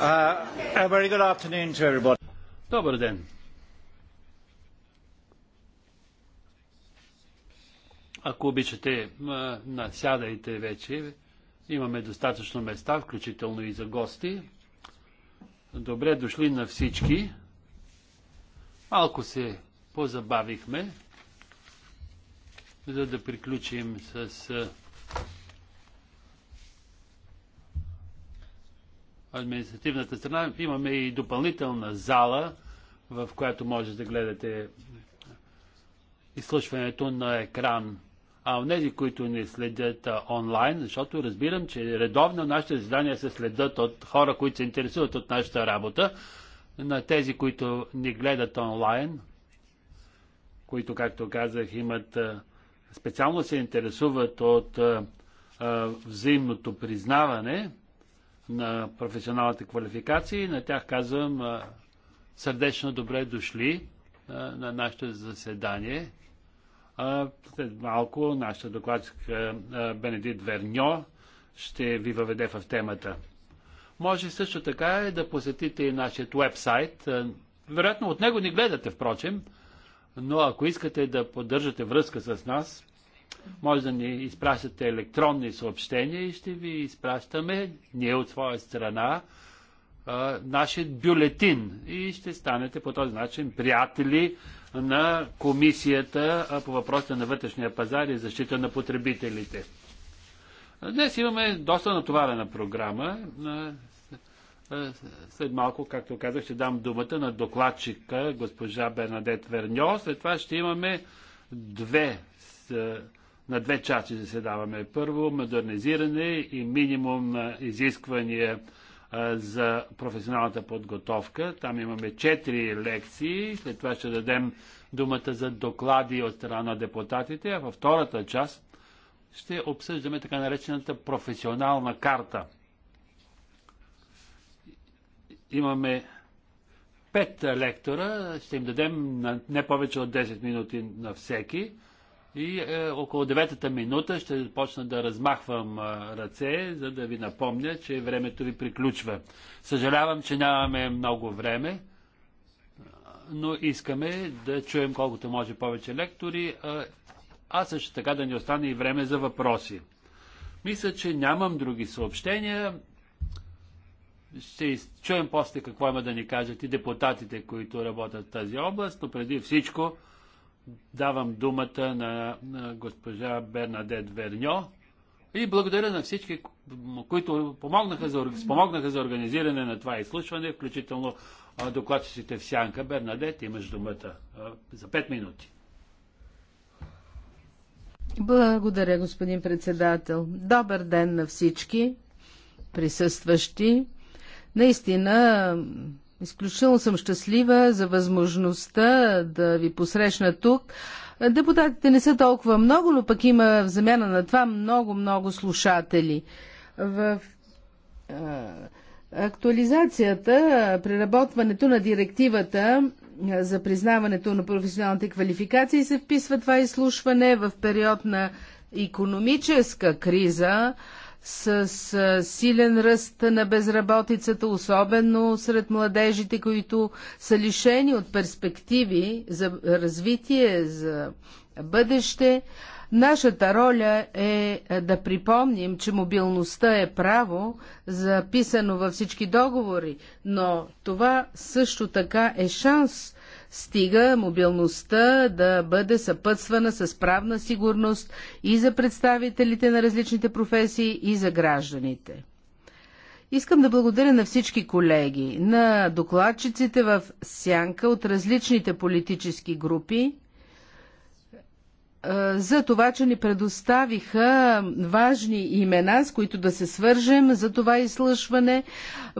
Uh, Добър ден. Ако обичате, насядайте вече. Имаме достатъчно места, включително и за гости. Добре дошли на всички. Малко се позабавихме, за да приключим с административната страна имаме и допълнителна зала, в която може да гледате изслушването на екран. А нези, които ни следят онлайн, защото разбирам, че редовно нашите задания се следят от хора, които се интересуват от нашата работа, на тези, които ни гледат онлайн, които, както казах, имат специално се интересуват от взаимното признаване, на професионалните квалификации. На тях казвам сърдечно добре дошли на нашето заседание. След малко нашата докладчика Бенедит Верньо ще ви въведе в темата. Може също така и да посетите и нашия вебсайт. Вероятно от него ни гледате, впрочем, но ако искате да поддържате връзка с нас, може да ни изпращате електронни съобщения и ще ви изпращаме, ние от своя страна, нашия бюлетин и ще станете по този начин приятели на комисията по въпросите на вътрешния пазар и защита на потребителите. Днес имаме доста натоварена програма. След малко, както казах, ще дам думата на докладчика госпожа Бернадет Верньо. След това ще имаме две на две части заседаваме. Първо, модернизиране и минимум изисквания за професионалната подготовка. Там имаме четири лекции. След това ще дадем думата за доклади от страна на депутатите. А във втората част ще обсъждаме така наречената професионална карта. Имаме пет лектора. Ще им дадем не повече от 10 минути на всеки. И е, около деветата минута ще започна да размахвам е, ръце, за да ви напомня, че времето ви приключва. Съжалявам, че нямаме много време, но искаме да чуем колкото може повече лектори, е, а също така да ни остане и време за въпроси. Мисля, че нямам други съобщения. Ще чуем после какво има да ни кажат и депутатите, които работят в тази област, но преди всичко давам думата на, госпожа Бернадет Верньо и благодаря на всички, които помогнаха за, спомогнаха за организиране на това изслушване, включително докладчиците в Сянка. Бернадет, имаш думата за 5 минути. Благодаря, господин председател. Добър ден на всички присъстващи. Наистина, Изключително съм щастлива за възможността да ви посрещна тук. Депутатите не са толкова много, но пък има в замяна на това много-много слушатели. В актуализацията, преработването на директивата за признаването на професионалните квалификации се вписва това изслушване в период на економическа криза, с силен ръст на безработицата, особено сред младежите, които са лишени от перспективи за развитие, за бъдеще. Нашата роля е да припомним, че мобилността е право, записано във всички договори, но това също така е шанс стига мобилността да бъде съпътствана с правна сигурност и за представителите на различните професии, и за гражданите. Искам да благодаря на всички колеги, на докладчиците в сянка от различните политически групи, е, за това, че ни предоставиха важни имена, с които да се свържем за това изслушване.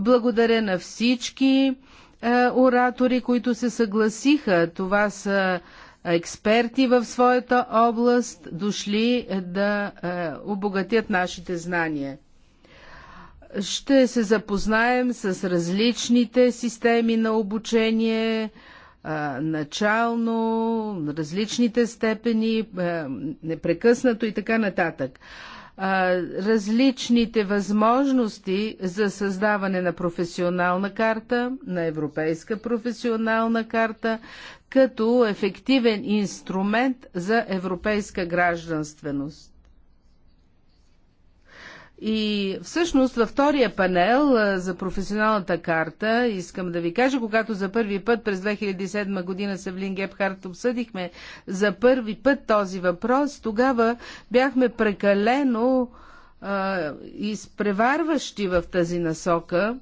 Благодаря на всички е, оратори, които се съгласиха. Това са експерти в своята област, дошли е, да е, обогатят нашите знания. Ще се запознаем с различните системи на обучение, начално, различните степени, непрекъснато и така нататък различните възможности за създаване на професионална карта, на европейска професионална карта, като ефективен инструмент за европейска гражданственост. И всъщност във втория панел за професионалната карта искам да ви кажа, когато за първи път през 2007 година с Евлин Гепхарт обсъдихме за първи път този въпрос, тогава бяхме прекалено а, изпреварващи в тази насока.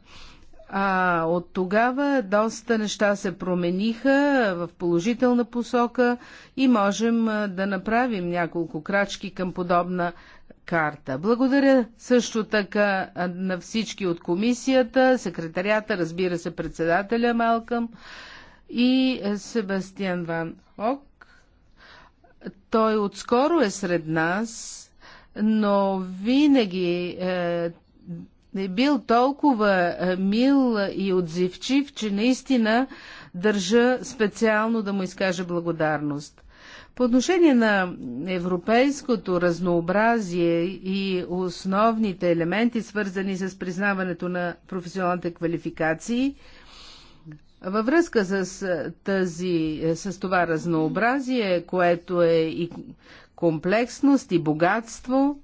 А от тогава доста неща се промениха в положителна посока и можем да направим няколко крачки към подобна карта. Благодаря също така на всички от комисията, секретарията, разбира се, председателя Малкъм и Себастиан Ван Ок. Той отскоро е сред нас, но винаги е, е бил толкова е, мил и отзивчив, че наистина държа специално да му изкажа благодарност. По отношение на европейското разнообразие и основните елементи, свързани с признаването на професионалните квалификации, във връзка с, тази, с това разнообразие, което е и комплексност, и богатство,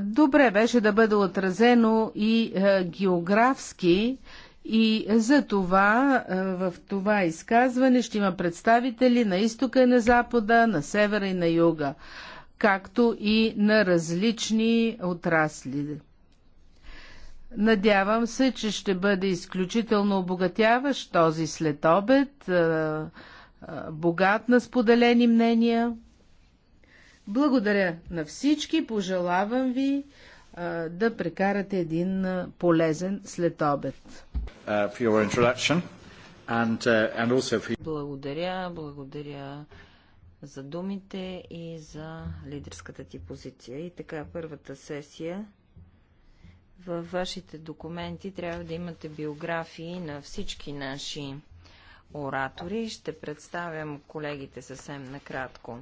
добре беше да бъде отразено и географски и за това в това изказване ще има представители на изтока и на запада, на севера и на юга, както и на различни отрасли. Надявам се, че ще бъде изключително обогатяващ този след обед, богат на споделени мнения. Благодаря на всички, пожелавам ви да прекарате един полезен следобед. Uh, and, uh, and for... Благодаря, благодаря за думите и за лидерската ти позиция. И така, първата сесия във вашите документи трябва да имате биографии на всички наши оратори. Ще представям колегите съвсем накратко.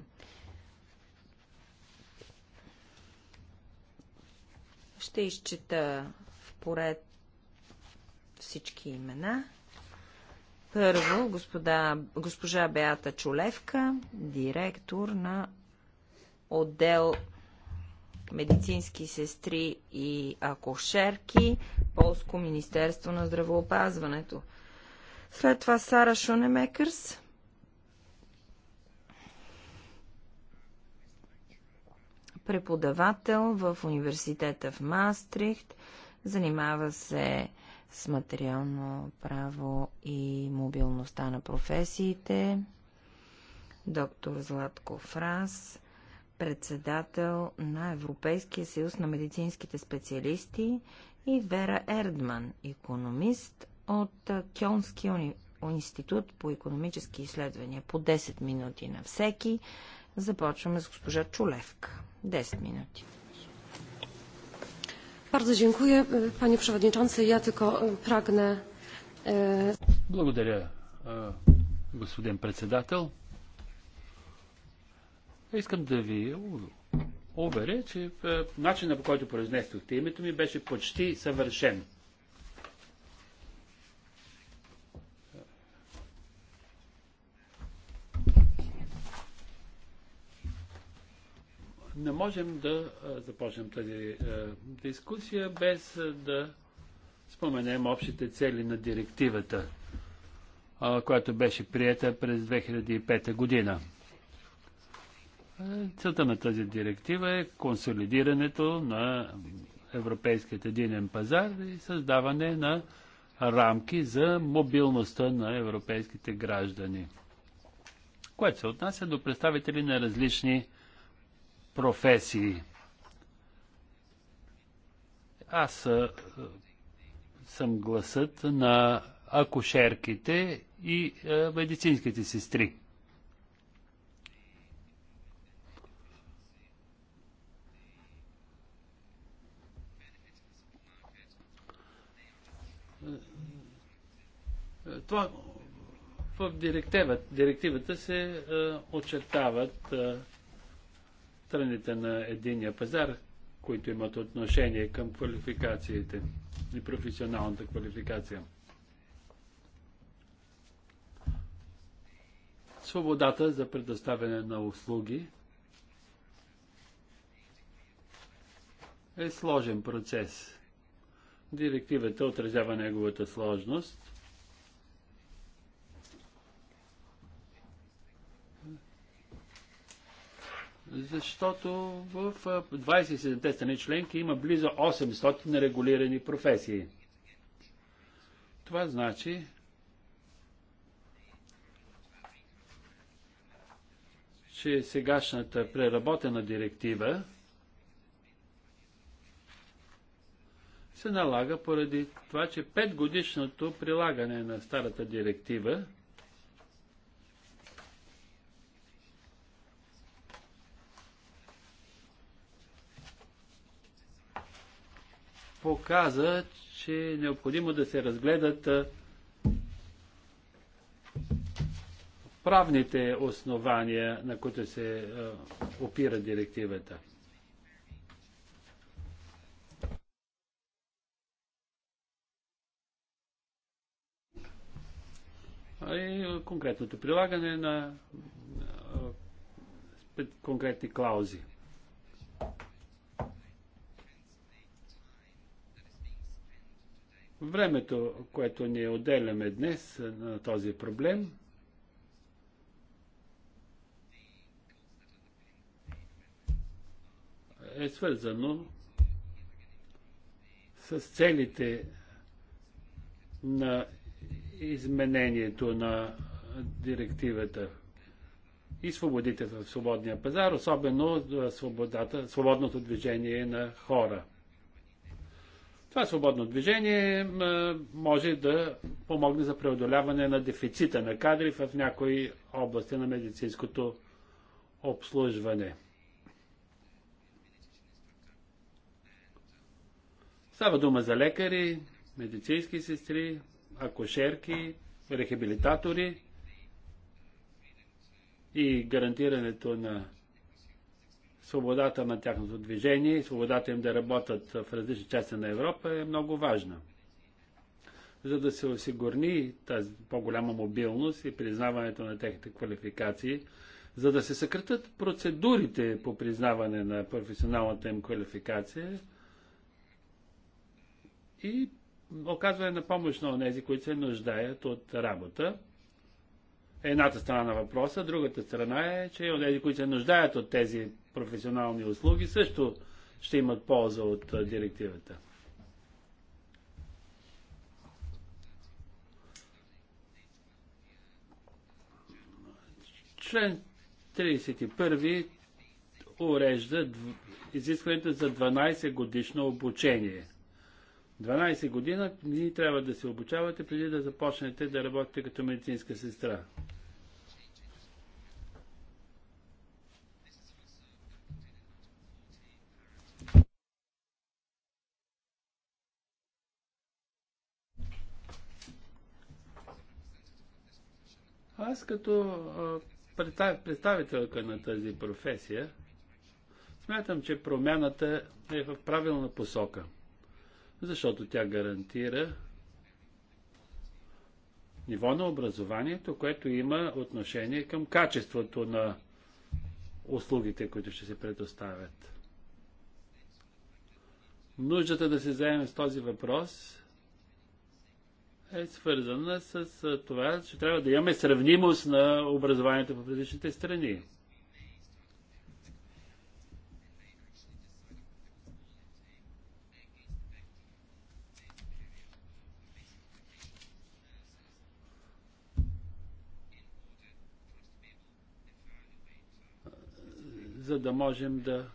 Ще изчита в поред всички имена. Първо, господа, госпожа Беата Чулевка, директор на отдел медицински сестри и акушерки, Полско Министерство на здравоопазването. След това Сара Шунемекърс, преподавател в университета в Мастрихт, занимава се с материално право и мобилността на професиите, доктор Златко Фрас, председател на Европейския съюз на медицинските специалисти и Вера Ердман, економист от Кьонския институт по економически изследвания. По 10 минути на всеки. Започваме с госпожа Чулевка. 10 минути. Bardzo dziękuję, e, panie przewodniczący. Ja tylko e, pragnę... E, Благодаря, е, господин председател. Искам да ви уверя, че е, начинът по който произнесохте името ми беше почти съвършен. не можем да започнем тази дискусия без да споменем общите цели на директивата, която беше приета през 2005 година. Целта на тази директива е консолидирането на европейският единен пазар и създаване на рамки за мобилността на европейските граждани, което се отнася до представители на различни професии. Аз съм гласът на акушерките и медицинските сестри. Това в директивата, директивата се а, очертават а, страните на единия пазар, които имат отношение към квалификациите и професионалната квалификация. Свободата за предоставяне на услуги е сложен процес. Директивата отразява неговата сложност защото в 27-те страни членки има близо 800 нерегулирани професии. Това значи, че сегашната преработена директива се налага поради това, че 5 годишното прилагане на старата директива – показа, че е необходимо да се разгледат правните основания, на които се опира директивата. и конкретното прилагане на конкретни клаузи. Времето, което ние отделяме днес на този проблем, е свързано с целите на изменението на директивата и свободите в свободния пазар, особено свободата, свободното движение на хора. Това свободно движение може да помогне за преодоляване на дефицита на кадри в някои области на медицинското обслужване. Става дума за лекари, медицински сестри, акушерки, рехабилитатори и гарантирането на свободата на тяхното движение и свободата им да работят в различни части на Европа е много важна. За да се осигурни тази по-голяма мобилност и признаването на техните квалификации, за да се съкратат процедурите по признаване на професионалната им квалификация и оказване на помощ на тези, които се нуждаят от работа едната страна на въпроса, другата страна е, че онези, които се нуждаят от тези професионални услуги също ще имат полза от директивата. Член 31 урежда изискването за 12 годишно обучение. 12 година ние трябва да се обучавате преди да започнете да работите като медицинска сестра. Аз като представителка на тази професия, смятам, че промяната е в правилна посока, защото тя гарантира ниво на образованието, което има отношение към качеството на услугите, които ще се предоставят. Нуждата да се заеме с този въпрос е свързана с това, че трябва да имаме сравнимост на образованието в различните страни. за да можем да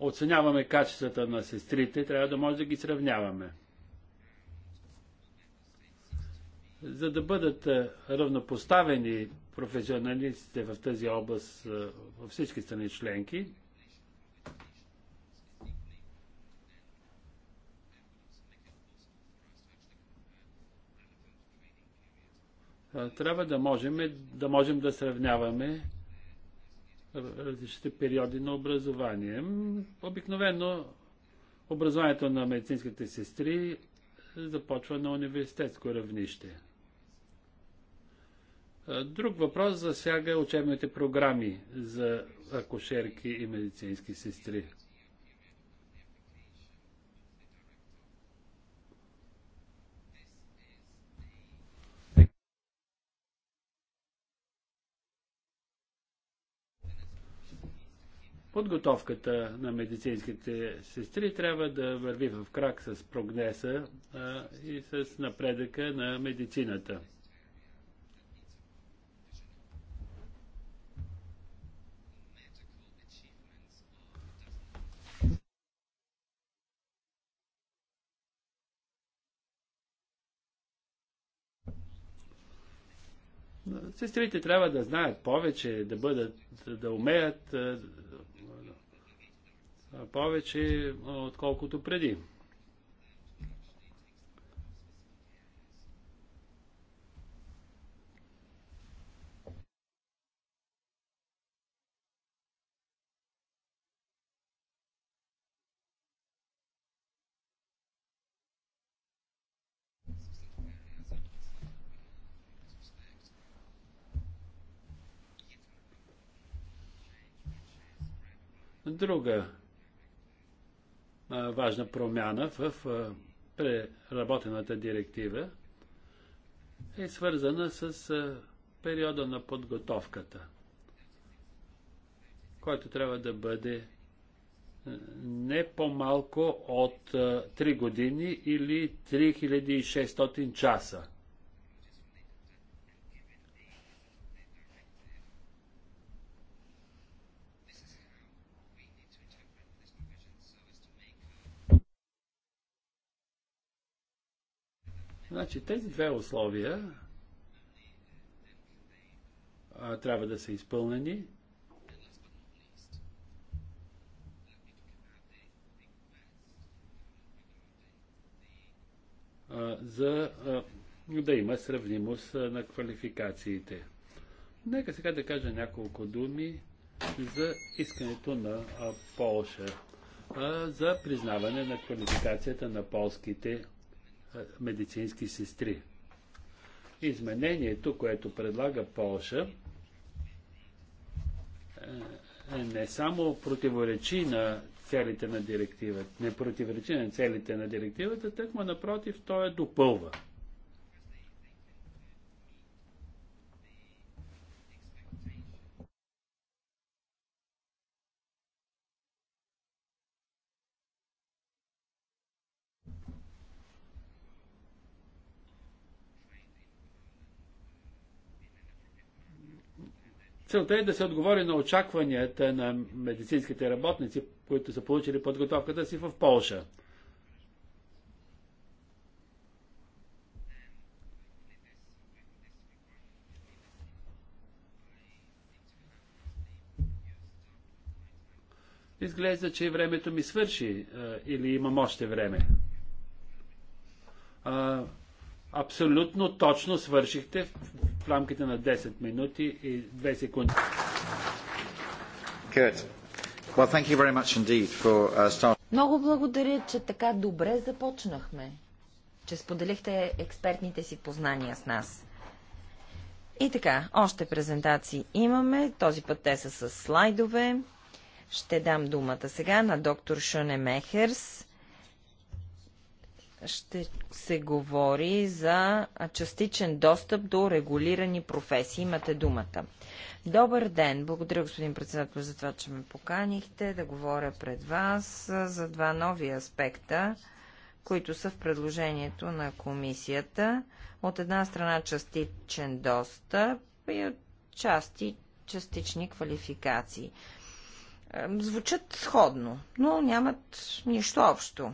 оценяваме качествата на сестрите, трябва да може да ги сравняваме. За да бъдат е, равнопоставени професионалистите в тази област е, във всички страни членки, е, трябва да можем да, можем да сравняваме различните периоди на образование. Обикновено образованието на медицинските сестри започва на университетско равнище. Е, друг въпрос засяга учебните програми за акушерки и медицински сестри. Подготовката на медицинските сестри трябва да върви в крак с прогнеса и с напредъка на медицината. Сестрите трябва да знаят повече, да бъдат, да умеят повече, отколкото преди. друга важна промяна в преработената директива е свързана с периода на подготовката, който трябва да бъде не по-малко от 3 години или 3600 часа. Значи тези две условия а, трябва да са изпълнени. за да има сравнимост на квалификациите. Нека сега да кажа няколко думи за искането на Полша за признаване на квалификацията на полските е, медицински сестри. Изменението, което предлага Полша, е, е не само противоречи на целите на директивата, не противоречи на целите на директивата, тъкмо напротив, той е допълва. Целта е да се отговори на очакванията на медицинските работници, които са получили подготовката си в Полша. Изглежда, че времето ми свърши или имам още време. Абсолютно точно свършихте в рамките на 10 минути и 2 секунди. Good. Well, thank you very much indeed for uh, Много благодаря, че така добре започнахме, че споделихте експертните си познания с нас. И така, още презентации имаме. Този път те са с слайдове. Ще дам думата сега на доктор Шоне Мехерс ще се говори за частичен достъп до регулирани професии. Имате думата. Добър ден! Благодаря, господин председател, за това, че ме поканихте да говоря пред вас за два нови аспекта, които са в предложението на комисията. От една страна частичен достъп и от части частични квалификации. Звучат сходно, но нямат нищо общо.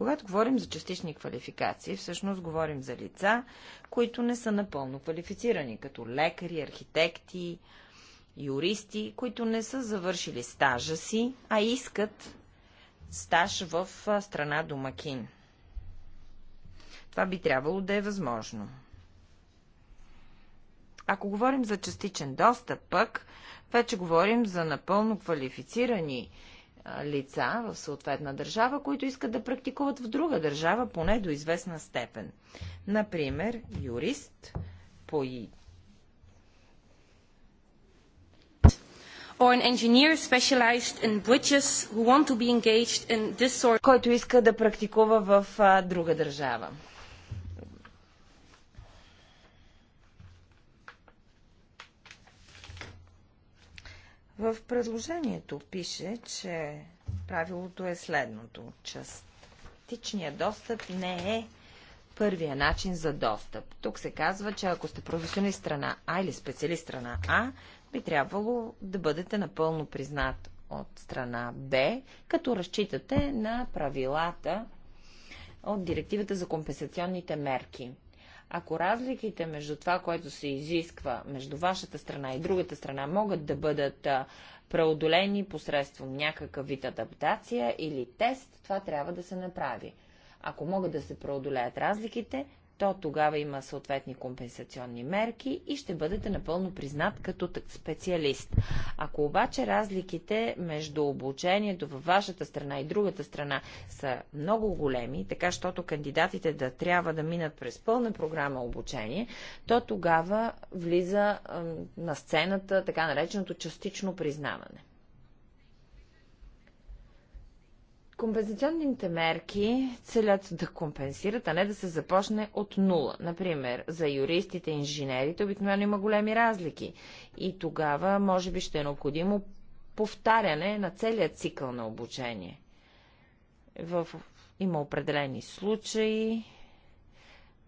Когато говорим за частични квалификации, всъщност говорим за лица, които не са напълно квалифицирани, като лекари, архитекти, юристи, които не са завършили стажа си, а искат стаж в страна домакин. Това би трябвало да е възможно. Ако говорим за частичен достъп, пък вече говорим за напълно квалифицирани лица в съответна държава, които искат да практикуват в друга държава, поне до известна степен. Например, юрист по or an engineer specialized in bridges who want to be engaged in this sort който иска да практикува в а, друга държава. В предложението пише, че правилото е следното. Частичният достъп не е първия начин за достъп. Тук се казва, че ако сте професионалист страна А или специалист страна А, би трябвало да бъдете напълно признат от страна Б, като разчитате на правилата от директивата за компенсационните мерки. Ако разликите между това, което се изисква между вашата страна и другата страна могат да бъдат преодолени посредством някакъв вид адаптация или тест, това трябва да се направи. Ако могат да се преодолеят разликите, то тогава има съответни компенсационни мерки и ще бъдете напълно признат като специалист. Ако обаче разликите между обучението във вашата страна и другата страна са много големи, така щото кандидатите да трябва да минат през пълна програма обучение, то тогава влиза на сцената така нареченото частично признаване. Компенсационните мерки целят да компенсират, а не да се започне от нула. Например, за юристите и инженерите обикновено има големи разлики и тогава може би ще е необходимо повтаряне на целият цикъл на обучение. В... Има определени случаи,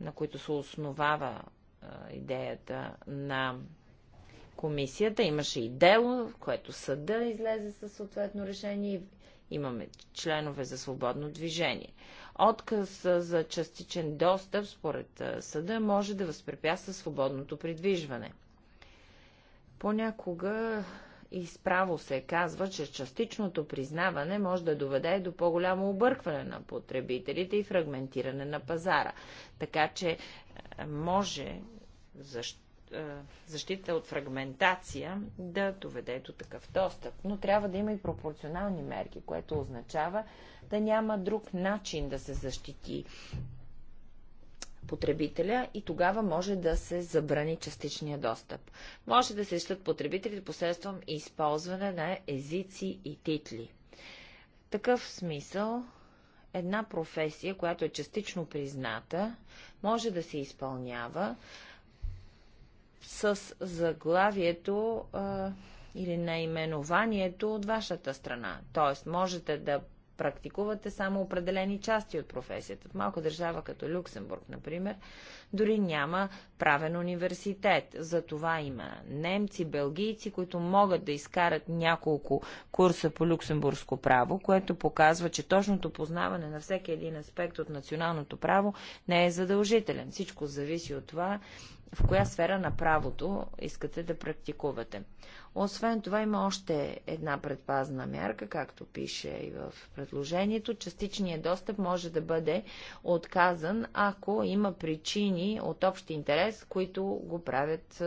на които се основава а, идеята на комисията. Имаше и дело, в което съда излезе със съответно решение и Имаме членове за свободно движение. Отказ за частичен достъп, според съда, може да възпрепятства свободното придвижване. Понякога и справо се казва, че частичното признаване може да доведе до по-голямо объркване на потребителите и фрагментиране на пазара. Така че може защо е, защита от фрагментация да доведе до такъв достъп. Но трябва да има и пропорционални мерки, което означава да няма друг начин да се защити потребителя и тогава може да се забрани частичния достъп. Може да се защитат потребителите посредством използване на езици и титли. В такъв смисъл една професия, която е частично призната, може да се изпълнява с заглавието а, или наименованието от вашата страна. Тоест, можете да практикувате само определени части от професията. В малка държава като Люксембург, например, дори няма правен университет. Затова има немци, белгийци, които могат да изкарат няколко курса по люксембургско право, което показва, че точното познаване на всеки един аспект от националното право не е задължителен. Всичко зависи от това в коя сфера на правото искате да практикувате. Освен това има още една предпазна мярка, както пише и в предложението. Частичният достъп може да бъде отказан, ако има причини от общ интерес, които го правят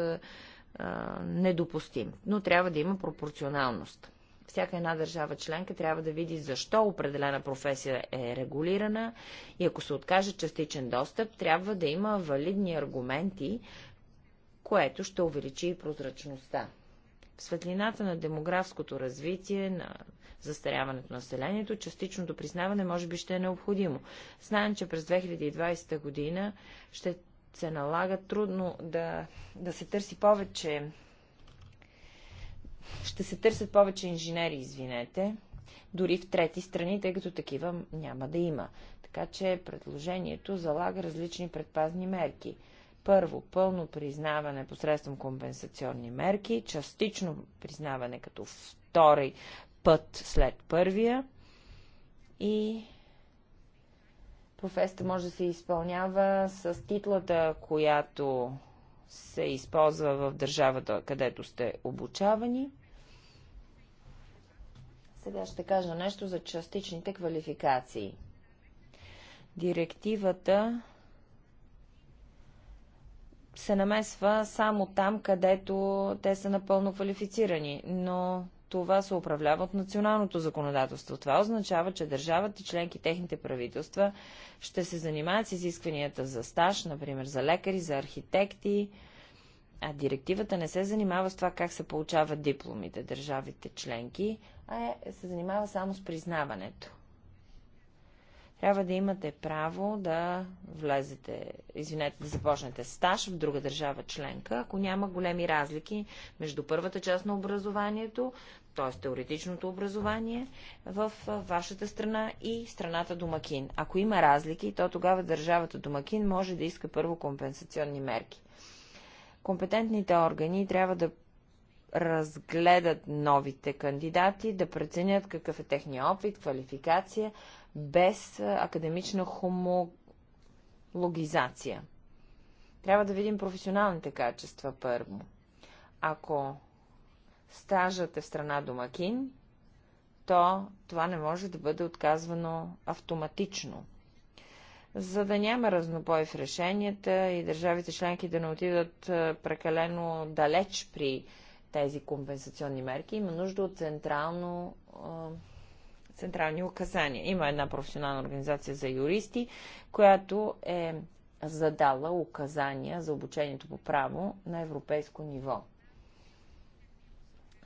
недопустим. Но трябва да има пропорционалност всяка една държава членка трябва да види защо определена професия е регулирана и ако се откаже частичен достъп, трябва да има валидни аргументи, което ще увеличи и прозрачността. В светлината на демографското развитие, на застаряването на населението, частичното признаване може би ще е необходимо. Знаем, че през 2020 година ще се налага трудно да, да се търси повече ще се търсят повече инженери, извинете, дори в трети страни, тъй като такива няма да има. Така че предложението залага различни предпазни мерки. Първо, пълно признаване посредством компенсационни мерки, частично признаване като втори път след първия и професията може да се изпълнява с титлата, която се използва в държавата, където сте обучавани. Сега ще кажа нещо за частичните квалификации. Директивата се намесва само там, където те са напълно квалифицирани, но това се управлява от националното законодателство. Това означава, че държавата и членки техните правителства ще се занимават с изискванията за стаж, например за лекари, за архитекти, а директивата не се занимава с това как се получават дипломите държавите членки, а е, се занимава само с признаването трябва да имате право да влезете, извинете, да започнете стаж в друга държава членка, ако няма големи разлики между първата част на образованието, т.е. теоретичното образование в вашата страна и страната домакин. Ако има разлики, то тогава държавата домакин може да иска първо компенсационни мерки. Компетентните органи трябва да разгледат новите кандидати, да преценят какъв е техния опит, квалификация, без академична хомологизация. Трябва да видим професионалните качества първо. Ако стажът е в страна домакин, то това не може да бъде отказвано автоматично. За да няма разнобой в решенията и държавите членки да не отидат прекалено далеч при тези компенсационни мерки, има нужда от централно централни указания. Има една професионална организация за юристи, която е задала указания за обучението по право на европейско ниво.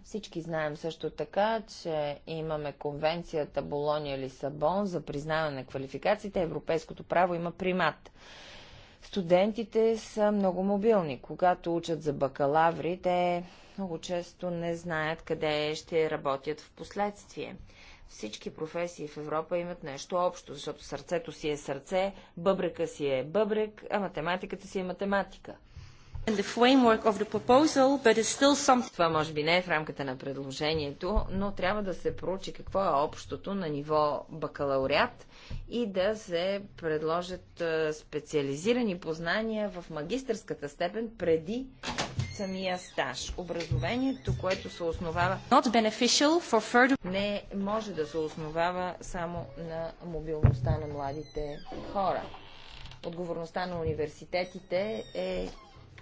Всички знаем също така, че имаме конвенцията Болония-Лисабон за признаване на квалификациите. Европейското право има примат. Студентите са много мобилни. Когато учат за бакалаври, те много често не знаят къде ще работят в последствие. Всички професии в Европа имат нещо общо, защото сърцето си е сърце, бъбрека си е бъбрек, а математиката си е математика. Proposal, Това може би не е в рамката на предложението, но трябва да се проучи какво е общото на ниво бакалауреат и да се предложат специализирани познания в магистърската степен преди самия стаж. Образованието, което се основава further... не може да се основава само на мобилността на младите хора. Отговорността на университетите е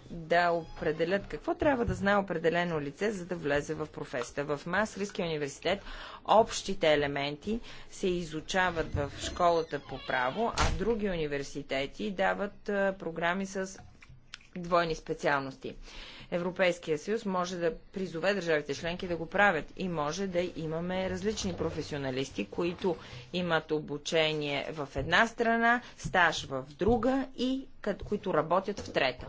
да определят какво трябва да знае определено лице, за да влезе в професията. В Масриския университет общите елементи се изучават в школата по право, а други университети дават програми с двойни специалности. Европейския съюз може да призове държавите членки да го правят и може да имаме различни професионалисти, които имат обучение в една страна, стаж в друга и които работят в трета.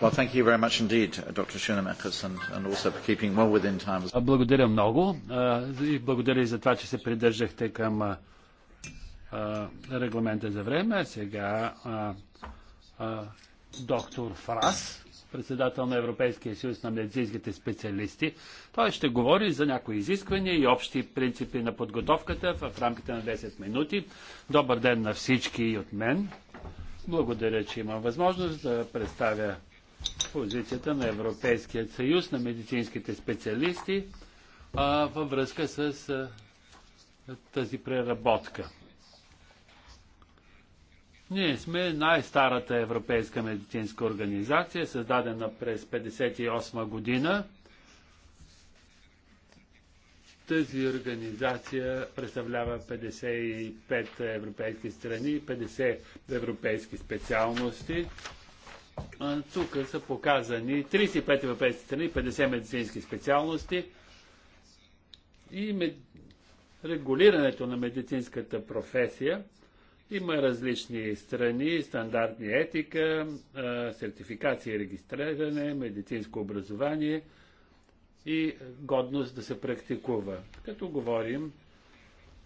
Well, thank you very much indeed, uh, Dr. and, and also for keeping well within time. Благодаря много. Uh, и Благодаря и за това, че се придържахте към uh, регламента за време. Сега а, а, доктор Фрас, председател на Европейския съюз на медицинските специалисти. Той ще говори за някои изисквания и общи принципи на подготовката в рамките на 10 минути. Добър ден на всички и от мен. Благодаря, че имам възможност да представя позицията на Европейския съюз на медицинските специалисти а, във връзка с а, тази преработка. Ние сме най-старата европейска медицинска организация, създадена през 1958 година. Тази организация представлява 55 европейски страни, 50 европейски специалности. Тук са показани 35 европейски страни, 50 медицински специалности и ме... регулирането на медицинската професия – има различни страни, стандартни етика, сертификация и регистриране, медицинско образование и годност да се практикува. Като говорим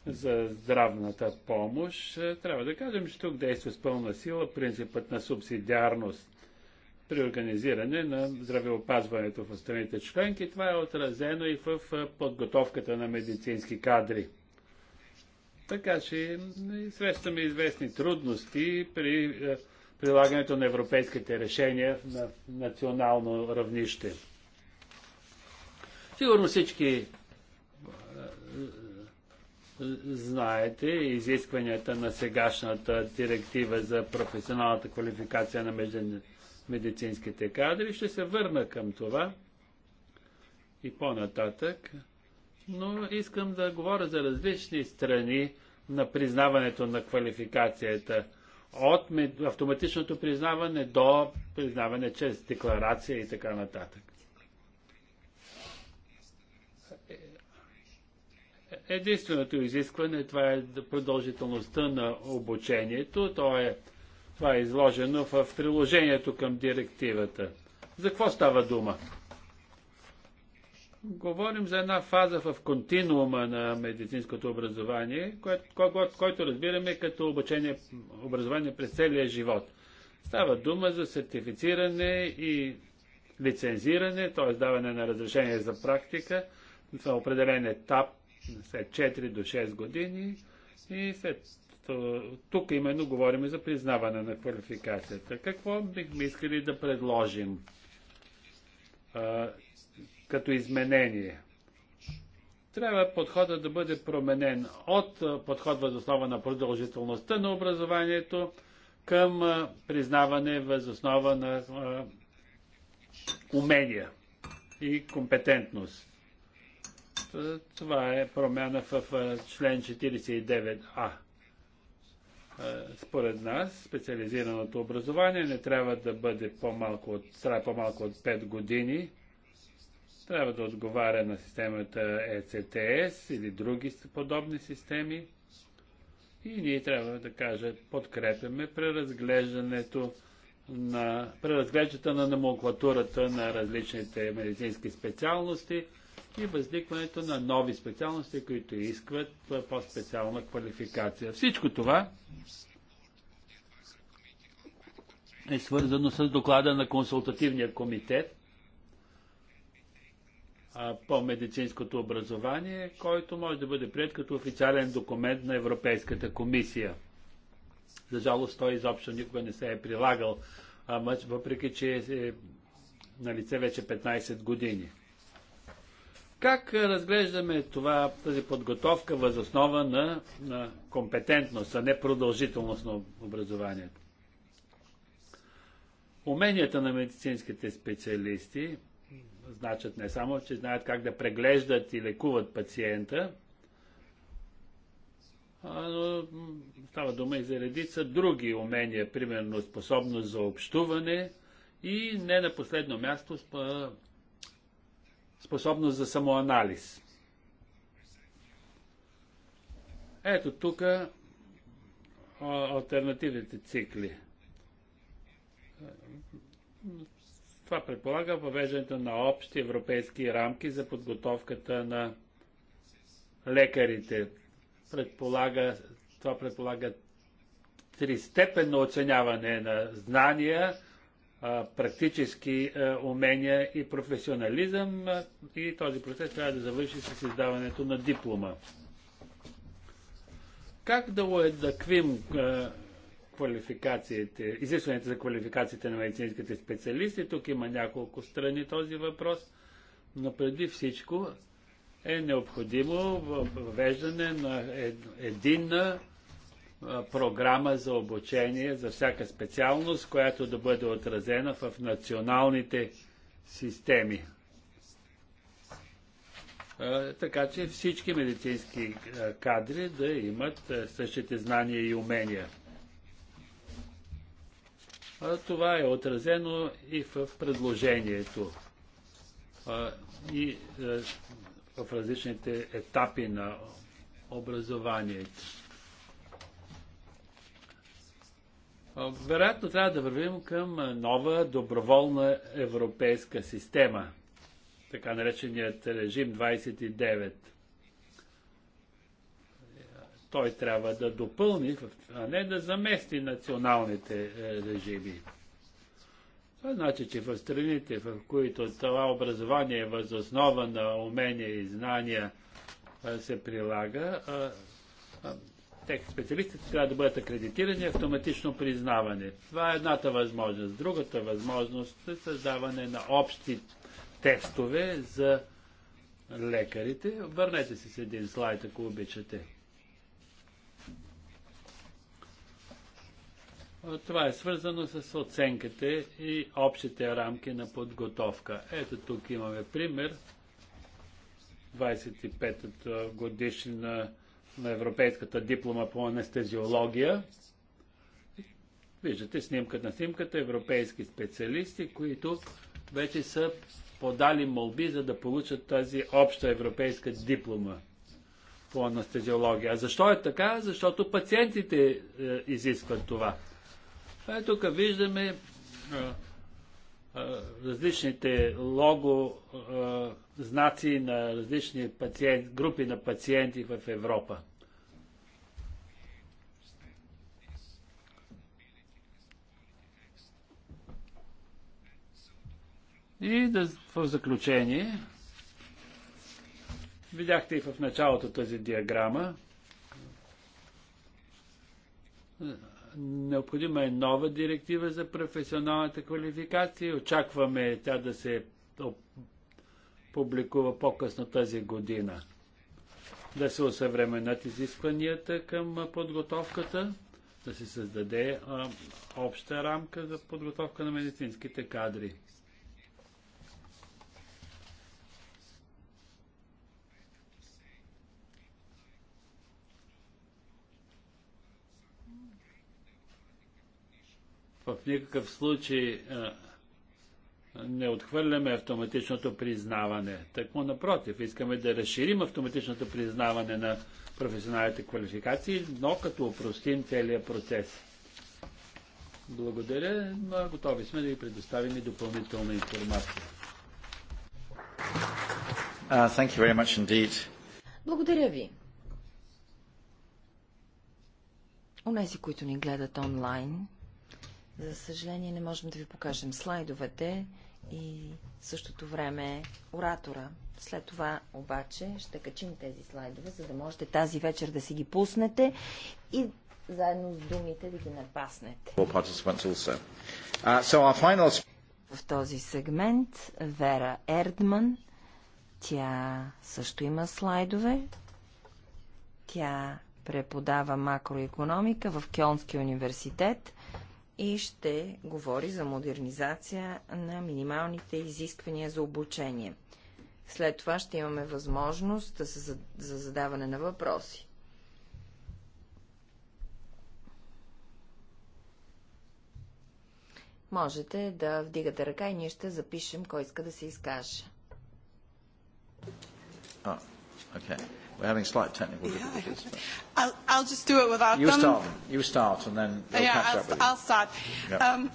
за здравната помощ, трябва да кажем, че тук действа с пълна сила принципът на субсидиарност при организиране на здравеопазването в страните членки. Това е отразено и в подготовката на медицински кадри. Така че срещаме известни трудности при е, прилагането на европейските решения на национално равнище. Сигурно всички е, е, знаете изискванията на сегашната директива за професионалната квалификация на медицинските кадри. Ще се върна към това и по-нататък, но искам да говоря за различни страни на признаването на квалификацията от автоматичното признаване до признаване чрез декларация и така нататък. Единственото изискване това е продължителността на обучението. То е, това е изложено в приложението към директивата. За какво става дума? Говорим за една фаза в континуума на медицинското образование, който, който разбираме като обучение, образование през целия живот. Става дума за сертифициране и лицензиране, т.е. даване на разрешение за практика на определен етап след 4 до 6 години и след тук именно говорим за признаване на квалификацията. Какво бихме искали да предложим? като изменение. Трябва подходът да бъде променен от подход въз основа на продължителността на образованието към признаване въз основа на умения и компетентност. Това е промяна в член 49а. Според нас, специализираното образование не трябва да бъде по-малко от, по-малко от 5 години – трябва да отговаря на системата ЕЦТС или други подобни системи. И ние трябва да кажа, подкрепяме преразглеждането на преразглеждата на номенклатурата на различните медицински специалности и възникването на нови специалности, които искат по-специална квалификация. Всичко това е свързано с доклада на консултативния комитет по медицинското образование, който може да бъде прият като официален документ на Европейската комисия. За жалост той изобщо никога не се е прилагал, а, въпреки че е, е на лице вече 15 години. Как разглеждаме това, тази подготовка възоснова на, на компетентност, а не продължителност на образованието? Уменията на медицинските специалисти значат не само, че знаят как да преглеждат и лекуват пациента, но става дума и за редица други умения, примерно способност за общуване и не на последно място способност за самоанализ. Ето тук альтернативните цикли. Това предполага въвеждането на общи европейски рамки за подготовката на лекарите. Предполага, това предполага тристепенно оценяване на знания, практически умения и професионализъм и този процес трябва да завърши с издаването на диплома. Как да уедаквим квалификациите, изискването за квалификациите на медицинските специалисти. Тук има няколко страни този въпрос, но преди всичко е необходимо въвеждане на единна програма за обучение за всяка специалност, която да бъде отразена в националните системи. Така че всички медицински кадри да имат същите знания и умения. Това е отразено и в предложението и е, в различните етапи на образованието. Вероятно трябва да вървим към нова доброволна европейска система, така нареченият режим 29. Той трябва да допълни, а не да замести националните е, режими. Това значи, че в страните, в които това образование е възоснова на умения и знания се прилага, те специалистите трябва да бъдат акредитирани автоматично признаване. Това е едната възможност. Другата възможност е създаване на общи тестове за лекарите. Върнете се с един слайд, ако обичате. Това е свързано с оценките и общите рамки на подготовка. Ето тук имаме пример. 25-та годишна на Европейската диплома по анестезиология. Виждате снимката на снимката европейски специалисти, които вече са подали молби, за да получат тази обща европейска диплома по анестезиология. А защо е така? Защото пациентите е, изискват това. А е тук виждаме а, а, различните лого а, знаци на различни пациент, групи на пациенти в Европа. И да, в заключение, видяхте и в началото тази диаграма. Необходима е нова директива за професионалната квалификация. Очакваме тя да се публикува по-късно тази година. Да се осъвременят изискванията към подготовката, да се създаде обща рамка за подготовка на медицинските кадри. В никакъв случай не отхвърляме автоматичното признаване. Такмо напротив, искаме да разширим автоматичното признаване на професионалните квалификации, но като упростим целия процес. Благодаря. Готови сме да ви предоставим и допълнителна информация. Uh, thank you very much indeed. Благодаря ви. Унези, които ни гледат онлайн, за съжаление не можем да ви покажем слайдовете и в същото време оратора. След това обаче ще качим тези слайдове, за да можете тази вечер да си ги пуснете и заедно с думите да ги напаснете. Uh, в този сегмент Вера Ердман, тя също има слайдове. Тя преподава макроекономика в Кьонския университет и ще говори за модернизация на минималните изисквания за обучение. След това ще имаме възможност за задаване на въпроси. Можете да вдигате ръка и ние ще запишем кой иска да се изкаже. oh, okay. We're having slight technical difficulties. Yeah, I'll, I'll just do it without you them. Start, you start and then we'll yeah, catch I'll, up with you. I'll start. Yeah. Um,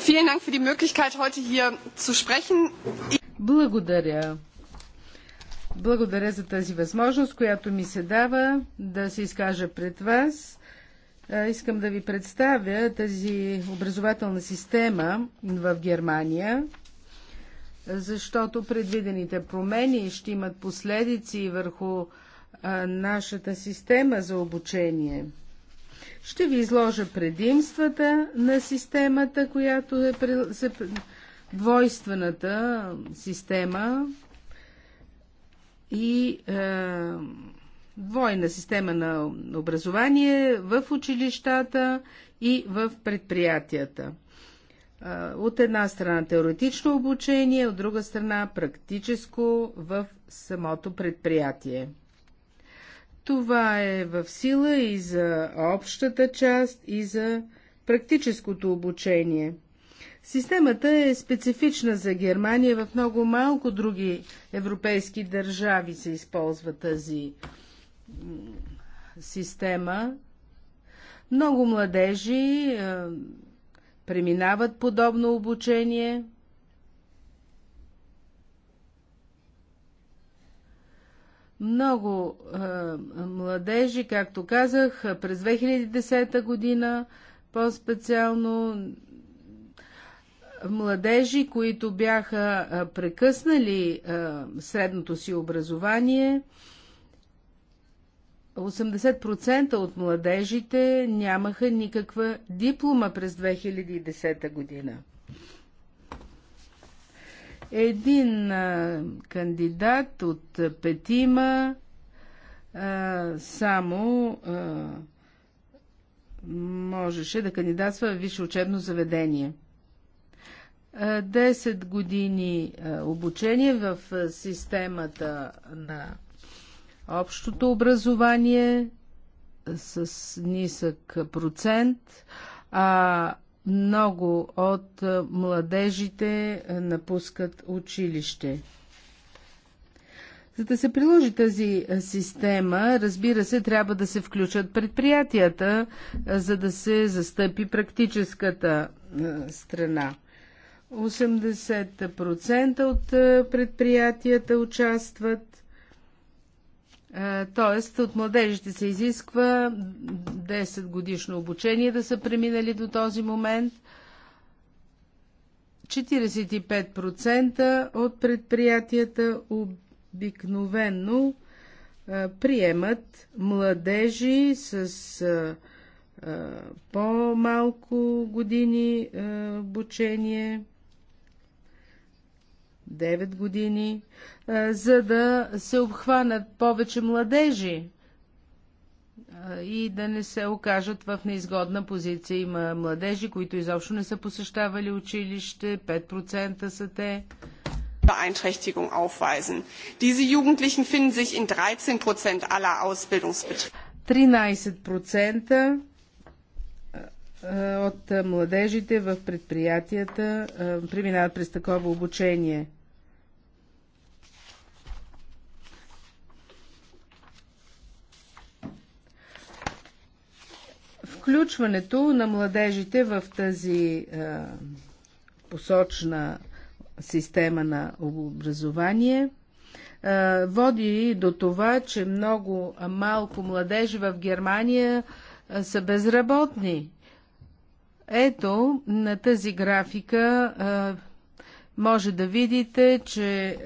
vielen Dank für die Möglichkeit, heute hier zu sprechen. Благодаря. Благодаря за тази възможност, която ми се дава да се изкажа пред вас. Искам да ви представя тази образователна система в Германия, защото предвидените промени ще имат последици върху нашата система за обучение. Ще ви изложа предимствата на системата, която е двойствената система и е, двойна система на образование в училищата и в предприятията. Е, от една страна теоретично обучение, от друга страна практическо в самото предприятие. Това е в сила и за общата част, и за практическото обучение. Системата е специфична за Германия. В много малко други европейски държави се използва тази система. Много младежи е, преминават подобно обучение. Много е, младежи, както казах, през 2010 година по-специално младежи, които бяха прекъснали е, средното си образование, 80% от младежите нямаха никаква диплома през 2010 година. Един а, кандидат от петима а, само а, можеше да кандидатства в висше учебно заведение. 10 години обучение в системата на общото образование с нисък процент, а много от младежите напускат училище. За да се приложи тази система, разбира се, трябва да се включат предприятията, за да се застъпи практическата страна. 80% от предприятията участват е, тоест от младежите се изисква 10 годишно обучение да са преминали до този момент. 45% от предприятията обикновенно е, приемат младежи с е, по-малко години обучение 9 години, за да се обхванат повече младежи и да не се окажат в неизгодна позиция. Има младежи, които изобщо не са посещавали училище, 5% са те. Beeinträchtigung aufweisen. Diese Jugendlichen finden sich in 13% aller Ausbildungsbetriebe. 13% от младежите в предприятията преминават през такова обучение. Включването на младежите в тази е, посочна система на образование е, води до това, че много малко младежи в Германия е, са безработни. Ето на тази графика е, може да видите, че е,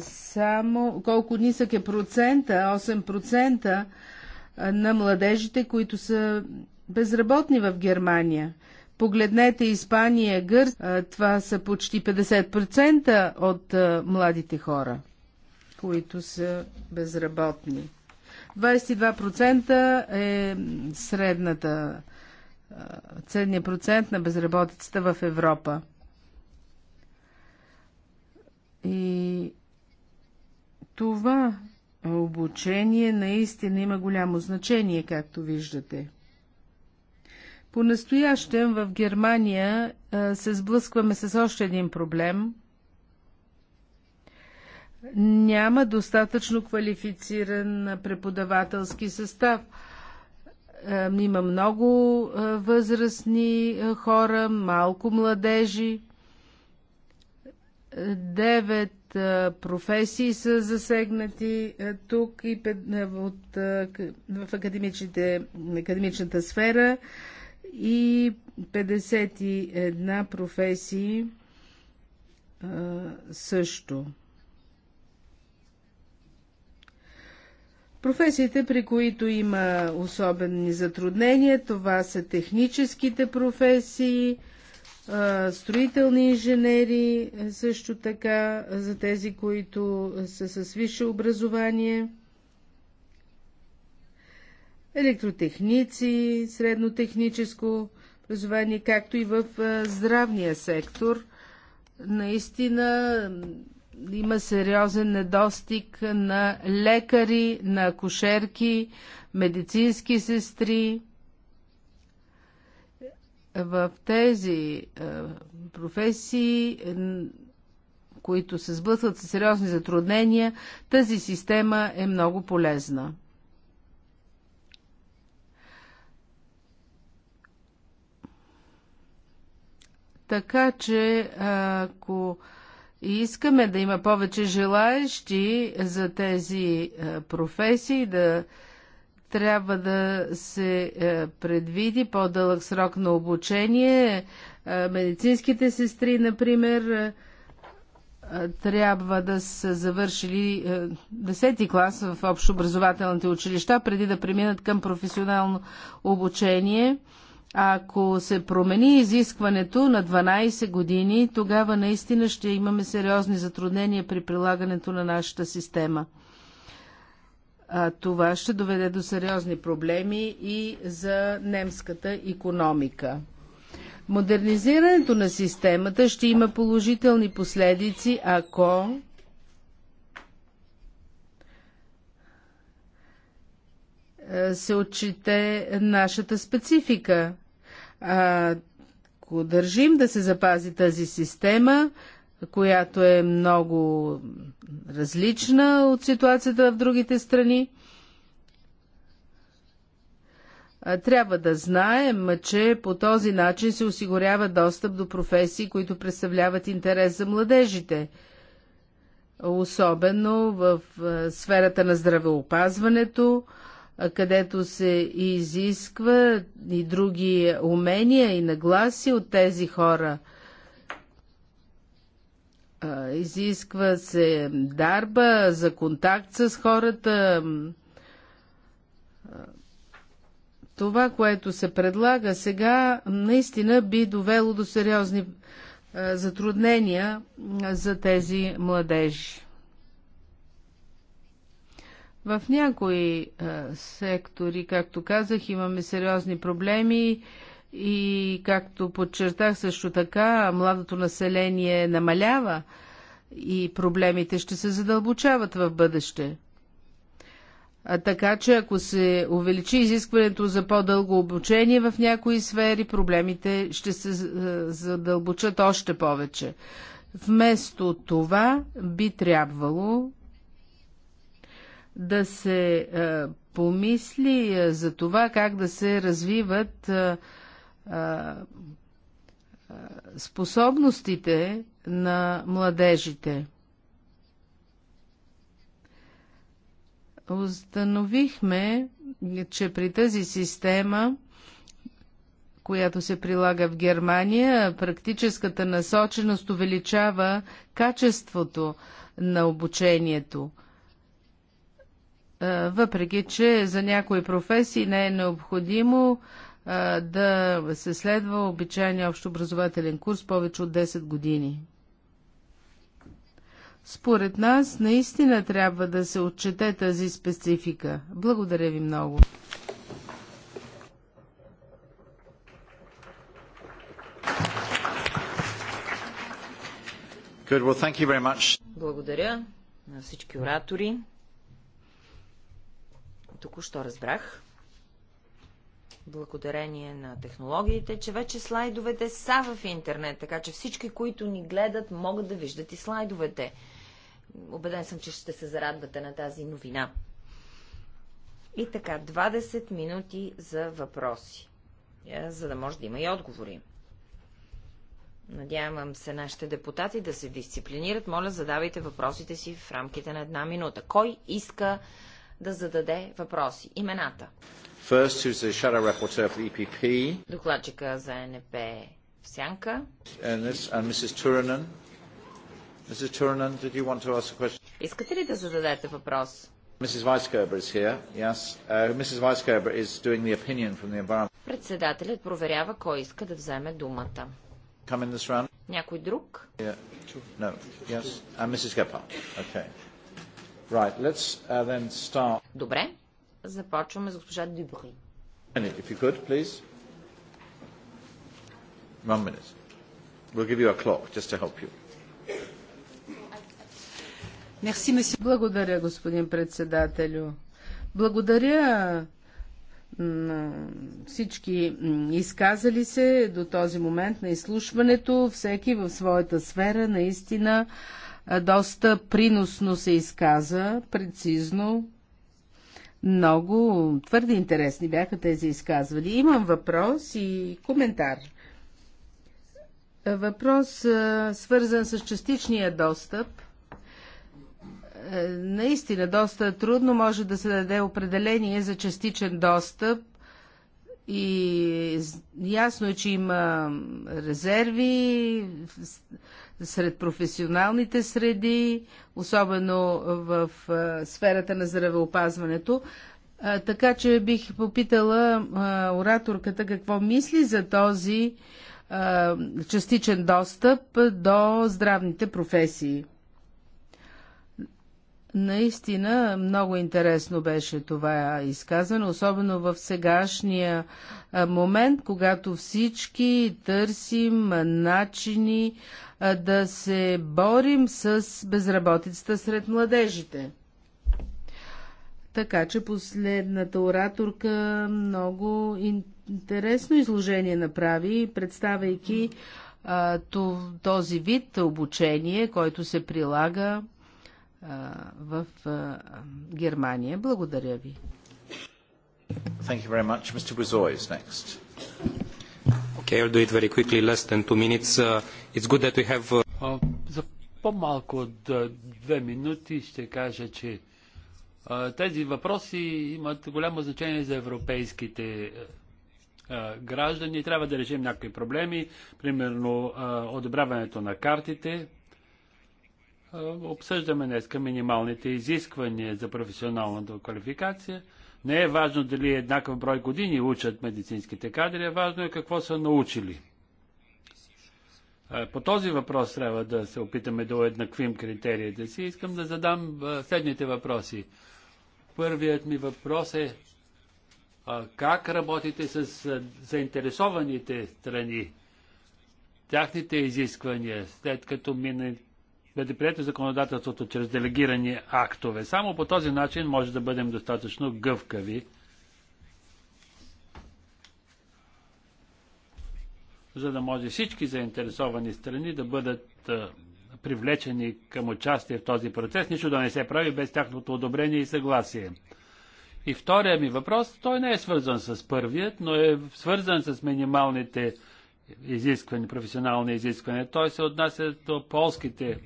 само колко нисък е процента, 8% е, на младежите, които са безработни в Германия. Погледнете Испания, Гърс, това са почти 50% от младите хора, които са безработни. 22% е средната, средния процент на безработицата в Европа. И това обучение наистина има голямо значение, както виждате. Понастоящем в Германия се сблъскваме с още един проблем. Няма достатъчно квалифициран преподавателски състав. Има много възрастни хора, малко младежи. Девет професии са засегнати тук и от, в академичната сфера и 51 професии също. Професиите, при които има особени затруднения, това са техническите професии, строителни инженери, също така за тези, които са с висше образование – електротехници, среднотехническо образование, както и в здравния сектор. Наистина има сериозен недостиг на лекари, на акушерки, медицински сестри. В тези професии, които се сблъсват с сериозни затруднения, тази система е много полезна. Така че ако искаме да има повече желаещи за тези е, професии, да трябва да се е, предвиди по-дълъг срок на обучение. Е, медицинските сестри, например, трябва да са завършили 10-ти клас в общообразователните училища, преди да преминат към професионално обучение. Ако се промени изискването на 12 години, тогава наистина ще имаме сериозни затруднения при прилагането на нашата система. А, това ще доведе до сериозни проблеми и за немската економика. Модернизирането на системата ще има положителни последици, ако се отчете нашата специфика. Ако държим да се запази тази система, която е много различна от ситуацията в другите страни, трябва да знаем, че по този начин се осигурява достъп до професии, които представляват интерес за младежите, особено в сферата на здравеопазването, където се изисква и други умения и нагласи от тези хора. Изисква се дарба за контакт с хората. Това, което се предлага сега, наистина би довело до сериозни затруднения за тези младежи. В някои е, сектори, както казах, имаме сериозни проблеми и, както подчертах също така, младото население намалява и проблемите ще се задълбочават в бъдеще. А така че ако се увеличи изискването за по-дълго обучение в някои сфери, проблемите ще се е, задълбочат още повече. Вместо това би трябвало да се е, помисли е, за това как да се развиват е, способностите на младежите. Установихме, че при тази система, която се прилага в Германия, практическата насоченост увеличава качеството на обучението – е, въпреки че за някои професии не е необходимо е, да се следва обичайния общообразователен курс повече от 10 години. Според нас наистина трябва да се отчете тази специфика. Благодаря ви много. Good, well, Благодаря на всички оратори. Току-що разбрах, благодарение на технологиите, че вече слайдовете са в интернет, така че всички, които ни гледат, могат да виждат и слайдовете. Обеден съм, че ще се зарадвате на тази новина. И така, 20 минути за въпроси, е, за да може да има и отговори. Надявам се нашите депутати да се дисциплинират. Моля, задавайте въпросите си в рамките на една минута. Кой иска да зададе въпроси. Имената. First, e Докладчика за НП в Сянка. And this, and Mrs. Mrs. Turunen, Искате ли да зададете въпрос? Yes. Uh, Председателят проверява кой иска да вземе думата. Някой друг? Yeah. No. Yes. Right, let's uh, then start. Добре, започваме с госпожа Дюбри. If you could, please. One minute. We'll give you a clock just to help you. Благодаря, господин председателю. Благодаря на всички изказали се до този момент на изслушването, всеки в своята сфера наистина доста приносно се изказа, прецизно. Много твърде интересни бяха тези изказвания. Имам въпрос и коментар. Въпрос свързан с частичния достъп. Наистина, доста трудно може да се даде определение за частичен достъп и ясно е, че има резерви сред професионалните среди, особено в сферата на здравеопазването. Така че бих попитала ораторката какво мисли за този частичен достъп до здравните професии. Наистина много интересно беше това изказано, особено в сегашния момент, когато всички търсим начини да се борим с безработицата сред младежите. Така че последната ораторка много интересно изложение направи, представяйки този вид обучение, който се прилага в Германия. Благодаря ви. Thank you very much. Mr. Buzoy is next. Okay, I'll do it very quickly, less than two minutes. Uh, it's good that we have... Uh... за по-малко от две минути ще кажа, че тези въпроси имат голямо значение за европейските граждани. Трябва да решим някои проблеми, примерно одобряването на картите, Обсъждаме днеска минималните изисквания за професионалната квалификация. Не е важно дали е еднакъв брой години учат медицинските кадри, а важно е какво са научили. По този въпрос трябва да се опитаме да уеднаквим критериите си. Искам да задам следните въпроси. Първият ми въпрос е как работите с заинтересованите страни, тяхните изисквания, след като минат бъде прието законодателството чрез делегирани актове. Само по този начин може да бъдем достатъчно гъвкави. за да може всички заинтересовани страни да бъдат а, привлечени към участие в този процес, нищо да не се прави без тяхното одобрение и съгласие. И втория ми въпрос, той не е свързан с първият, но е свързан с минималните изисквания, професионални изисквания. Той се отнася до полските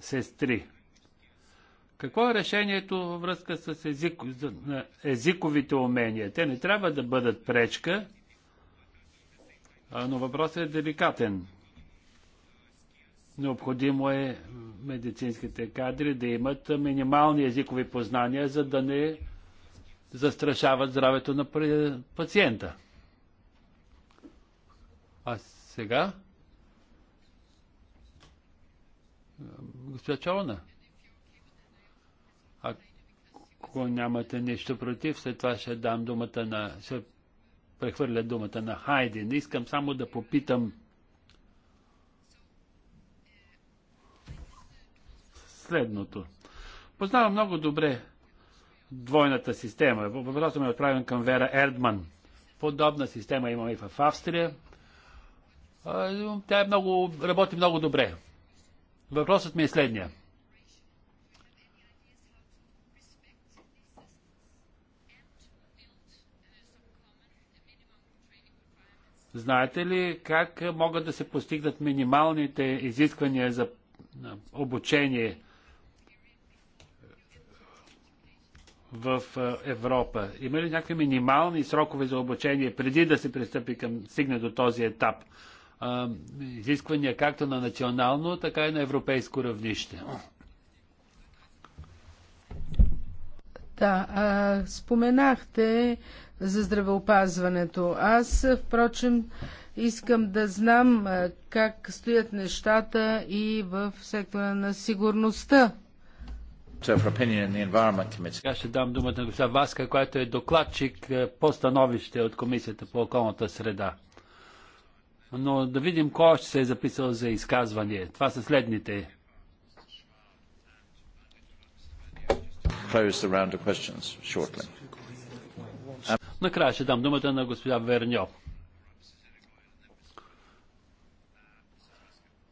сестри. Какво е решението във връзка с език, езиковите умения? Те не трябва да бъдат пречка, но въпросът е деликатен. Необходимо е медицинските кадри да имат минимални езикови познания, за да не застрашават здравето на пациента. А сега Госпожа Чаона, ако нямате нищо против, след това ще дам думата на... ще прехвърля думата на Хайди. Не искам само да попитам следното. Познавам много добре двойната система. Въпросът ме е отправен към Вера Ердман. Подобна система имаме и в Австрия. Тя е много, работи много добре. Въпросът ми е следния. Знаете ли как могат да се постигнат минималните изисквания за обучение в Европа? Има ли някакви минимални срокове за обучение преди да се пристъпи към стигне до този етап? а, изисквания както на национално, така и на европейско равнище. Да, а, споменахте за здравеопазването. Аз, впрочем, искам да знам как стоят нещата и в сектора на сигурността. Сега ще дам думата на госпожа Васка, която е докладчик е, по становище от Комисията по околната среда но да видим кой ще се е записал за изказване. Това са следните. Накрая ще дам думата на господа Верньо.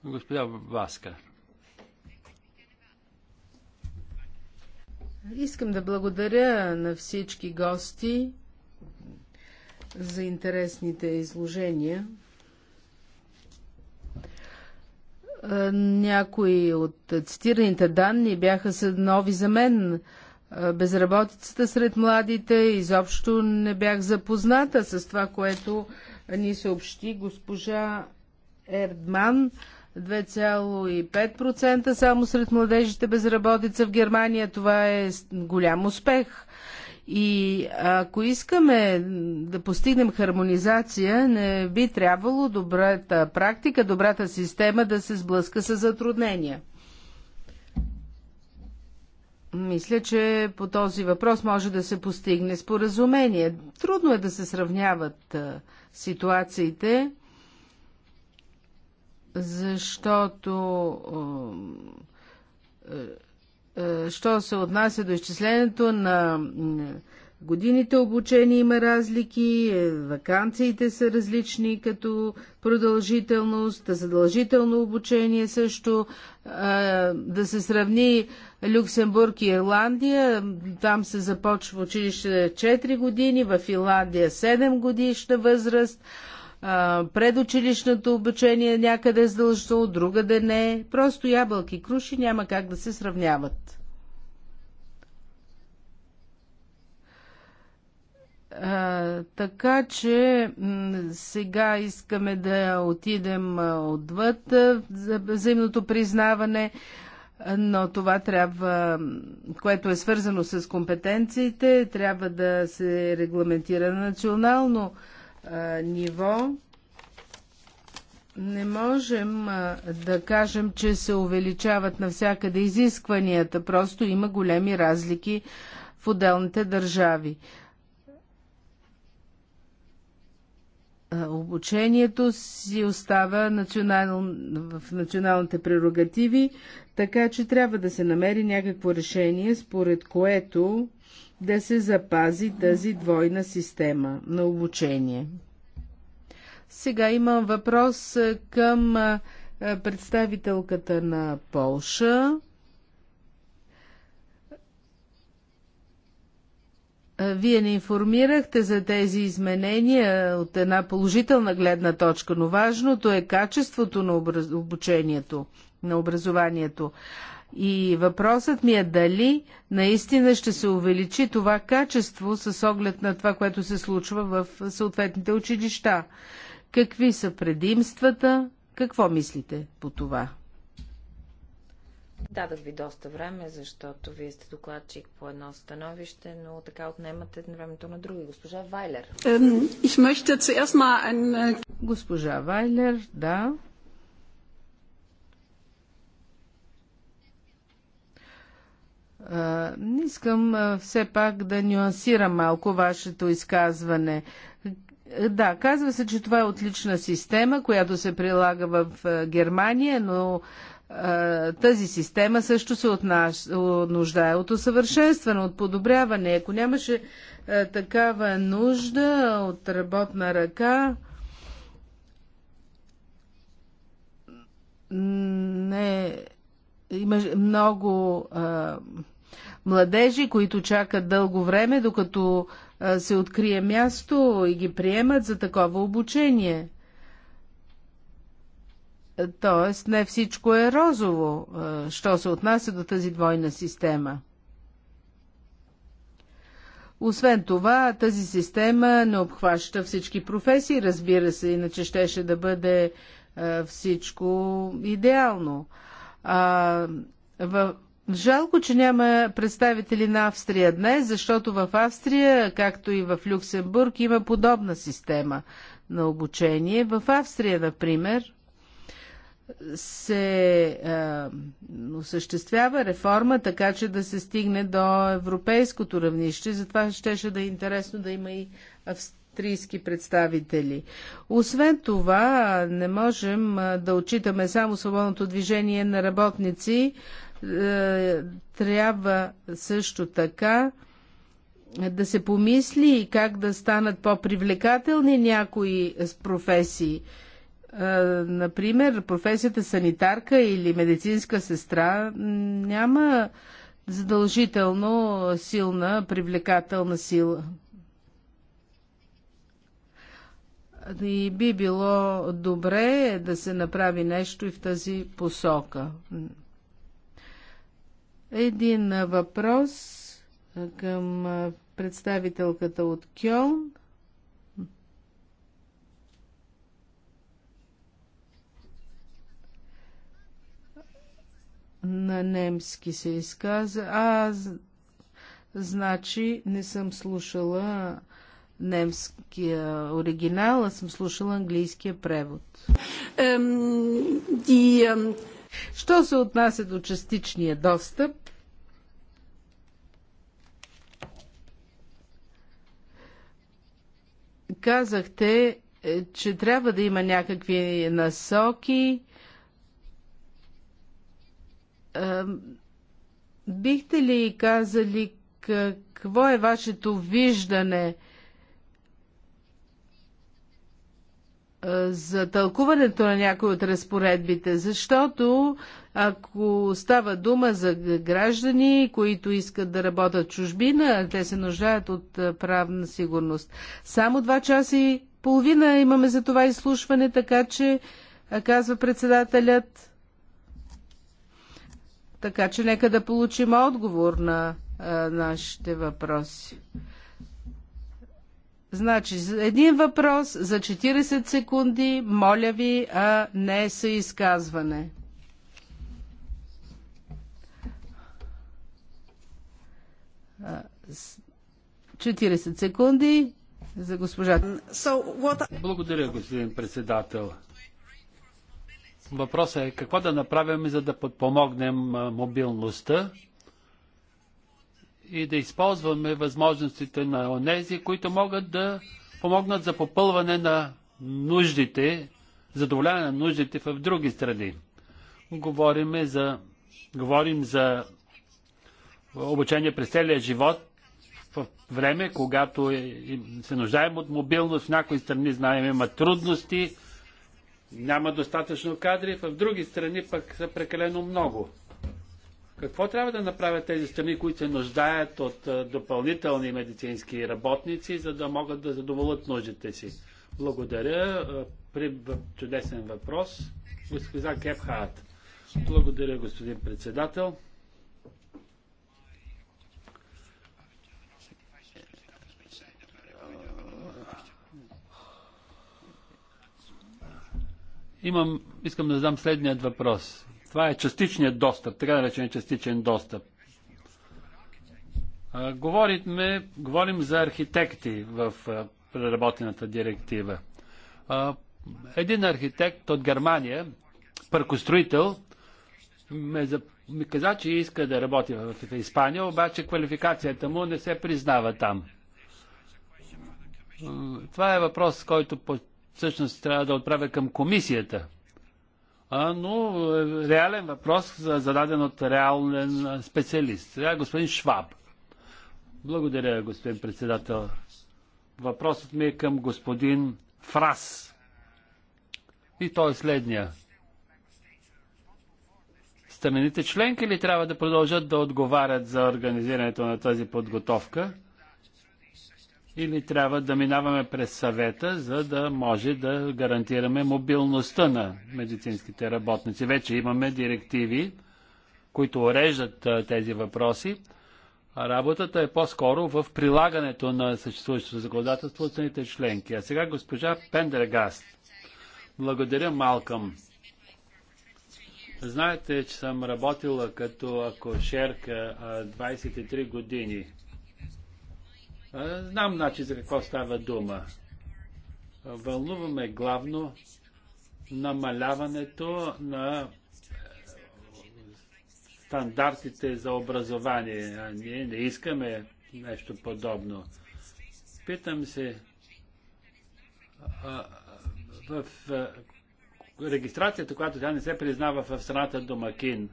Господа Васка. Искам да благодаря на всички гости за интересните изложения. Е, някои от цитираните данни бяха нови за мен. Е, безработицата сред младите изобщо не бях запозната с това, което ни съобщи госпожа Ердман. 2,5% само сред младежите безработица в Германия. Това е голям успех. И ако искаме да постигнем хармонизация, не би трябвало добрата практика, добрата система да се сблъска с затруднения. Мисля, че по този въпрос може да се постигне споразумение. Трудно е да се сравняват ситуациите, защото е, що се отнася до изчислението на годините обучение има разлики, е, вакансиите са различни като продължителност, задължително обучение също. Е, да се сравни Люксембург и Ирландия, там се започва училище 4 години, в Ирландия 7 годишна възраст, предучилищното обучение някъде е задължително, другаде не. Просто ябълки и круши няма как да се сравняват. А, така че сега искаме да отидем отвъд за взаимното признаване, но това трябва, което е свързано с компетенциите, трябва да се регламентира национално а, ниво не можем а, да кажем, че се увеличават навсякъде изискванията, просто има големи разлики в отделните държави. Обучението си остава национал, в националните прерогативи, така че трябва да се намери някакво решение, според което да се запази тази двойна система на обучение. Сега имам въпрос към представителката на Полша. Вие не информирахте за тези изменения от една положителна гледна точка, но важното е качеството на образ... обучението, на образованието. И въпросът ми е дали наистина ще се увеличи това качество с оглед на това, което се случва в съответните училища. Какви са предимствата? Какво мислите по това? Дадах ви доста време, защото вие сте докладчик по едно становище, но така отнемате времето на други. Госпожа Вайлер. Äh, Госпожа Вайлер, да. Е, не искам е, все пак да нюансирам малко вашето изказване. Е, да, казва се, че това е отлична система, която се прилага в Германия, но тази система също се нуждае от усъвършенстване, от подобряване. Ако нямаше такава нужда от работна ръка, не, има много а, младежи, които чакат дълго време, докато а, се открие място и ги приемат за такова обучение. Тоест, не всичко е розово, що се отнася до тази двойна система. Освен това, тази система не обхваща всички професии, разбира се, иначе щеше да бъде всичко идеално. А, в... Жалко, че няма представители на Австрия днес, защото в Австрия, както и в Люксембург, има подобна система на обучение. В Австрия, например, се е, осъществява реформа, така че да се стигне до европейското равнище. Затова щеше да е интересно да има и австрийски представители. Освен това, не можем е, да отчитаме само свободното движение на работници. Е, трябва също така да се помисли как да станат по-привлекателни някои професии например, професията санитарка или медицинска сестра няма задължително силна, привлекателна сила. И би било добре да се направи нещо и в тази посока. Един въпрос към представителката от Кьолн. на немски се изказа. А, значи не съм слушала немския оригинал, а съм слушала английския превод. Um, the, um... Що се отнася до частичния достъп? Казахте, е, че трябва да има някакви насоки, бихте ли казали какво е вашето виждане за тълкуването на някои от разпоредбите? Защото ако става дума за граждани, които искат да работят чужбина, те се нуждаят от правна сигурност. Само два часа и половина имаме за това изслушване, така че, казва председателят, така че нека да получим отговор на а, нашите въпроси. Значи, един въпрос за 40 секунди, моля ви, а не се изказване. А, 40 секунди за госпожа. Благодаря, господин председател. Въпросът е какво да направим, за да подпомогнем мобилността и да използваме възможностите на онези, които могат да помогнат за попълване на нуждите, задоволяване на нуждите в други страни. Говорим за, говорим за обучение през целия живот в време, когато е, се нуждаем от мобилност. В някои страни знаем има трудности, няма достатъчно кадри, в други страни пък са прекалено много. Какво трябва да направят тези страни, които се нуждаят от допълнителни медицински работници, за да могат да задоволят нуждите си? Благодаря. При чудесен въпрос, госпожа Кепхарт. Благодаря, господин председател. Имам, искам да задам следният въпрос. Това е частичният достъп, така наречен частичен достъп. А, говорихме, говорим за архитекти в а, преработената директива. А, един архитект от Германия, паркостроител, ме, за, ми каза, че иска да работи в, в Испания, обаче квалификацията му не се признава там. Това е въпрос, който всъщност трябва да отправя към комисията. А, но е, реален въпрос, зададен от реален специалист. Трябва господин Шваб. Благодаря, господин председател. Въпросът ми е към господин Фрас. И той е следния. Страните членки ли трябва да продължат да отговарят за организирането на тази подготовка? или трябва да минаваме през съвета, за да може да гарантираме мобилността на медицинските работници. Вече имаме директиви, които уреждат тези въпроси. Работата е по-скоро в прилагането на съществуващото законодателство от страните членки. А сега госпожа Пендергаст. Благодаря, Малкам. Знаете, че съм работила като акошерка 23 години. Знам, значи, за какво става дума. Вълнуваме главно намаляването на стандартите за образование. А ние не искаме нещо подобно. Питам се, в регистрацията, която тя не се признава в страната домакин,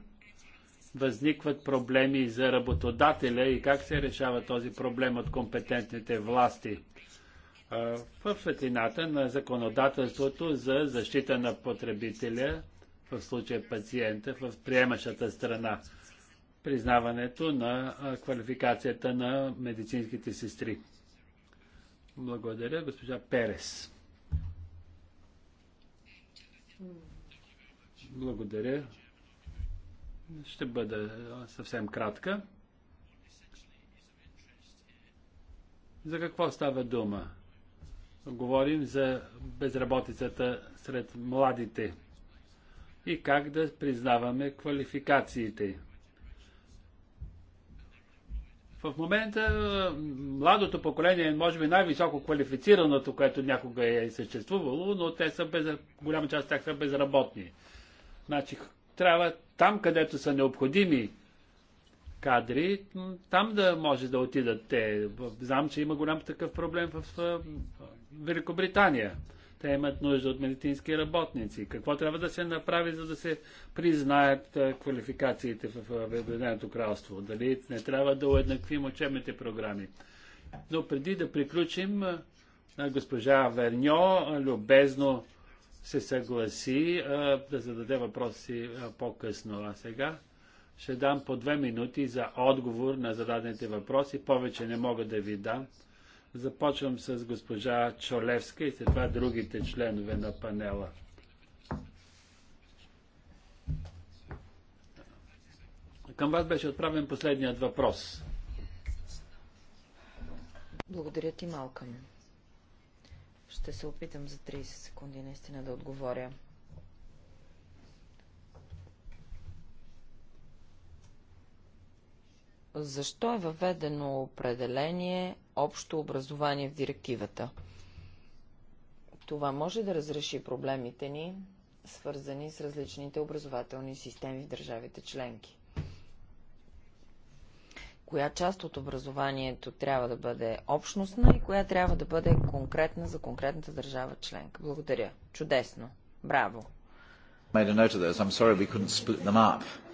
възникват проблеми за работодателя и как се решава този проблем от компетентните власти в светлината на законодателството за защита на потребителя, в случая пациента, в приемащата страна, признаването на квалификацията на медицинските сестри. Благодаря, госпожа Перес. Благодаря. Ще бъда съвсем кратка. За какво става дума? Говорим за безработицата сред младите и как да признаваме квалификациите. В момента младото поколение е може би най-високо квалифицираното, което някога е съществувало, но те са без... голяма част от тях са безработни. Значи трябва там, където са необходими кадри, там да може да отидат те. Знам, че има голям такъв проблем в Великобритания. Те имат нужда от медицински работници. Какво трябва да се направи, за да се признаят квалификациите в Обединеното кралство? Дали не трябва да уеднаквим учебните програми? Но преди да приключим, госпожа Верньо любезно се съгласи а, да зададе въпроси по-късно. А сега ще дам по две минути за отговор на зададените въпроси. Повече не мога да ви дам. Започвам с госпожа Чолевска и след това другите членове на панела. Към вас беше отправен последният въпрос. Благодаря ти, Малкам. Ще се опитам за 30 секунди наистина да отговоря. Защо е въведено определение общо образование в директивата? Това може да разреши проблемите ни, свързани с различните образователни системи в държавите членки коя част от образованието трябва да бъде общностна и коя трябва да бъде конкретна за конкретната държава членка. Благодаря. Чудесно. Браво.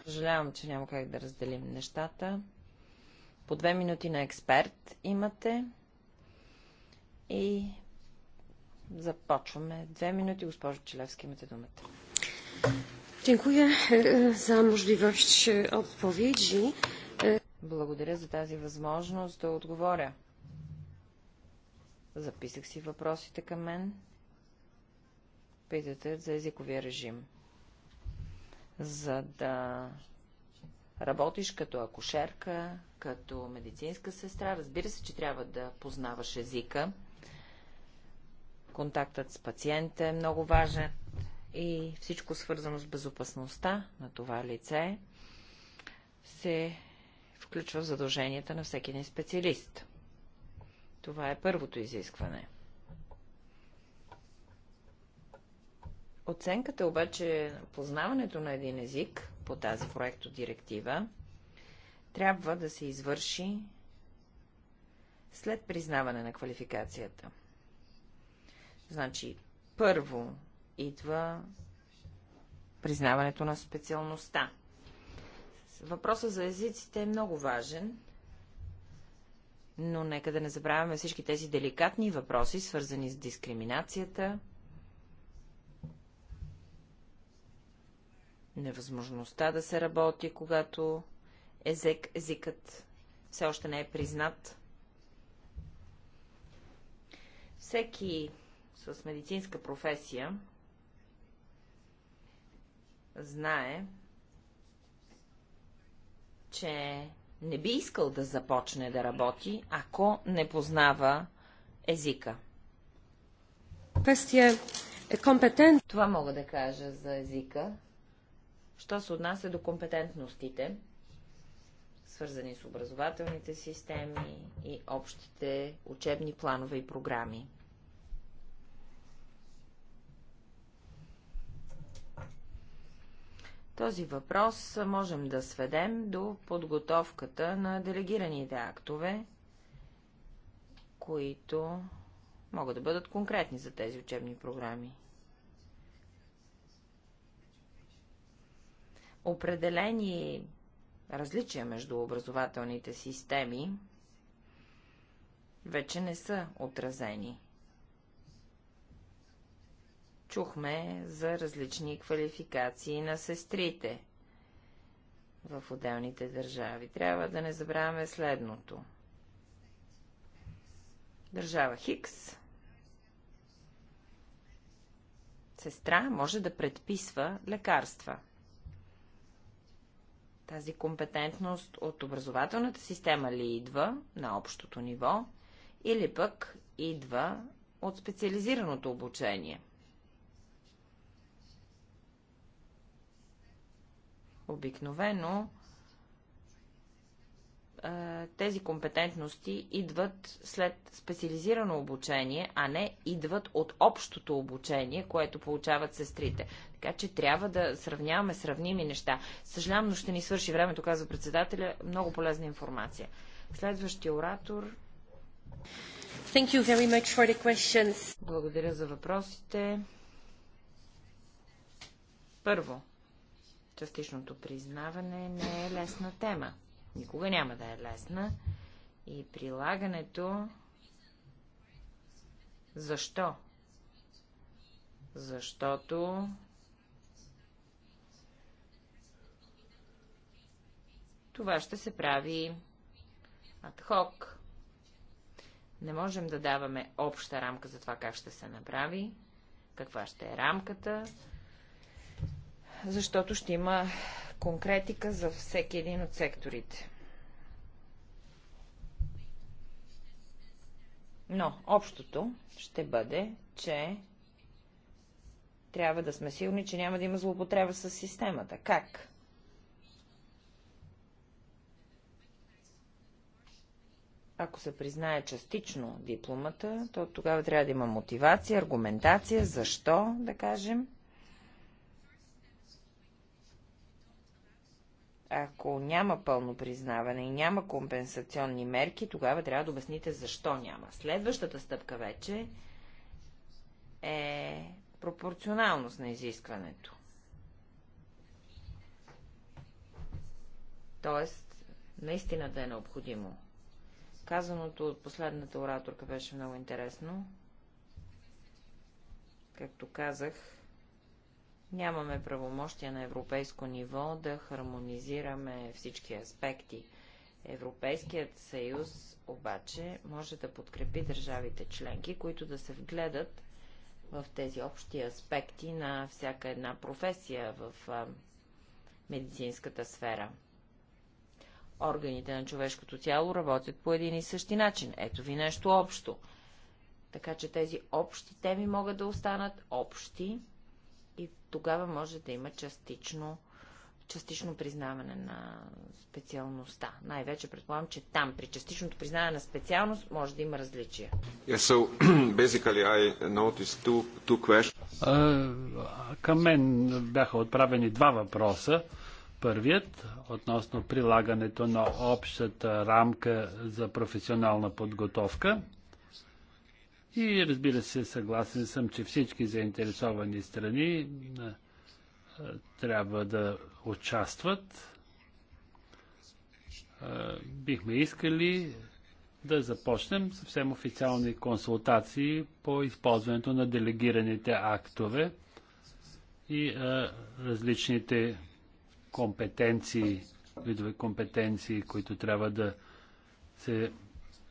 Съжалявам, че няма как да разделим нещата. По две минути на експерт имате и започваме. Две минути, госпожо Челевски, имате думата. Dziękuję e, za możliwość e, odpowiedzi. Благодаря за тази възможност да отговоря. Записах си въпросите към мен. Питате за езиковия режим. За да работиш като акушерка, като медицинска сестра, разбира се, че трябва да познаваш езика. Контактът с пациента е много важен и всичко свързано с безопасността на това лице се включва задълженията на всеки един специалист. Това е първото изискване. Оценката обаче, познаването на един език по тази проектодиректива, трябва да се извърши след признаване на квалификацията. Значи, първо идва признаването на специалността. Въпросът за езиците е много важен, но нека да не забравяме всички тези деликатни въпроси, свързани с дискриминацията, невъзможността да се работи, когато език, езикът все още не е признат. Всеки с медицинска професия знае, че не би искал да започне да работи, ако не познава езика. Е, е Това мога да кажа за езика. Що се отнася до компетентностите, свързани с образователните системи и общите учебни планове и програми. Този въпрос можем да сведем до подготовката на делегираните актове, които могат да бъдат конкретни за тези учебни програми. Определени различия между образователните системи вече не са отразени. Чухме за различни квалификации на сестрите в отделните държави. Трябва да не забравяме следното. Държава Хикс сестра може да предписва лекарства. Тази компетентност от образователната система ли идва на общото ниво, или пък идва от специализираното обучение – Обикновено тези компетентности идват след специализирано обучение, а не идват от общото обучение, което получават сестрите. Така че трябва да сравняваме сравними неща. Съжалявам, но ще ни свърши времето, казва председателя. Много полезна информация. Следващия оратор. Thank you very much for the questions. Благодаря за въпросите. Първо, Частичното признаване не е лесна тема. Никога няма да е лесна. И прилагането... Защо? Защото това ще се прави адхок. Не можем да даваме обща рамка за това как ще се направи, каква ще е рамката, защото ще има конкретика за всеки един от секторите. Но общото ще бъде, че трябва да сме сигурни, че няма да има злоупотреба с системата. Как? Ако се признае частично дипломата, то тогава трябва да има мотивация, аргументация, защо, да кажем – Ако няма пълно признаване и няма компенсационни мерки, тогава трябва да обясните защо няма. Следващата стъпка вече е пропорционалност на изискването. Тоест, наистина да е необходимо. Казаното от последната ораторка беше много интересно. Както казах, Нямаме правомощия на европейско ниво да хармонизираме всички аспекти. Европейският съюз обаче може да подкрепи държавите членки, които да се вгледат в тези общи аспекти на всяка една професия в медицинската сфера. Органите на човешкото тяло работят по един и същи начин. Ето ви нещо общо. Така че тези общи теми могат да останат общи тогава може да има частично, частично признаване на специалността. Най-вече предполагам, че там при частичното признаване на специалност може да има различия. Yeah, so, two, two uh, към мен бяха отправени два въпроса. Първият относно прилагането на общата рамка за професионална подготовка – и разбира се, съгласен съм, че всички заинтересовани страни трябва да участват. Бихме искали да започнем съвсем официални консултации по използването на делегираните актове и различните компетенции, видове компетенции, които трябва да се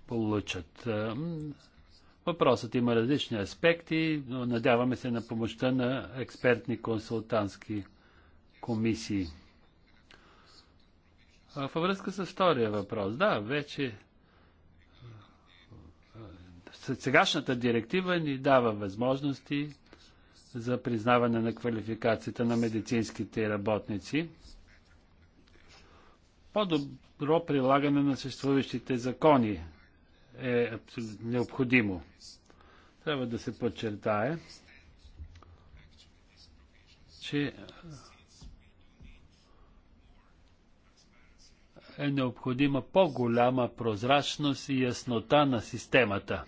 получат. Въпросът има различни аспекти, но надяваме се на помощта на експертни консултантски комисии. А във връзка с втория въпрос, да, вече сегашната директива ни дава възможности за признаване на квалификацията на медицинските работници, по-добро прилагане на съществуващите закони е необходимо. Трябва да се подчертае, че е необходима по-голяма прозрачност и яснота на системата.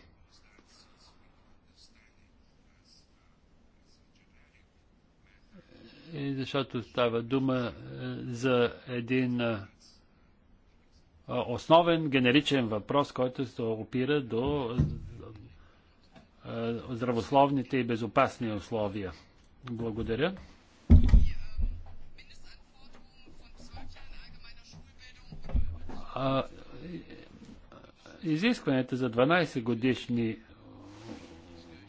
И защото става дума е, за един е, основен генеричен въпрос, който се опира до здравословните и безопасни условия. Благодаря. Изискването за 12 годишни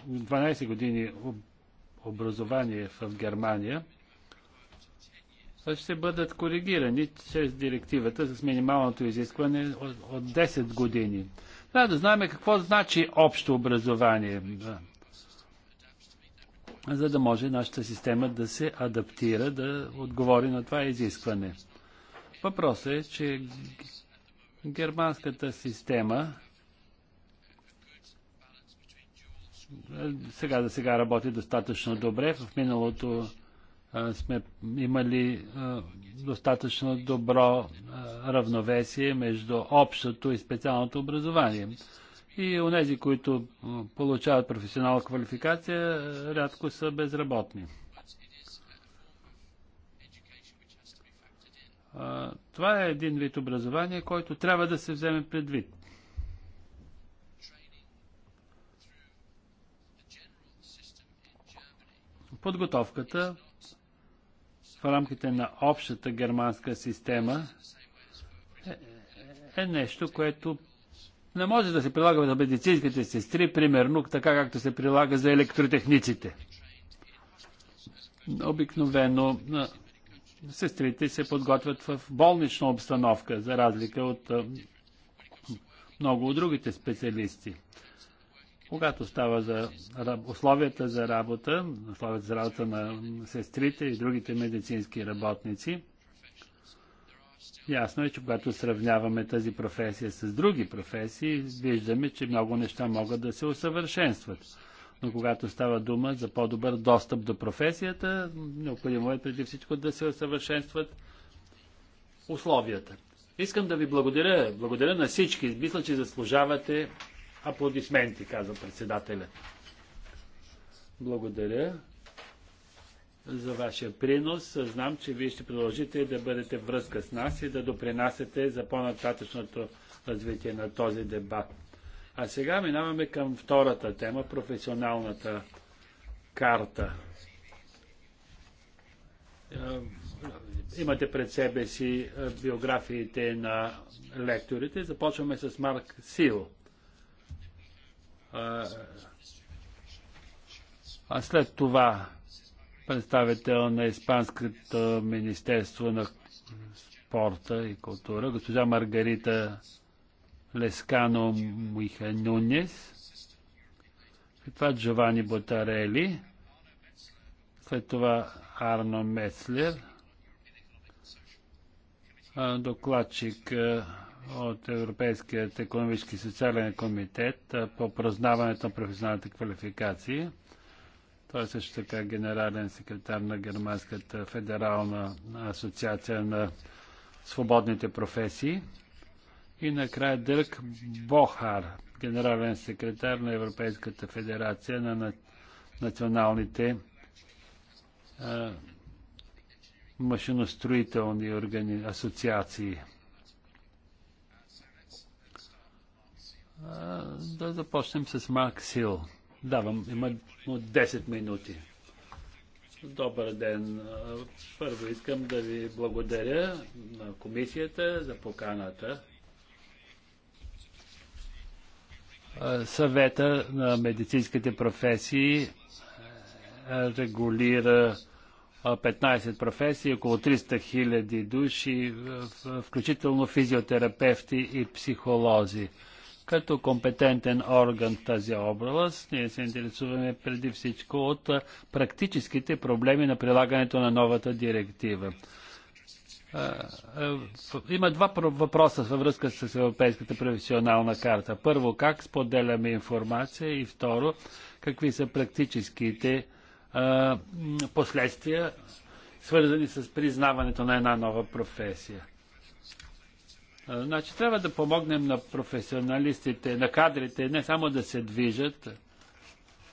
12 години образование в Германия – ще бъдат коригирани чрез директивата с минималното изискване от, 10 години. Трябва да знаем какво значи общо образование, за да може нашата система да се адаптира, да отговори на това изискване. Въпросът е, че германската система е, сега да сега работи достатъчно добре. В миналото сме имали достатъчно добро равновесие между общото и специалното образование. И нези, които получават професионална квалификация, рядко са безработни. Това е един вид образование, който трябва да се вземе предвид. Подготовката в рамките на общата германска система е, е нещо, което не може да се прилага за медицинските сестри, примерно така както се прилага за електротехниците. Обикновено сестрите се подготвят в болнична обстановка, за разлика от много от другите специалисти. Когато става за условията за работа, условията за работа на сестрите и другите медицински работници, ясно е, че когато сравняваме тази професия с други професии, виждаме, че много неща могат да се усъвършенстват. Но когато става дума за по-добър достъп до професията, необходимо е преди всичко да се усъвършенстват условията. Искам да ви благодаря. Благодаря на всички. Мисля, че заслужавате Аплодисменти, казва председателя. Благодаря за вашия принос. Знам, че вие ще продължите да бъдете връзка с нас и да допринасяте за по-нататъчното развитие на този дебат. А сега минаваме към втората тема професионалната карта. Е, имате пред себе си е, биографиите на лекторите. Започваме с Марк Сил. А, след това представител на Испанското министерство на спорта и култура, госпожа Маргарита Лескано Миханюнес, след това Джовани Ботарели, след това Арно Меслер, докладчик от Европейският економически и социален комитет по празнаването на професионалните квалификации. Той е също така генерален секретар на Германската федерална асоциация на свободните професии. И накрая Дърк Бохар, генерален секретар на Европейската федерация на националните машиностроителни органи, асоциации. А, да започнем с Марк Сил. Давам, има 10 минути. Добър ден. Първо искам да ви благодаря на комисията за поканата. Съвета на медицинските професии регулира 15 професии, около 300 хиляди души, включително физиотерапевти и психолози. Като компетентен орган в тази област, ние се интересуваме преди всичко от практическите проблеми на прилагането на новата директива. Има два въпроса във връзка с Европейската професионална карта. Първо, как споделяме информация и второ, какви са практическите последствия, свързани с признаването на една нова професия. Значи трябва да помогнем на професионалистите, на кадрите, не само да се движат,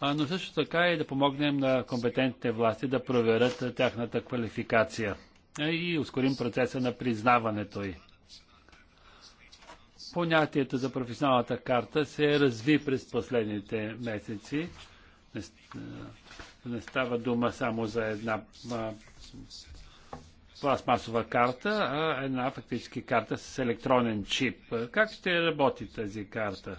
а но също така и да помогнем на компетентните власти да проверят тяхната квалификация и ускорим процеса на признаването й. Понятието за професионалната карта се разви през последните месеци. Не, не става дума само за една пластмасова карта, а една фактически карта с електронен чип. Как ще работи тази карта?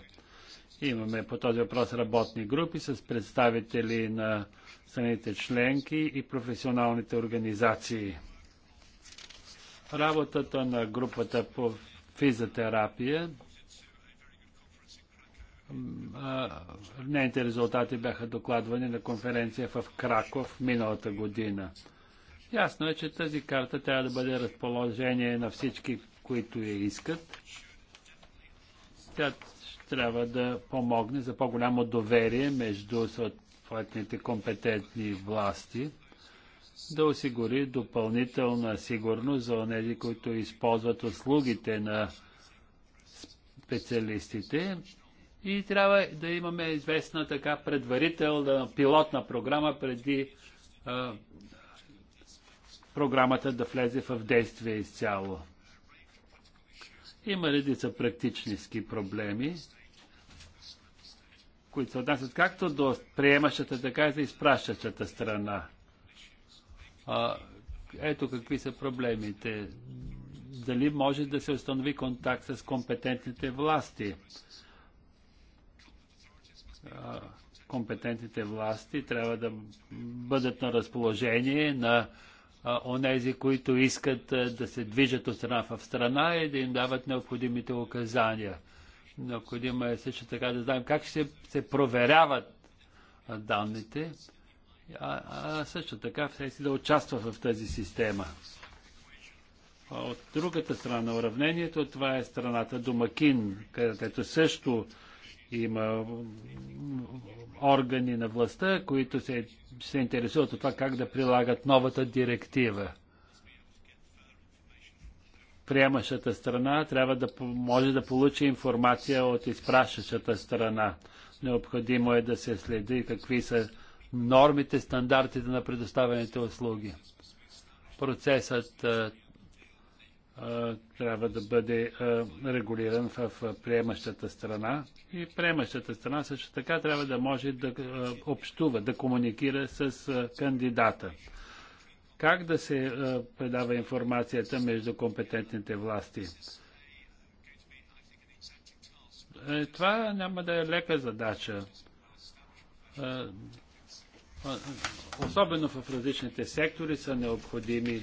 Имаме по този въпрос работни групи с представители на страните членки и професионалните организации. Работата на групата по физиотерапия Нейните резултати бяха докладвани на конференция в Краков миналата година. Ясно е, че тази карта трябва да бъде разположение на всички, които я искат. Тя трябва да помогне за по-голямо доверие между съответните компетентни власти, да осигури допълнителна сигурност за тези, които използват услугите на специалистите и трябва да имаме известна така предварителна пилотна програма преди програмата да влезе в действие изцяло. Има редица практически проблеми, които се отнасят както до приемащата, така и за изпращащата страна. А, ето какви са проблемите. Дали може да се установи контакт с компетентните власти? А, компетентните власти трябва да бъдат на разположение на онези, които искат да се движат от страна в страна и да им дават необходимите указания. Необходимо е също така да знаем как ще се проверяват данните, а, а също така всеки да участва в тази система. От другата страна на уравнението, това е страната Домакин, където също има органи на властта, които се, се интересуват от това как да прилагат новата директива. Приемащата страна трябва да може да получи информация от изпращащата страна. Необходимо е да се следи какви са нормите, стандартите на предоставените услуги. Процесът трябва да бъде регулиран в приемащата страна и приемащата страна също така трябва да може да общува, да комуникира с кандидата. Как да се предава информацията между компетентните власти? Е, това няма да е лека задача. Особено в различните сектори са необходими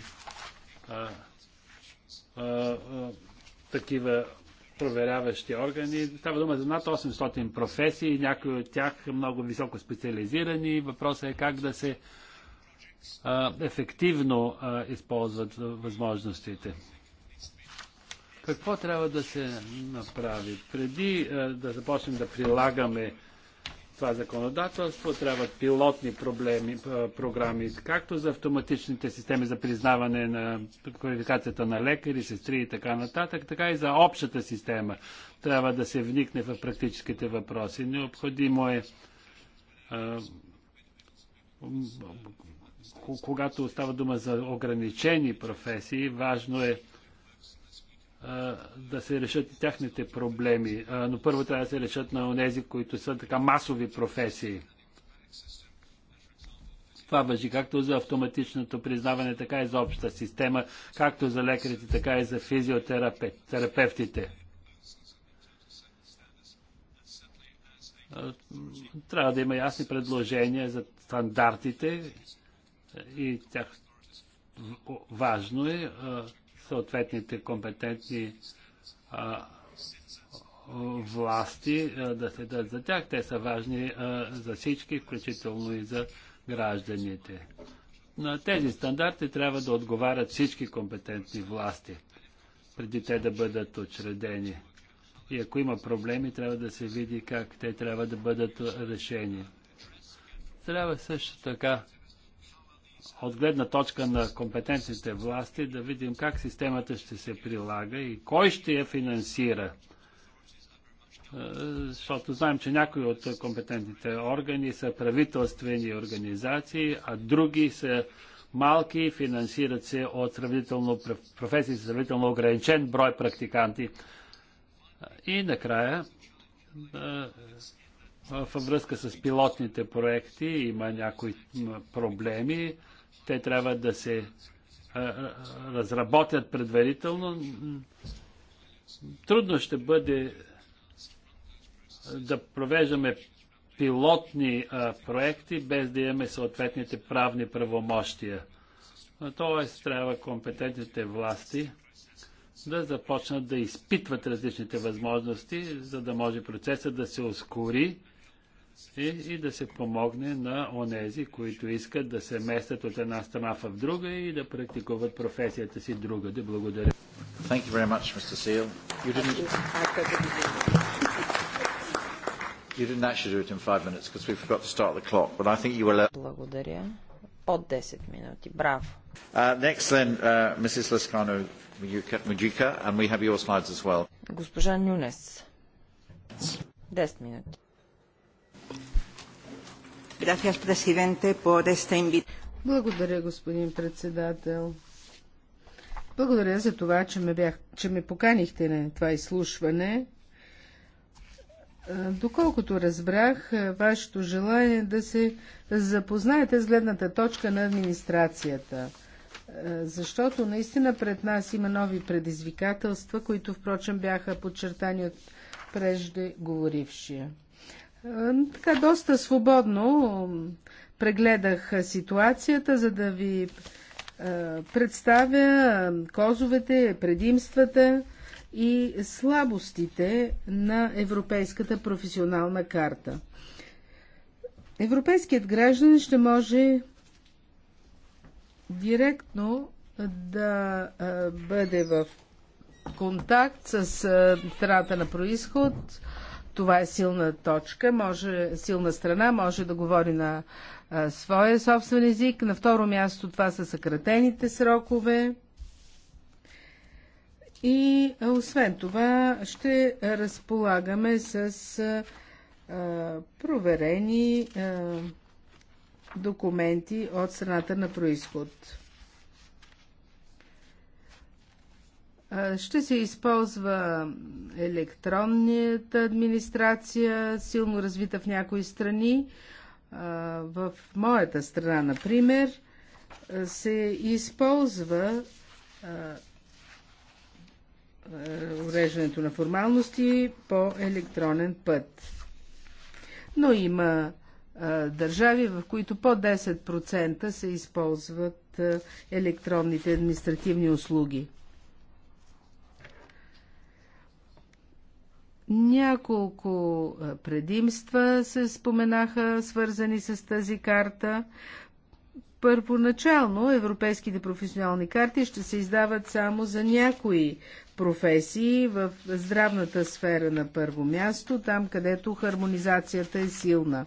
такива проверяващи органи. Става дума за над 800 професии, някои от тях много високо специализирани. Въпросът е как да се а, ефективно а, използват възможностите. Какво трябва да се направи? Преди а, да започнем да прилагаме това законодателство, трябват пилотни проблеми, програми, както за автоматичните системи за признаване на квалификацията на лекари, сестри и така нататък, така и за общата система. Трябва да се вникне в практическите въпроси. Необходимо е а, когато става дума за ограничени професии, важно е да се решат тяхните проблеми, но първо трябва да се решат на тези, които са така масови професии. Това въжи както за автоматичното признаване, така и за обща система, както за лекарите, така и за физиотерапевтите. Трябва да има ясни предложения за стандартите и тях важно е съответните компетентни а, власти да следят за тях. Те са важни а, за всички, включително и за гражданите. На тези стандарти трябва да отговарят всички компетентни власти, преди те да бъдат очредени. И ако има проблеми, трябва да се види как те трябва да бъдат решени. Трябва също така от гледна точка на компетентните власти да видим как системата ще се прилага и кой ще я финансира. Е, защото знаем, че някои от компетентните органи са правителствени организации, а други са малки, финансират се от сравнително, професии с сравнително ограничен брой практиканти. И накрая е, във връзка с пилотните проекти има някои проблеми. Те трябва да се разработят предварително. Трудно ще бъде да провеждаме пилотни проекти без да имаме съответните правни правомощия. Тоест трябва компетентните власти да започнат да изпитват различните възможности, за да може процесът да се ускори и, и да се помогне на онези, които искат да се местят от една страна в друга и да практикуват професията си друга. Да благодаря. Thank you very much, Mr. Seal. You didn't, you didn't actually do it in five minutes because we forgot to start the clock, but I think you were... Благодаря. Под 10 минути. Браво. Uh, next then, uh, Mrs. Lascano Mujica, and we have your slides as well. Госпожа Нюнес. 10 минути. Благодаря, господин председател. Благодаря за това, че ме, бях, че ме поканихте на това изслушване. Доколкото разбрах, вашето желание е да се запознаете с гледната точка на администрацията, защото наистина пред нас има нови предизвикателства, които впрочем бяха подчертани от преждеговорившия. Така доста свободно прегледах ситуацията, за да ви представя козовете, предимствата и слабостите на Европейската професионална карта. Европейският граждан ще може директно да бъде в контакт с страната на происход, това е силна точка, може, силна страна, може да говори на а, своя собствен език. На второ място това са съкратените срокове. И а, освен това ще разполагаме с а, проверени документи от страната на происход. Ще се използва електронната администрация, силно развита в някои страни. В моята страна, например, се използва уреждането на формалности по електронен път. Но има държави, в които по 10% се използват електронните административни услуги. Няколко е, предимства се споменаха, свързани с тази карта. Първоначално европейските професионални карти ще се издават само за някои професии в здравната сфера на първо място, там където хармонизацията е силна.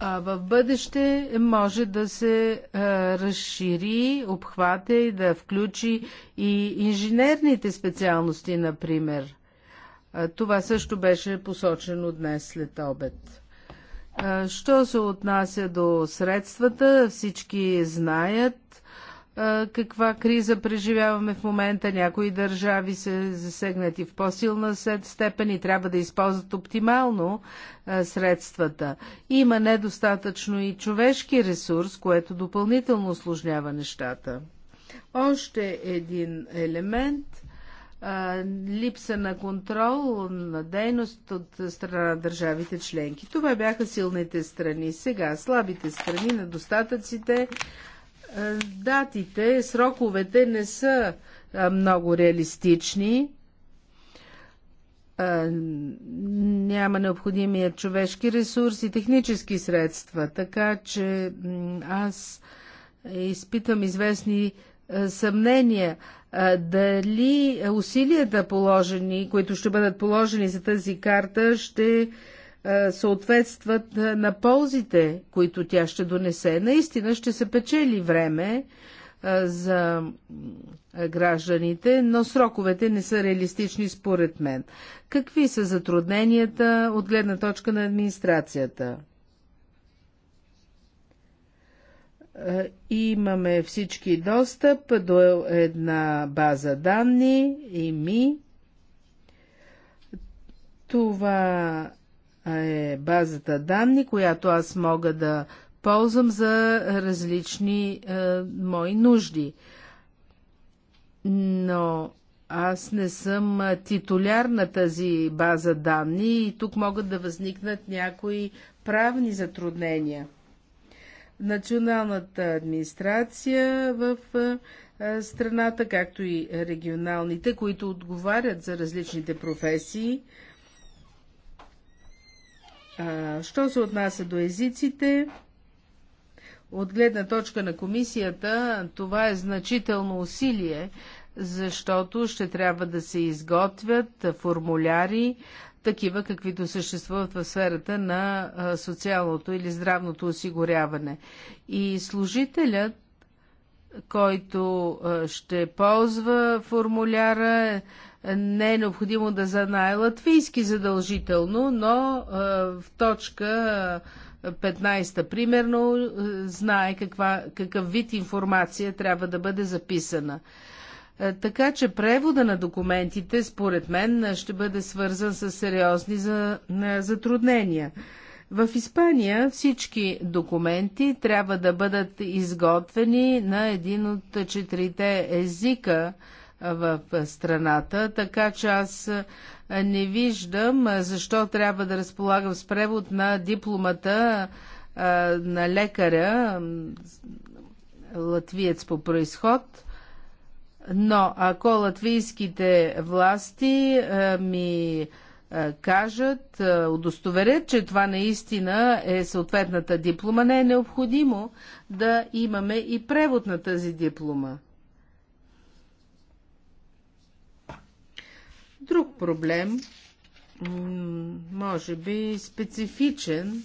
А в бъдеще може да се а, разшири обхвата и да включи и инженерните специалности, например. А, това също беше посочено днес след обед. А, що се отнася до средствата, всички знаят, каква криза преживяваме в момента. Някои държави са засегнати в по-силна степен и трябва да използват оптимално средствата. Има недостатъчно и човешки ресурс, което допълнително осложнява нещата. Още един елемент липса на контрол на дейност от страна на държавите членки. Това бяха силните страни. Сега слабите страни, недостатъците Датите, сроковете не са много реалистични. Няма необходимия човешки ресурс и технически средства, така че аз изпитвам известни съмнения дали усилията положени, които ще бъдат положени за тази карта, ще е, съответстват е, на ползите, които тя ще донесе. Наистина ще се печели време е, за гражданите, но сроковете не са реалистични според мен. Какви са затрудненията от гледна точка на администрацията? Имаме всички достъп до една база данни и ми. Това е базата данни, която аз мога да ползвам за различни е, мои нужди. Но аз не съм титуляр на тази база данни и тук могат да възникнат някои правни затруднения. Националната администрация в страната, както и регионалните, които отговарят за различните професии, а, що се отнася до езиците, от гледна точка на комисията, това е значително усилие, защото ще трябва да се изготвят формуляри, такива каквито съществуват в сферата на социалното или здравното осигуряване. И служителят който ще ползва формуляра, не е необходимо да знае латвийски задължително, но в точка 15 примерно знае каква, какъв вид информация трябва да бъде записана. Така че превода на документите, според мен, ще бъде свързан с сериозни затруднения. За в Испания всички документи трябва да бъдат изготвени на един от четирите езика в страната, така че аз не виждам защо трябва да разполагам с превод на дипломата на лекаря, латвиец по происход, но ако латвийските власти ми е, кажат, е, удостоверят, че това наистина е съответната диплома, не е необходимо да имаме и превод на тази диплома. Друг проблем, може би специфичен,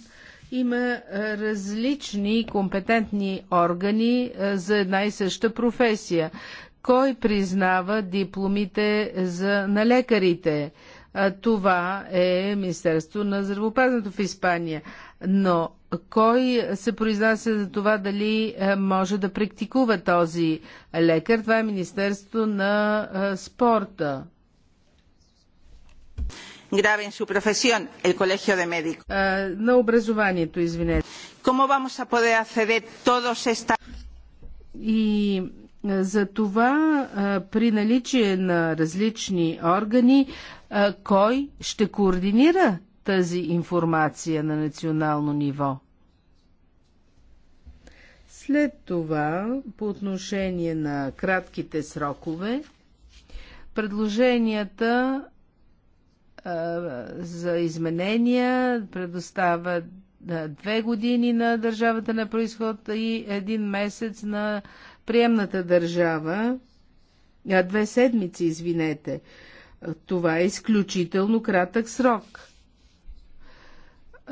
има е, различни компетентни органи за една и съща професия. Кой признава дипломите за, на лекарите? това е Министерство на здравеопазването в Испания. Но кой се произнася за това дали може да практикува този лекар? Това е Министерство на спорта. Grave en su profesión, el Colegio de Médicos. На образованието, извинете. ¿Cómo vamos a poder acceder todos esta... И за това при наличие на различни органи кой ще координира тази информация на национално ниво? След това, по отношение на кратките срокове, предложенията а, за изменения предоставя две години на държавата на происход и един месец на приемната държава, а, две седмици, извинете, това е изключително кратък срок.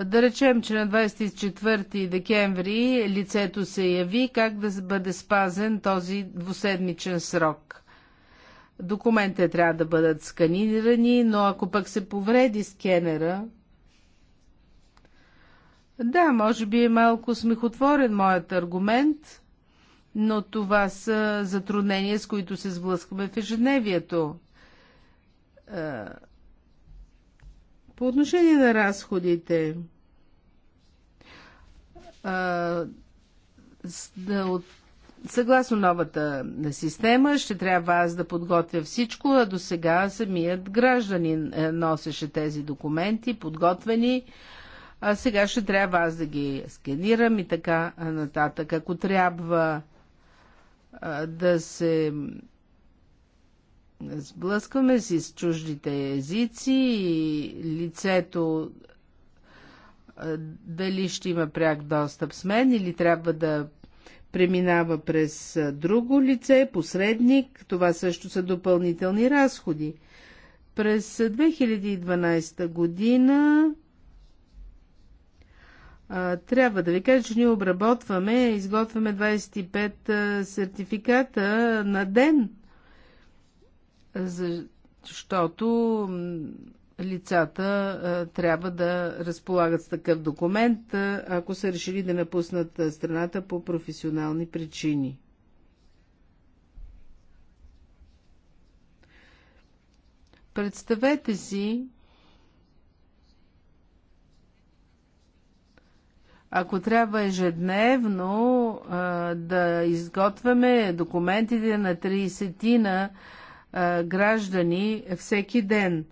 Да речем, че на 24 декември лицето се яви как да бъде спазен този двуседмичен срок. Документите трябва да бъдат сканирани, но ако пък се повреди скенера, да, може би е малко смехотворен моят аргумент, но това са затруднения, с които се сблъскваме в ежедневието. По отношение на разходите, съгласно новата система, ще трябва аз да подготвя всичко, а до сега самият гражданин е, носеше тези документи, подготвени, а сега ще трябва аз да ги сканирам и така нататък. Ако трябва да се сблъскваме си с чуждите езици и лицето дали ще има пряк достъп с мен или трябва да преминава през друго лице, посредник. Това също са допълнителни разходи. През 2012 година трябва да ви кажа, че ние обработваме, изготвяме 25 сертификата на ден – защото лицата трябва да разполагат с такъв документ, ако са решили да напуснат страната по професионални причини. Представете си, ако трябва ежедневно а, да изготвяме документите на на граждани всеки ден.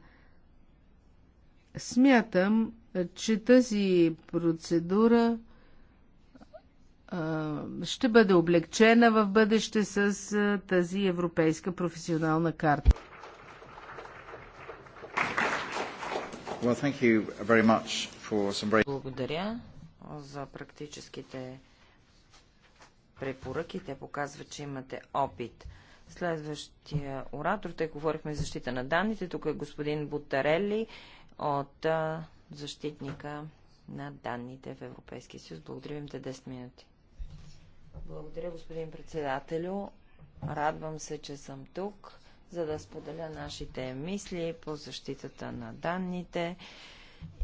Смятам, че тази процедура ще бъде облегчена в бъдеще с тази европейска професионална карта. Благодаря за практическите препоръки. Те показват, че имате опит. Следващия оратор, тъй говорихме за защита на данните, тук е господин Бутарели от защитника на данните в Европейския съюз. Благодаря те 10 минути. Благодаря, господин председателю. Радвам се, че съм тук, за да споделя нашите мисли по защитата на данните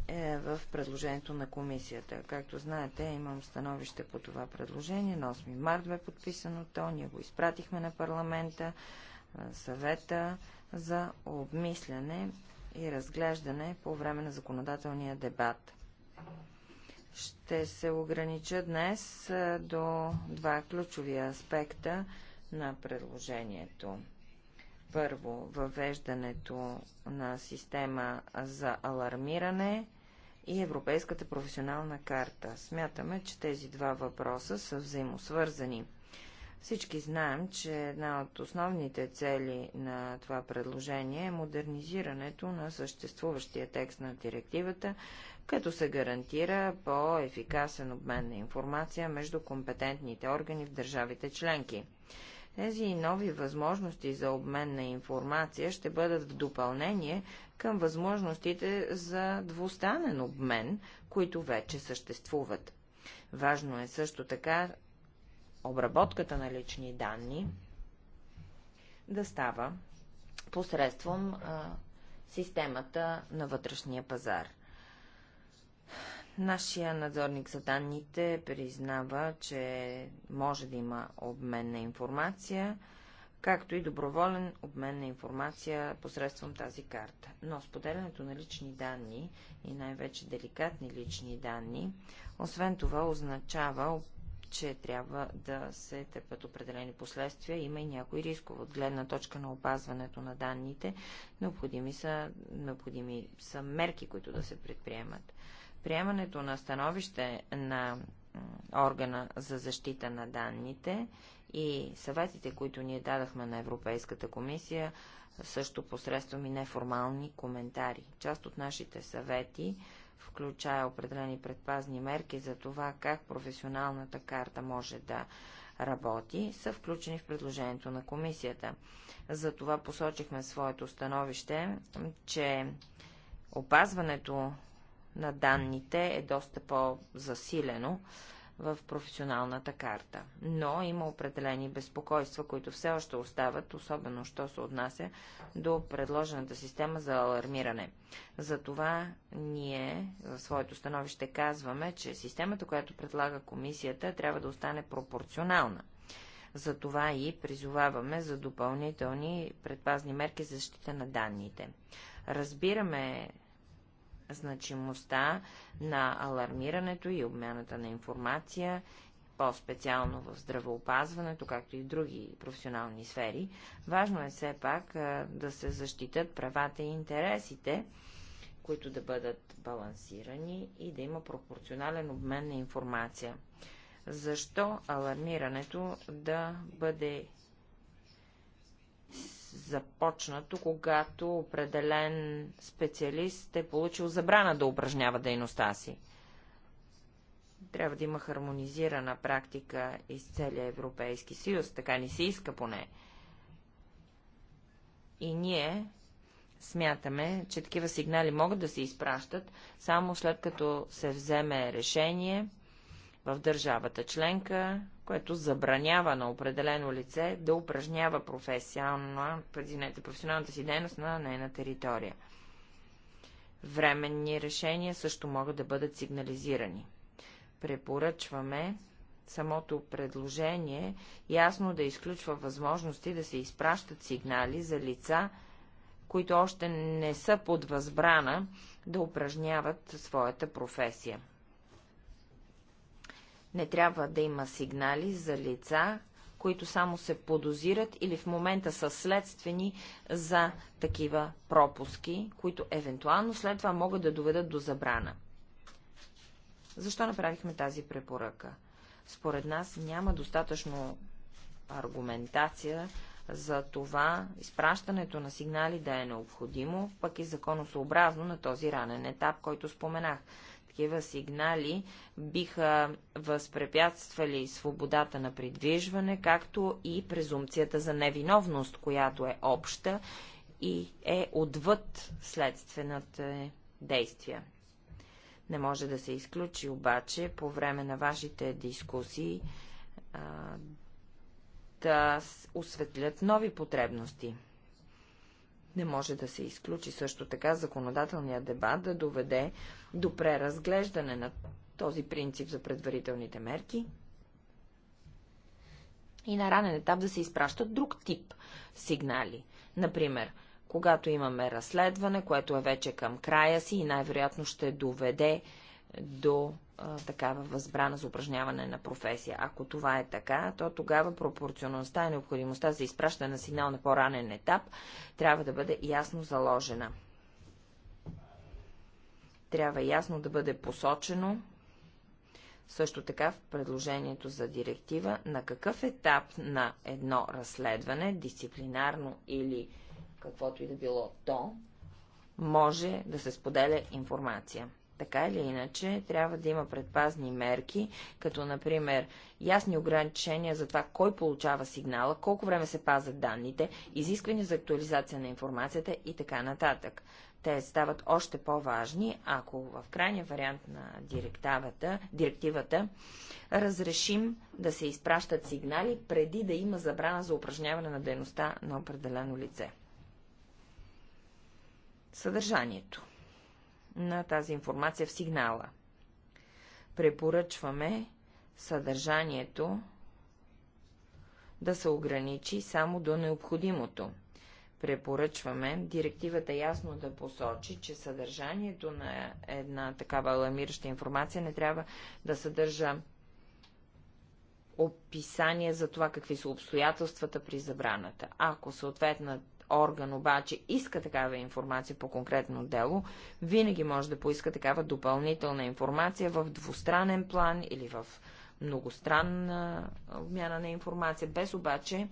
е в предложението на комисията. Както знаете, имам становище по това предложение. На 8 март бе подписано то. Ние го изпратихме на парламента, съвета за обмисляне и разглеждане по време на законодателния дебат. Ще се огранича днес до два ключови аспекта на предложението. Първо, въвеждането на система за алармиране и Европейската професионална карта. Смятаме, че тези два въпроса са взаимосвързани. Всички знаем, че една от основните цели на това предложение е модернизирането на съществуващия текст на директивата, като се гарантира по-ефикасен обмен на информация между компетентните органи в държавите членки. Тези нови възможности за обмен на информация ще бъдат в допълнение към възможностите за двустанен обмен, които вече съществуват. Важно е също така обработката на лични данни да става посредством а, системата на вътрешния пазар. Нашия надзорник за данните признава, че може да има обмен на информация, както и доброволен обмен на информация посредством тази карта. Но споделянето на лични данни и най-вече деликатни лични данни, освен това означава, че трябва да се търпят определени последствия, има и някои рискове. От гледна точка на опазването на данните, необходими са, необходими са мерки, които да се предприемат. Приемането на становище на органа за защита на данните и съветите, които ние дадахме на Европейската комисия, също посредством и неформални коментари. Част от нашите съвети включая определени предпазни мерки за това как професионалната карта може да работи, са включени в предложението на комисията. За това посочихме своето становище, че опазването на данните е доста по-засилено в професионалната карта. Но има определени безпокойства, които все още остават, особено що се отнася до предложената система за алармиране. Затова ние за своето становище казваме, че системата, която предлага комисията, трябва да остане пропорционална. Затова и призоваваме за допълнителни предпазни мерки за защита на данните. Разбираме значимостта на алармирането и обмяната на информация, по-специално в здравеопазването, както и в други професионални сфери. Важно е все пак да се защитат правата и интересите, които да бъдат балансирани и да има пропорционален обмен на информация. Защо алармирането да бъде започнато, когато определен специалист е получил забрана да упражнява дейността си. Трябва да има хармонизирана практика из целия Европейски съюз, така ни се иска поне. И ние смятаме, че такива сигнали могат да се изпращат само след като се вземе решение в държавата членка, което забранява на определено лице да упражнява професионалната си дейност на нейна територия. Временни решения също могат да бъдат сигнализирани. Препоръчваме самото предложение ясно да изключва възможности да се изпращат сигнали за лица, които още не са под възбрана да упражняват своята професия. Не трябва да има сигнали за лица, които само се подозират или в момента са следствени за такива пропуски, които евентуално след това могат да доведат до забрана. Защо направихме тази препоръка? Според нас няма достатъчно аргументация за това изпращането на сигнали да е необходимо, пък и законосообразно на този ранен етап, който споменах. Такива сигнали биха възпрепятствали свободата на придвижване, както и презумпцията за невиновност, която е обща и е отвъд следствената действия. Не може да се изключи обаче по време на вашите дискусии а, да осветлят нови потребности. Не може да се изключи също така законодателния дебат да доведе до преразглеждане на този принцип за предварителните мерки и на ранен етап да се изпращат друг тип сигнали. Например, когато имаме разследване, което е вече към края си и най-вероятно ще доведе до такава възбрана за упражняване на професия. Ако това е така, то тогава пропорционалността и необходимостта за изпращане на сигнал на по-ранен етап трябва да бъде ясно заложена. Трябва ясно да бъде посочено също така в предложението за директива на какъв етап на едно разследване, дисциплинарно или каквото и да било то, може да се споделя информация. Така или иначе, трябва да има предпазни мерки, като например ясни ограничения за това кой получава сигнала, колко време се пазят данните, изисквания за актуализация на информацията и така нататък. Те стават още по-важни, ако в крайния вариант на директивата, директивата разрешим да се изпращат сигнали преди да има забрана за упражняване на дейността на определено лице. Съдържанието на тази информация в сигнала. Препоръчваме съдържанието да се ограничи само до необходимото. Препоръчваме директивата ясно да посочи, че съдържанието на една такава аламираща информация не трябва да съдържа описание за това какви са обстоятелствата при забраната. Ако съответната орган обаче иска такава информация по конкретно дело, винаги може да поиска такава допълнителна информация в двустранен план или в многостранна обмяна на информация, без обаче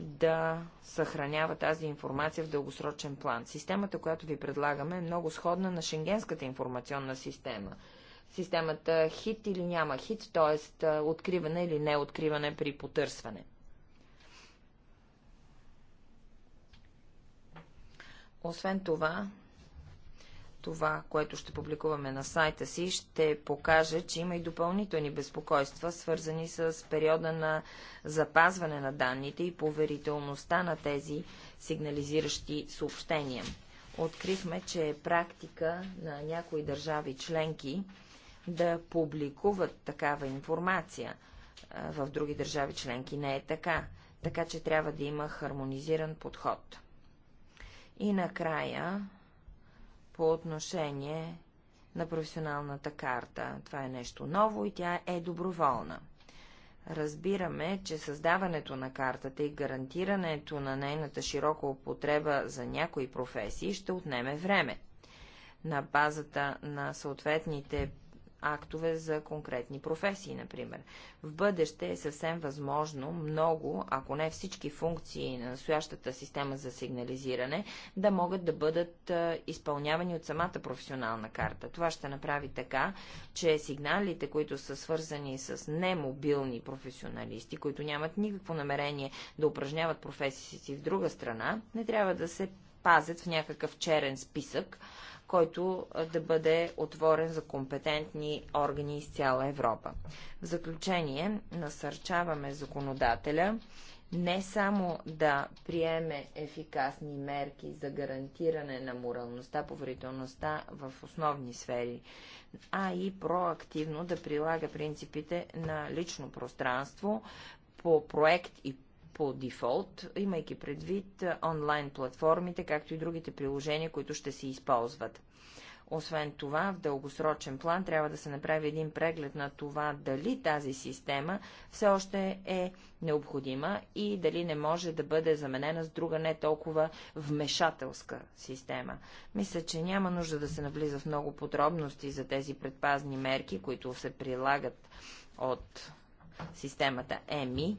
да съхранява тази информация в дългосрочен план. Системата, която ви предлагаме, е много сходна на Шенгенската информационна система. Системата хит или няма хит, т.е. откриване или неоткриване при потърсване. Освен това, това, което ще публикуваме на сайта си, ще покаже, че има и допълнителни безпокойства, свързани с периода на запазване на данните и поверителността на тези сигнализиращи съобщения. Открихме, че е практика на някои държави членки да публикуват такава информация. В други държави членки не е така, така че трябва да има хармонизиран подход. И накрая, по отношение на професионалната карта. Това е нещо ново и тя е доброволна. Разбираме, че създаването на картата и гарантирането на нейната широка употреба за някои професии ще отнеме време. На базата на съответните актове за конкретни професии, например. В бъдеще е съвсем възможно много, ако не всички функции на настоящата система за сигнализиране, да могат да бъдат изпълнявани от самата професионална карта. Това ще направи така, че сигналите, които са свързани с немобилни професионалисти, които нямат никакво намерение да упражняват професиите си в друга страна, не трябва да се пазят в някакъв черен списък, който да бъде отворен за компетентни органи из цяла Европа. В заключение, насърчаваме законодателя не само да приеме ефикасни мерки за гарантиране на моралността, поверителността в основни сфери, а и проактивно да прилага принципите на лично пространство по проект и по дефолт, имайки предвид онлайн платформите, както и другите приложения, които ще се използват. Освен това, в дългосрочен план трябва да се направи един преглед на това дали тази система все още е необходима и дали не може да бъде заменена с друга не толкова вмешателска система. Мисля, че няма нужда да се навлиза в много подробности за тези предпазни мерки, които се прилагат от системата ЕМИ,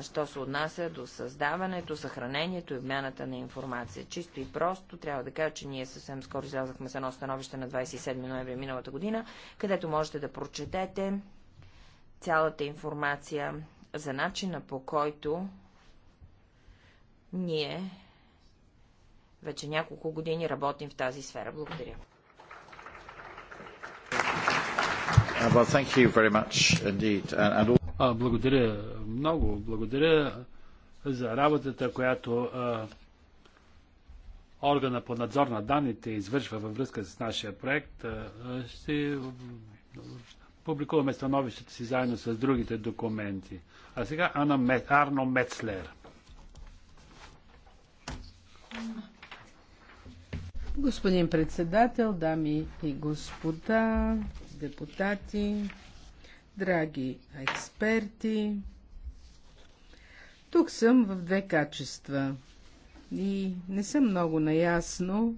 що се отнася до създаването, съхранението и обмяната на информация. Чисто и просто трябва да кажа, че ние съвсем скоро излязахме с едно становище на 27 ноември миналата година, където можете да прочетете цялата информация за начина по който ние вече няколко години работим в тази сфера. Благодаря. Uh, well, thank you very much indeed. And, and... А, благодаря много. Благодаря за работата, която а, органа по надзор на данните извършва във връзка с нашия проект. А, ще публикуваме становището си заедно с другите документи. А сега Анна Мет, Арно Мецлер. Господин председател, дами и господа, депутати, драги експерти. Тук съм в две качества и не съм много наясно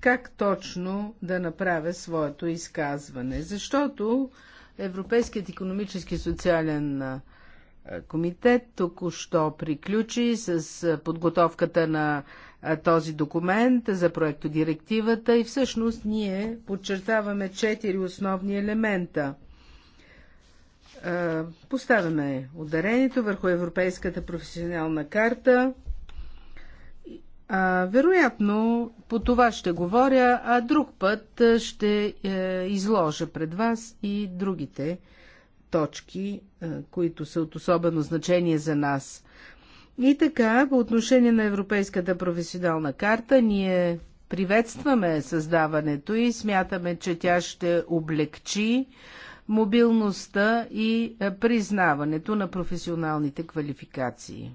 как точно да направя своето изказване, защото Европейският економически и социален комитет току-що приключи с подготовката на този документ за проектодирективата и всъщност ние подчертаваме четири основни елемента – Поставяме ударението върху Европейската професионална карта. А, вероятно, по това ще говоря, а друг път ще е, изложа пред вас и другите точки, е, които са от особено значение за нас. И така, по отношение на Европейската професионална карта, ние приветстваме създаването и смятаме, че тя ще облегчи е, мобилността и е, признаването на професионалните квалификации.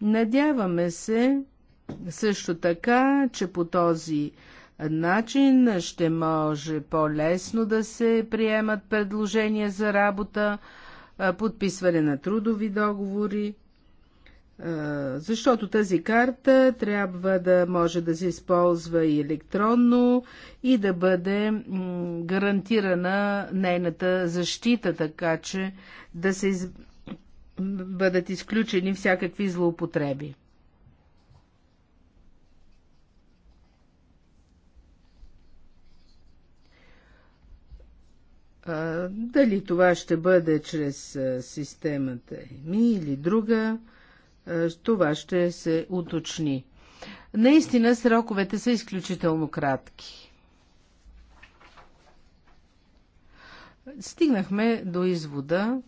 Надяваме се също така, че по този начин ще може по-лесно да се приемат предложения за работа, е, подписване на трудови договори защото тази карта трябва да може да се използва и електронно и да бъде гарантирана нейната защита, така че да се из... бъдат изключени всякакви злоупотреби. Дали това ще бъде чрез системата ми или друга, е, това ще се уточни. Наистина сроковете са изключително кратки. Стигнахме до извода,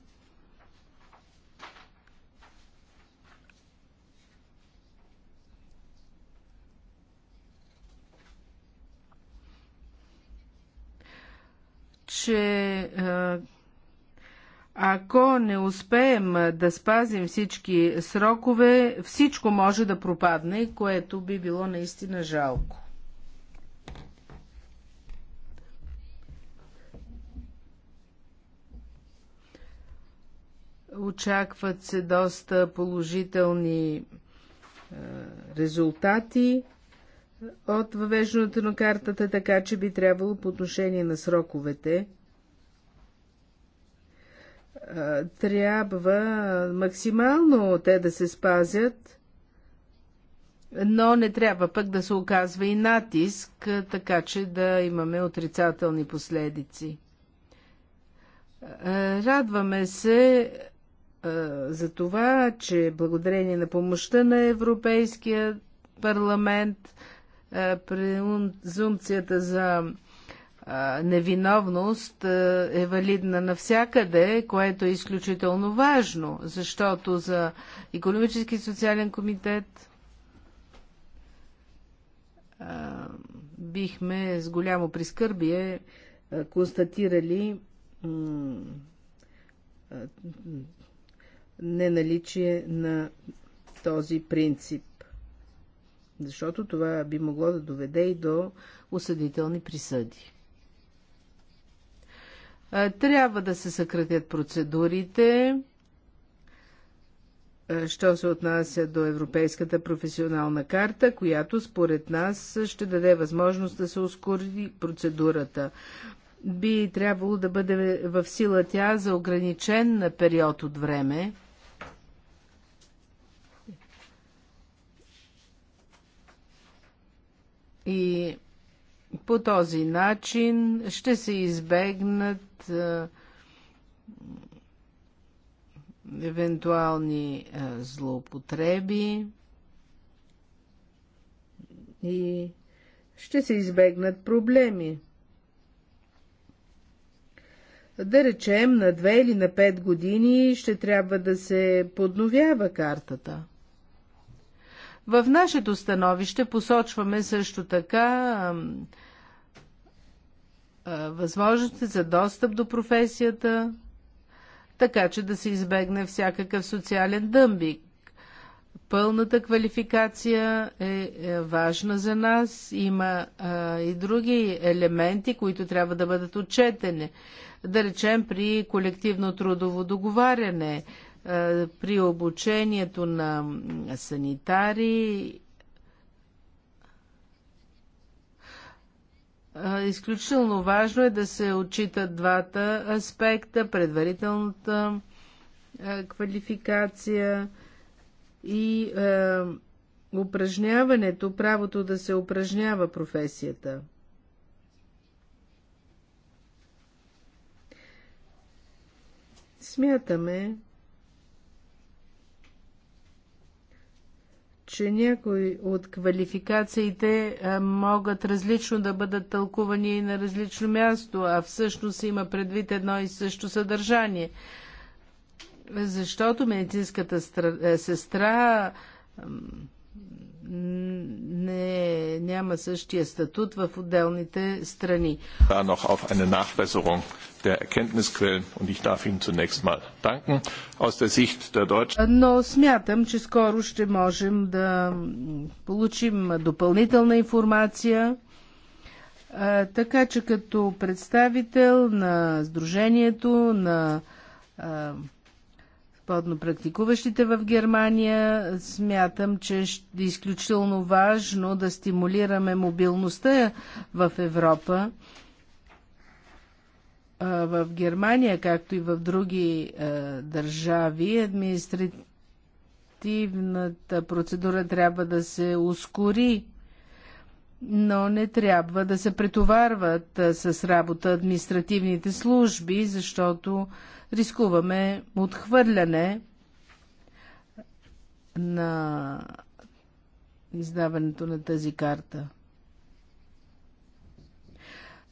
че е, ако не успеем да спазим всички срокове, всичко може да пропадне, което би било наистина жалко. Очакват се доста положителни резултати от въвеждането на картата, така че би трябвало по отношение на сроковете трябва максимално те да се спазят, но не трябва пък да се оказва и натиск, така че да имаме отрицателни последици. Радваме се за това, че благодарение на помощта на Европейския парламент презумпцията за невиновност е валидна навсякъде, което е изключително важно, защото за економически и социален комитет бихме с голямо прискърбие констатирали неналичие на този принцип. Защото това би могло да доведе и до осъдителни присъди. Е, трябва да се съкратят процедурите, е, що се отнася до Европейската професионална карта, която според нас ще даде възможност да се ускори процедурата. Би трябвало да бъде в сила тя за ограничен период от време. И по този начин ще се избегнат евентуални злоупотреби и ще се избегнат проблеми. Да речем, на две или на пет години ще трябва да се подновява картата. В нашето становище посочваме също така възможности за достъп до професията, така че да се избегне всякакъв социален дъмбик. Пълната квалификация е, е важна за нас. Има а, и други елементи, които трябва да бъдат отчетени. Да речем при колективно трудово договаряне, а, при обучението на санитари Изключително важно е да се отчитат двата аспекта предварителната квалификация и упражняването, правото да се упражнява професията. Смятаме, че някои от квалификациите могат различно да бъдат тълкувани и на различно място, а всъщност има предвид едно и също съдържание. Защото медицинската сестра, не, няма същия статут в отделните страни. noch auf eine Nachbesserung der Erkenntnisquellen und ich darf Ihnen zunächst mal danken. Aus der Sicht der Deutschen... Но смятам, че скоро ще можем да получим допълнителна информация. Така че като представител на Сдружението на подно практикуващите в Германия. Смятам, че е изключително важно да стимулираме мобилността в Европа. В Германия, както и в други държави, административната процедура трябва да се ускори но не трябва да се претоварват с работа административните служби, защото рискуваме отхвърляне на издаването на тази карта.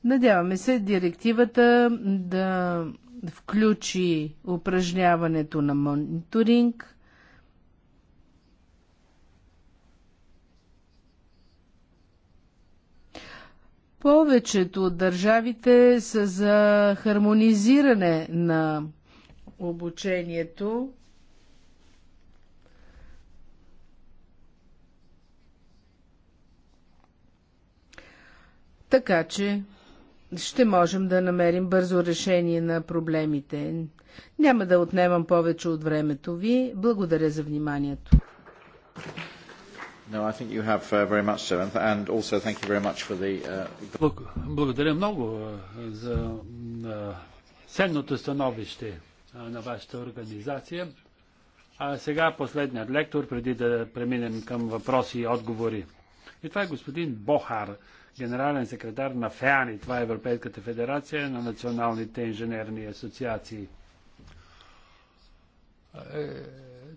Надяваме се директивата да включи упражняването на мониторинг, Повечето от държавите са за хармонизиране на обучението. Така че ще можем да намерим бързо решение на проблемите. Няма да отнемам повече от времето ви. Благодаря за вниманието. No, I think you have uh, very much so, and, and also thank you very much for the. Uh... Благодаря много uh, за uh, ценното становище uh, на вашата организация. А сега последният лектор, преди да преминем към въпроси и отговори. И това е господин Бохар, генерален секретар на ФЕАНИ, това е Европейската федерация на националните инженерни асоциации. Е, е,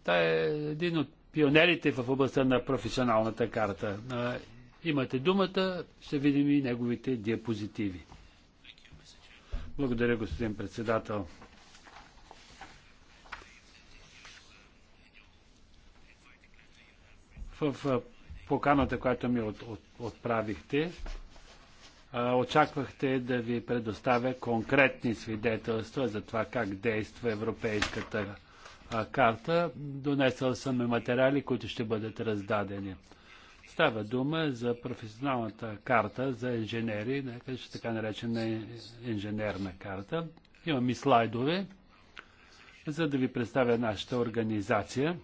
Та е един от пионерите в областта на професионалната карта. Имате думата, ще видим и неговите диапозитиви. Благодаря, господин председател. В поканата, която ми от, от, отправихте, очаквахте да ви предоставя конкретни свидетелства за това как действа Европейската карта. Донесъл съм и материали, които ще бъдат раздадени. Става дума за професионалната карта за инженери, така наречена инженерна карта. Имам и слайдове, за да ви представя нашата организация,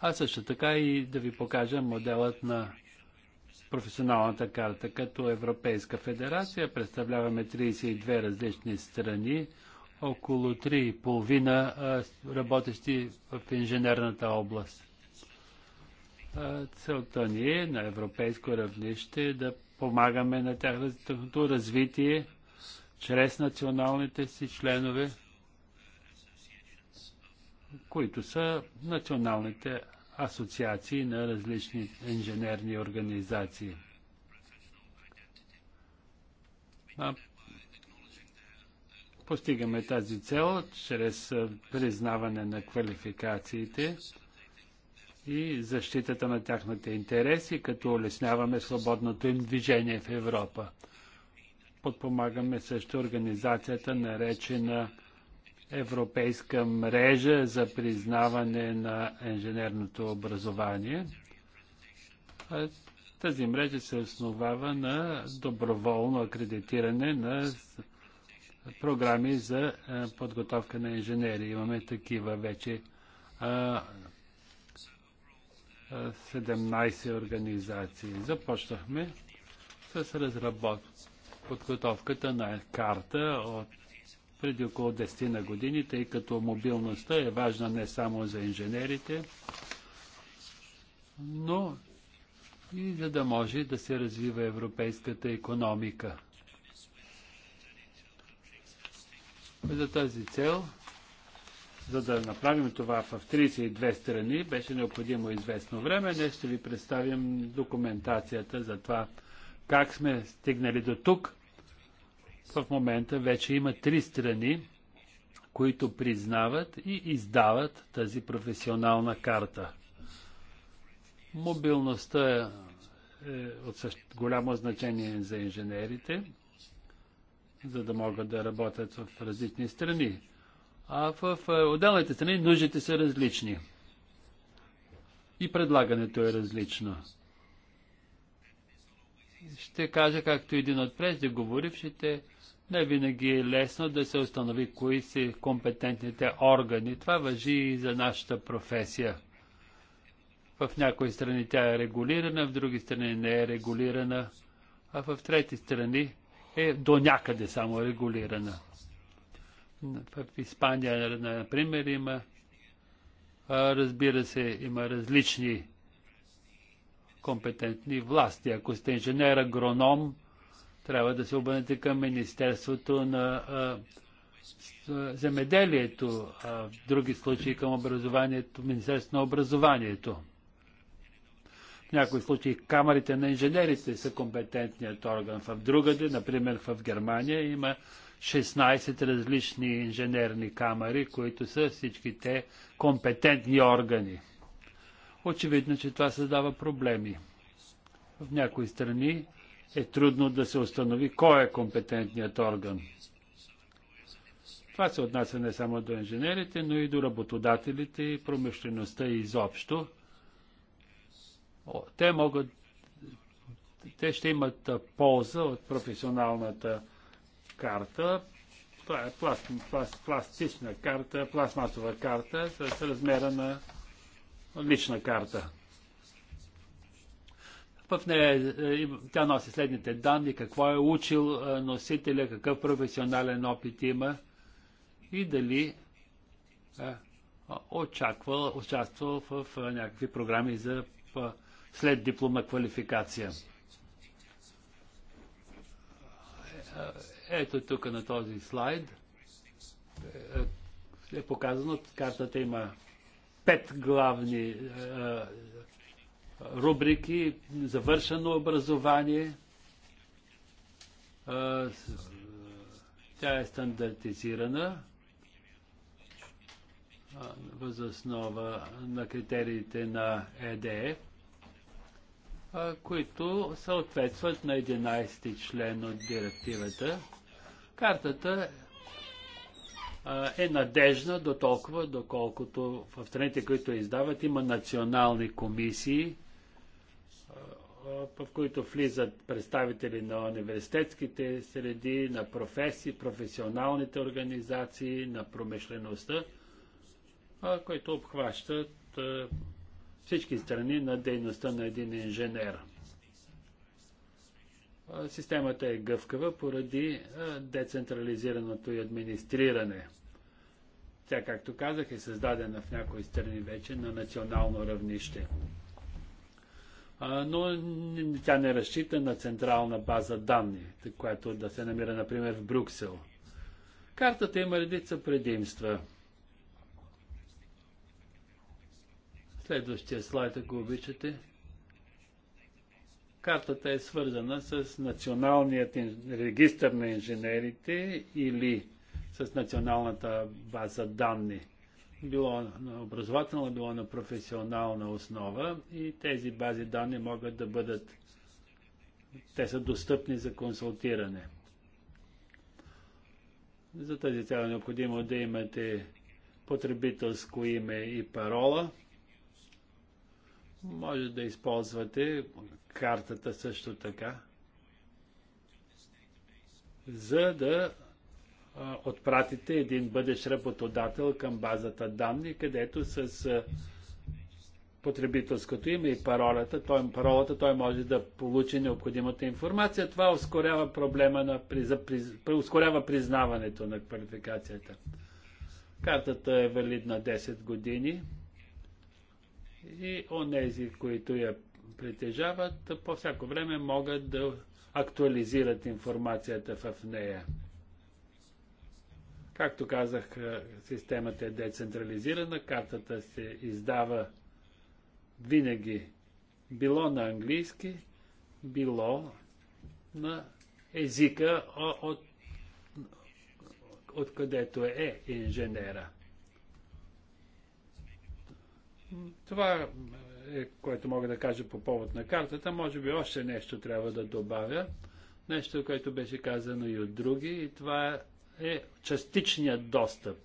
а също така и да ви покажа моделът на професионалната карта. Като Европейска федерация представляваме 32 различни страни, около 3,5 работещи в инженерната област. Целта ни е на европейско равнище да помагаме на тяхното развитие чрез националните си членове, които са националните асоциации на различни инженерни организации постигаме тази цел чрез признаване на квалификациите и защитата на тяхните интереси, като улесняваме свободното им движение в Европа. Подпомагаме също организацията, наречена Европейска мрежа за признаване на инженерното образование. Тази мрежа се основава на доброволно акредитиране на програми за е, подготовка на инженери. Имаме такива вече 17 е, организации. Започнахме с разработ подготовката на карта от преди около 10 на години, тъй като мобилността е важна не само за инженерите, но и за да може да се развива европейската економика. За тази цел, за да направим това в 32 страни, беше необходимо известно време. Днес ще ви представим документацията за това как сме стигнали до тук. В момента вече има три страни, които признават и издават тази професионална карта. Мобилността е, е от голямо значение за инженерите за да могат да работят в различни страни. А в е, отделните страни нуждите са различни. И предлагането е различно. Ще кажа, както един от преждеговорившите, не винаги е лесно да се установи кои са компетентните органи. Това въжи и за нашата професия. В някои страни тя е регулирана, в други страни не е регулирана, а в трети страни е до някъде само регулирана. В Испания, например, има, разбира се, има различни компетентни власти. Ако сте инженер агроном, трябва да се обърнете към Министерството на земеделието, а в други случаи към образованието, Министерството на образованието. В някои случаи камерите на инженерите са компетентният орган. В другаде, например в Германия, има 16 различни инженерни камери, които са всичките компетентни органи. Очевидно, че това създава проблеми. В някои страни е трудно да се установи кой е компетентният орган. Това се отнася не само до инженерите, но и до работодателите и промишлеността изобщо. Те могат, те ще имат полза от професионалната карта. Това е пласт, пласт, пластична карта, пластмасова карта с размера на лична карта. В нея е, е, тя носи следните данни, какво е учил носителя, какъв професионален опит има и дали очаквал, участвал в някакви програми за след диплома квалификация. Ето тук на този слайд е, е показано, картата има пет главни е, рубрики, завършено образование, е, тя е стандартизирана възоснова на критериите на ЕДФ които съответстват на 11 ти член от директивата. Картата е надежна до толкова, доколкото в страните, които издават, има национални комисии, в които влизат представители на университетските среди, на професии, професионалните организации, на промишлеността, които обхващат всички страни на дейността на един инженер. Системата е гъвкава поради децентрализираното и администриране. Тя, както казах, е създадена в някои страни вече на национално равнище. Но тя не разчита на централна база данни, която да се намира, например, в Брюксел. Картата има редица предимства – Следващия слайд, ако обичате. Картата е свързана с Националният регистр на инженерите или с Националната база данни. Било на образователна, било на професионална основа и тези бази данни могат да бъдат, те са достъпни за консултиране. За тази цяло е необходимо да имате потребителско име и парола – може да използвате картата също така, за да отпратите един бъдещ работодател към базата данни, където с потребителското име и паролата той, паролата, той може да получи необходимата информация. Това ускорява проблема на, за, при, ускорява признаването на квалификацията. Картата е валидна 10 години и онези, които я притежават, по всяко време могат да актуализират информацията в нея. Както казах, е, системата е децентрализирана, картата се издава винаги било на английски, било на езика, от, от където е инженера. Това е, което мога да кажа по повод на картата. Може би още нещо трябва да добавя. Нещо, което беше казано и от други. И това е частичният достъп.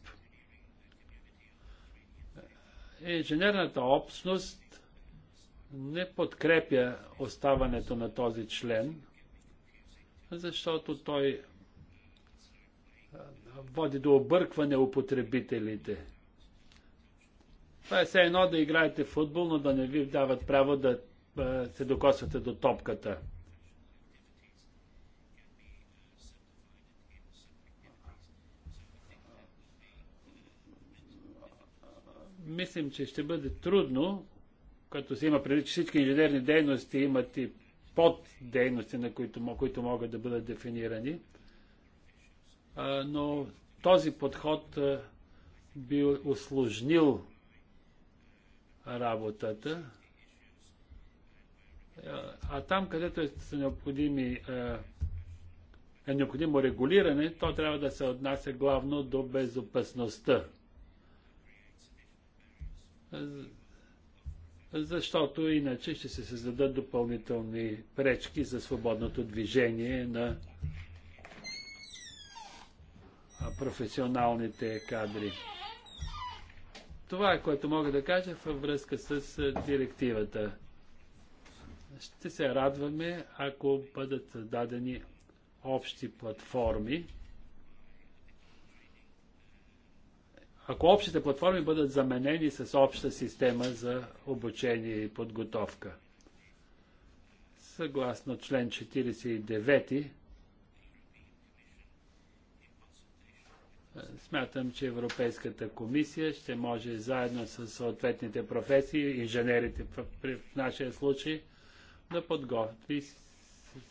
Инженерната общност не подкрепя оставането на този член, защото той води до объркване употребителите. Това е все едно да играете футбол, но да не ви дават право да се докосвате до топката. Мислим, че ще бъде трудно, като се има преди, че всички инженерни дейности имат и поддейности, на които, които могат да бъдат дефинирани. но този подход би осложнил работата. А там, където са необходими, е, е необходимо регулиране, то трябва да се отнася главно до безопасността. Защото иначе ще се създадат допълнителни пречки за свободното движение на професионалните кадри. Това е което мога да кажа във връзка с директивата. Ще се радваме, ако бъдат дадени общи платформи. Ако общите платформи бъдат заменени с обща система за обучение и подготовка. Съгласно член 49 Смятам, че Европейската комисия ще може заедно с съответните професии, инженерите в нашия случай, да подготви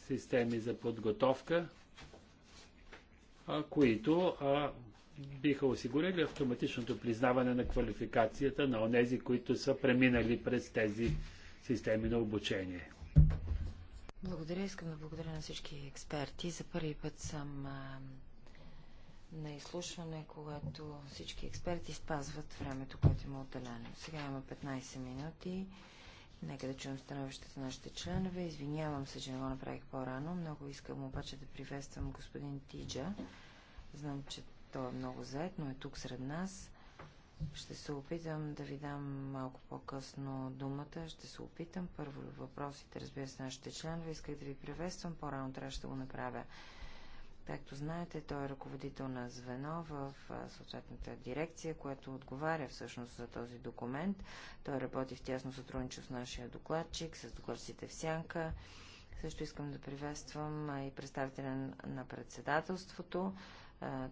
системи за подготовка, които биха осигурили автоматичното признаване на квалификацията на онези, които са преминали през тези системи на обучение. Благодаря. Искам да благодаря на всички експерти. За първи път съм на изслушване, когато всички експерти спазват времето, което има е отделено. Сега има 15 минути. Нека да чуем становищата на нашите членове. Извинявам се, че не го направих по-рано. Много искам обаче да приветствам господин Тиджа. Знам, че той е много заед, но е тук сред нас. Ще се опитам да ви дам малко по-късно думата. Ще се опитам. Първо въпросите, разбира се, нашите членове. Исках да ви приветствам. По-рано трябваше да го направя. Както знаете, той е ръководител на звено в съответната дирекция, което отговаря всъщност за този документ. Той работи в тясно сътрудничество с нашия докладчик, с докладците в Сянка. Също искам да приветствам и представителя на председателството.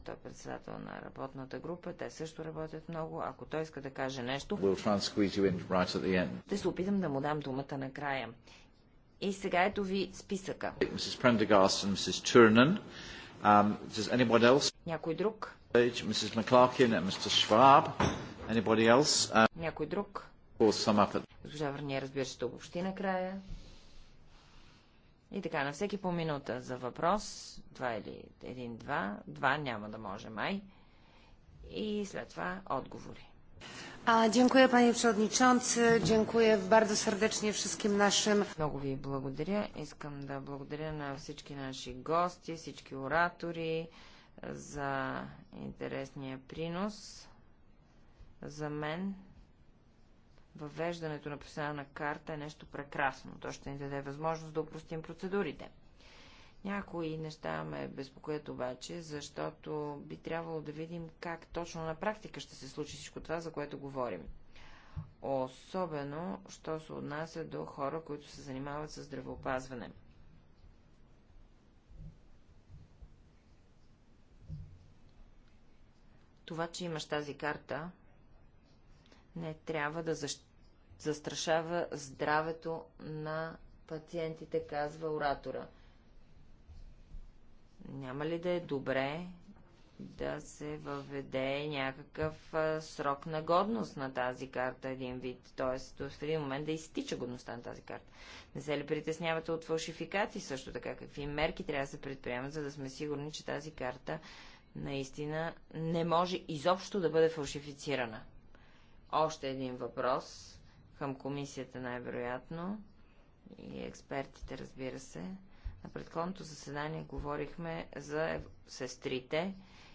Той е председател на работната група. Те също работят много. Ако той иска да каже нещо, we'll right ще се опитам да му дам думата накрая. И сега ето ви списъка. Mrs. Um, does else? Някой друг? Mrs. McClarkin and Mr. Schwab. Anybody else? Um, Някой друг? Госпожа Върния, разбира се, обобщи накрая. И така, на всеки по минута за въпрос, два или един-два, два няма да може май. И след това отговори. Dziękuję panie przewodniczący, dziękuję bardzo serdecznie wszystkim naszym. Много ви благодаря. Искам да благодаря на всички наши гости, всички оратори за интересния принос. За мен въвеждането на професионална карта е нещо прекрасно. То ще ни даде възможност да упростим процедурите. Някои неща ме безпокоят обаче, защото би трябвало да видим как точно на практика ще се случи всичко това, за което говорим. Особено, що се отнася до хора, които се занимават с здравеопазване. Това, че имаш тази карта, не трябва да застрашава здравето на пациентите, казва оратора – няма ли да е добре да се въведе някакъв а, срок на годност на тази карта, един вид, т.е. в един момент да изтича годността на тази карта. Не се ли притеснявате от фалшификати също така? Какви мерки трябва да се предприемат, за да сме сигурни, че тази карта наистина не може изобщо да бъде фалшифицирана? Още един въпрос към комисията най-вероятно и експертите, разбира се. На предходното заседание говорихме за сестрите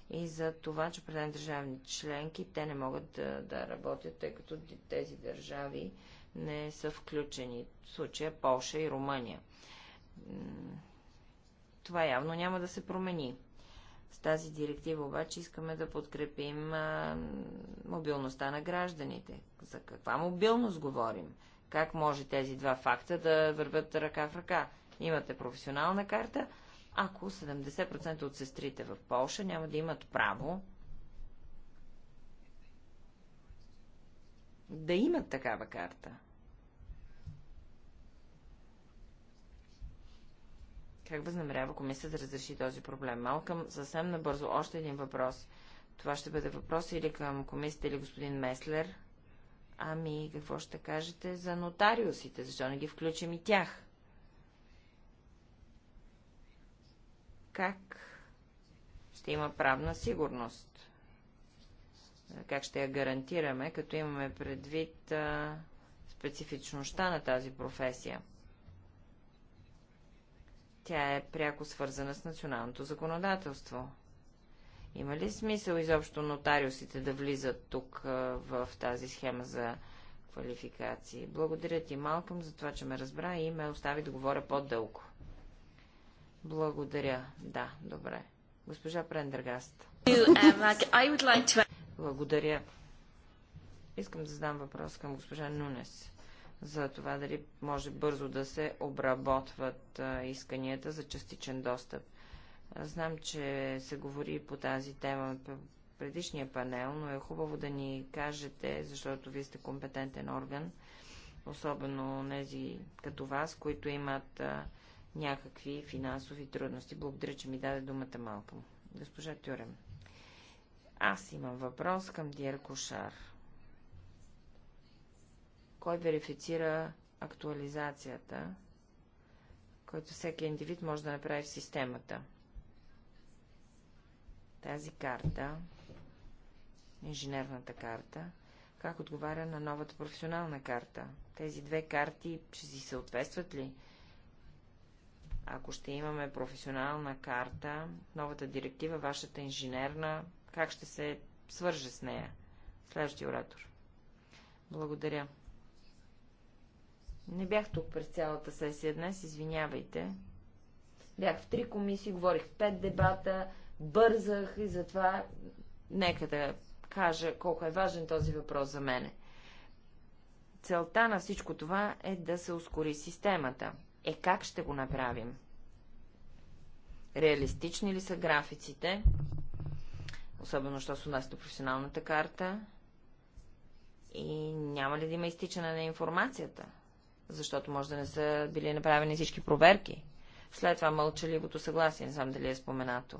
и за това, че определени държавни членки те не могат да, да работят, тъй като тези държави не са включени. В случая Полша и Румъния. Това явно няма да се промени. С тази директива обаче искаме да подкрепим а, мобилността на гражданите. За каква мобилност говорим? Как може тези два факта да вървят ръка в ръка? имате професионална карта, ако 70% от сестрите в Полша няма да имат право да имат такава карта. Как възнамерява комисията да разреши този проблем? Малкам, съвсем набързо, още един въпрос. Това ще бъде въпрос или към комисията, или господин Меслер. Ами, какво ще кажете за нотариусите? Защо не ги включим и тях? Как ще има правна сигурност? Как ще я гарантираме, като имаме предвид а, специфичността на тази професия? Тя е пряко свързана с националното законодателство. Има ли смисъл изобщо нотариусите да влизат тук в тази схема за квалификации? Благодаря ти, Малкам, за това, че ме разбра и ме остави да говоря по-дълго. Благодаря. Да, добре. Госпожа Прендергаст. Благодаря. Искам да задам въпрос към госпожа Нунес за това дали може бързо да се обработват исканията за частичен достъп. Знам, че се говори по тази тема в предишния панел, но е хубаво да ни кажете, защото вие сте компетентен орган, особено тези като вас, които имат някакви финансови трудности. Благодаря, че ми даде думата малко. Госпожа Тюрем, аз имам въпрос към Диер Кошар. Кой верифицира актуализацията, който всеки индивид може да направи в системата? Тази карта, инженерната карта, как отговаря на новата професионална карта? Тези две карти ще си съответстват ли? Ако ще имаме професионална карта, новата директива, вашата инженерна, как ще се свърже с нея? Следващия оратор. Благодаря. Не бях тук през цялата сесия днес, извинявайте. Бях в три комисии, говорих в пет дебата, бързах и затова нека да кажа колко е важен този въпрос за мене. Целта на всичко това е да се ускори системата. Е как ще го направим? Реалистични ли са графиците? Особено, що се нас до професионалната карта. И няма ли да има изтичане на информацията? Защото може да не са били направени всички проверки. След това мълчаливото съгласие, не знам дали е споменато.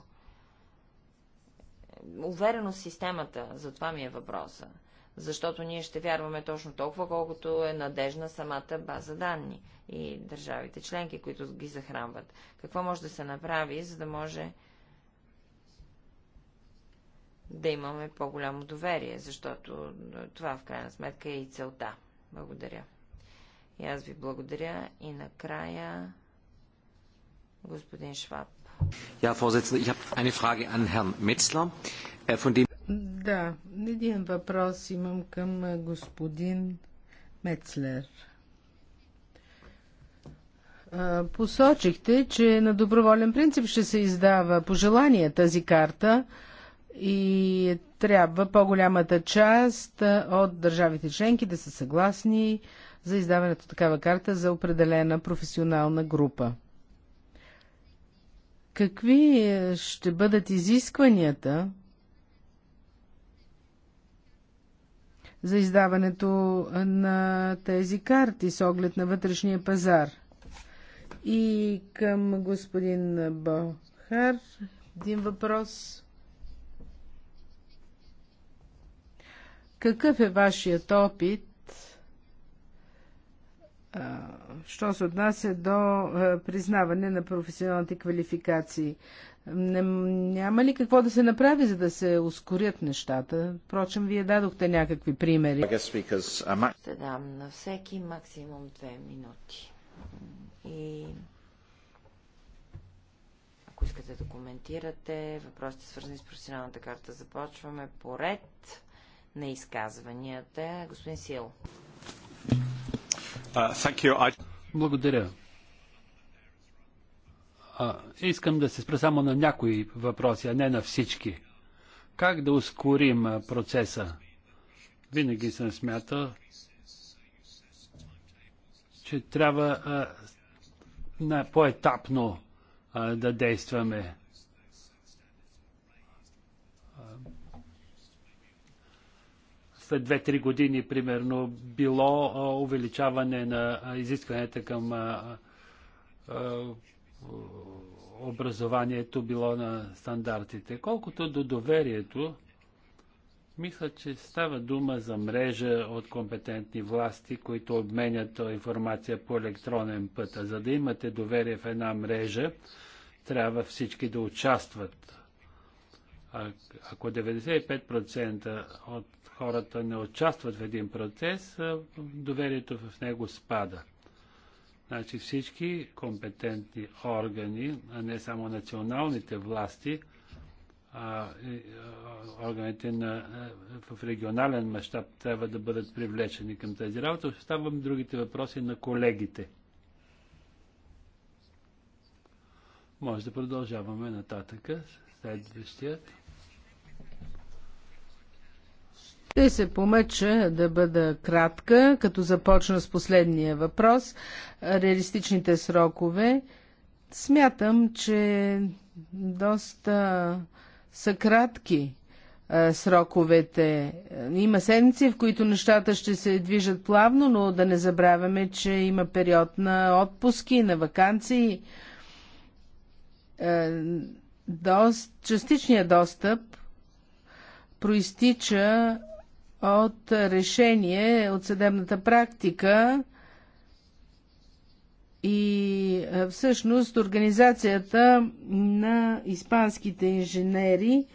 Увереност в системата, за това ми е въпроса. Защото ние ще вярваме точно толкова, колкото е надежна самата база данни и държавите членки, които ги захранват. Какво може да се направи, за да може да имаме по-голямо доверие, защото е, това в крайна сметка е и целта. Благодаря. И аз ви благодаря. И накрая господин Шваб. Ja, Vorsitzende, ich habe eine Frage an Herrn Metzler, äh, von dem... Да, един въпрос имам към е, господин Мецлер. Посочихте, че на доброволен принцип ще се издава пожелание тази карта и трябва по-голямата част от държавите членки да са съгласни за издаването такава карта за определена професионална група. Какви ще бъдат изискванията за издаването на тези карти с оглед на вътрешния пазар – и към господин Бохар един въпрос. Какъв е вашият опит, а, що се отнася до а, признаване на професионалните квалификации? Не, няма ли какво да се направи, за да се ускорят нещата? Впрочем, вие дадохте някакви примери. Ще дам на всеки максимум две минути. И ако искате да коментирате въпросите свързани с професионалната карта, започваме по ред на изказванията. Господин Сил. Uh, Благодаря. искам да се спра само на някои въпроси, а не на всички. Как да ускорим процеса? Винаги съм смятал, че трябва по-етапно да действаме. след 2-3 години, примерно, било увеличаване на изискванията към образованието, било на стандартите. Колкото до доверието, мисля, че става дума за мрежа от компетентни власти, които обменят информация по електронен път. А за да имате доверие в една мрежа, трябва всички да участват. А, ако 95% от хората не участват в един процес, доверието в него спада. Значи всички компетентни органи, а не само националните власти, органите на, в регионален мащаб трябва да бъдат привлечени към тази работа. Оставам другите въпроси на колегите. Може да продължаваме нататъка. Следващият. Ще се помъча да бъда кратка, като започна с последния въпрос. Реалистичните срокове. Смятам, че доста са кратки а, е, сроковете. Има седмици, в които нещата ще се движат плавно, но да не забравяме, че има период на отпуски, на вакансии. Е, дост, частичният достъп проистича от решение от съдебната практика и всъщност организацията на испанските инженери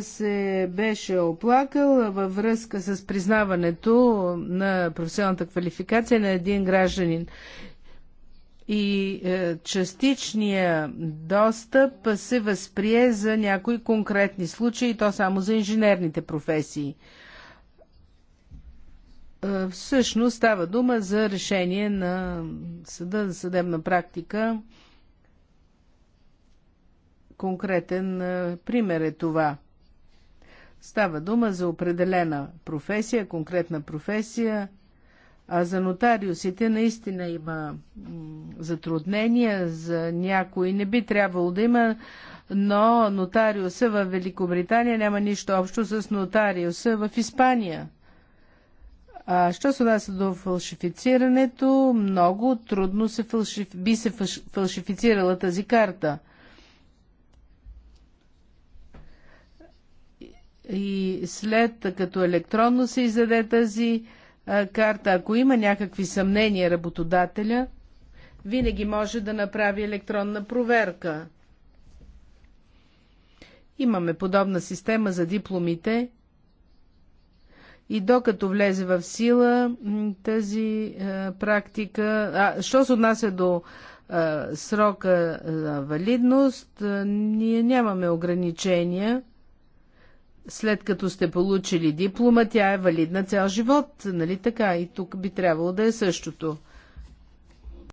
се беше оплакал във връзка с признаването на професионалната квалификация на един гражданин. И е, частичния достъп се възприе за някои конкретни случаи, то само за инженерните професии всъщност става дума за решение на съда за съдебна практика. Конкретен пример е това. Става дума за определена професия, конкретна професия, а за нотариусите наистина има затруднения, за някои не би трябвало да има, но нотариуса в Великобритания няма нищо общо с нотариуса в Испания – а, що се отнася до фалшифицирането, много трудно се фалшиф... би се фалшифицирала тази карта. И след като електронно се издаде тази а, карта, ако има някакви съмнения работодателя, винаги може да направи електронна проверка. Имаме подобна система за дипломите – и докато влезе в сила тази а, е, практика, а, що се отнася до а, е, срока на валидност, а, е, ние нямаме ограничения. След като сте получили диплома, тя е валидна цял живот, нали така? И тук би трябвало да е същото.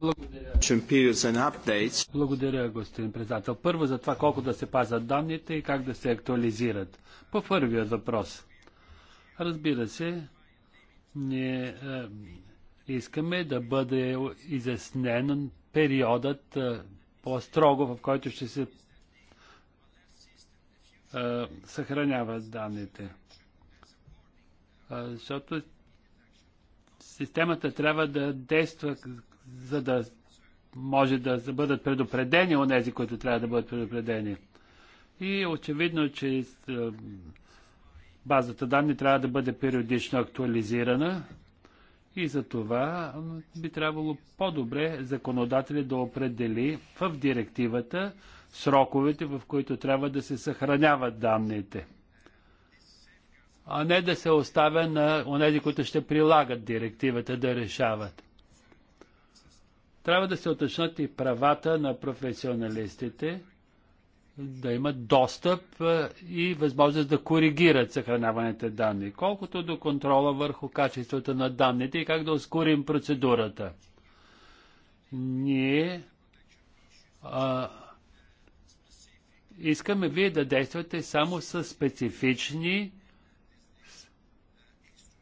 Благодаря. Благодаря, господин председател. Първо за това колко да се пазят данните и как да се актуализират. По първият въпрос – Разбира се, ние е, искаме да бъде изяснен периодът е, по-строго, в който ще се е, съхраняват данните. Е, защото системата трябва да действа, за да може да бъдат предупредени от тези, които трябва да бъдат предупредени. И очевидно, че е, Базата данни трябва да бъде периодично актуализирана и за това би трябвало по-добре законодателя да определи в директивата сроковете, в които трябва да се съхраняват данните, а не да се оставя на онези, които ще прилагат директивата, да решават. Трябва да се уточнат и правата на професионалистите, да имат достъп и възможност да коригират съхраняваните данни, колкото до контрола върху качеството на данните и как да ускорим процедурата. Ние а, искаме вие да действате само с специфични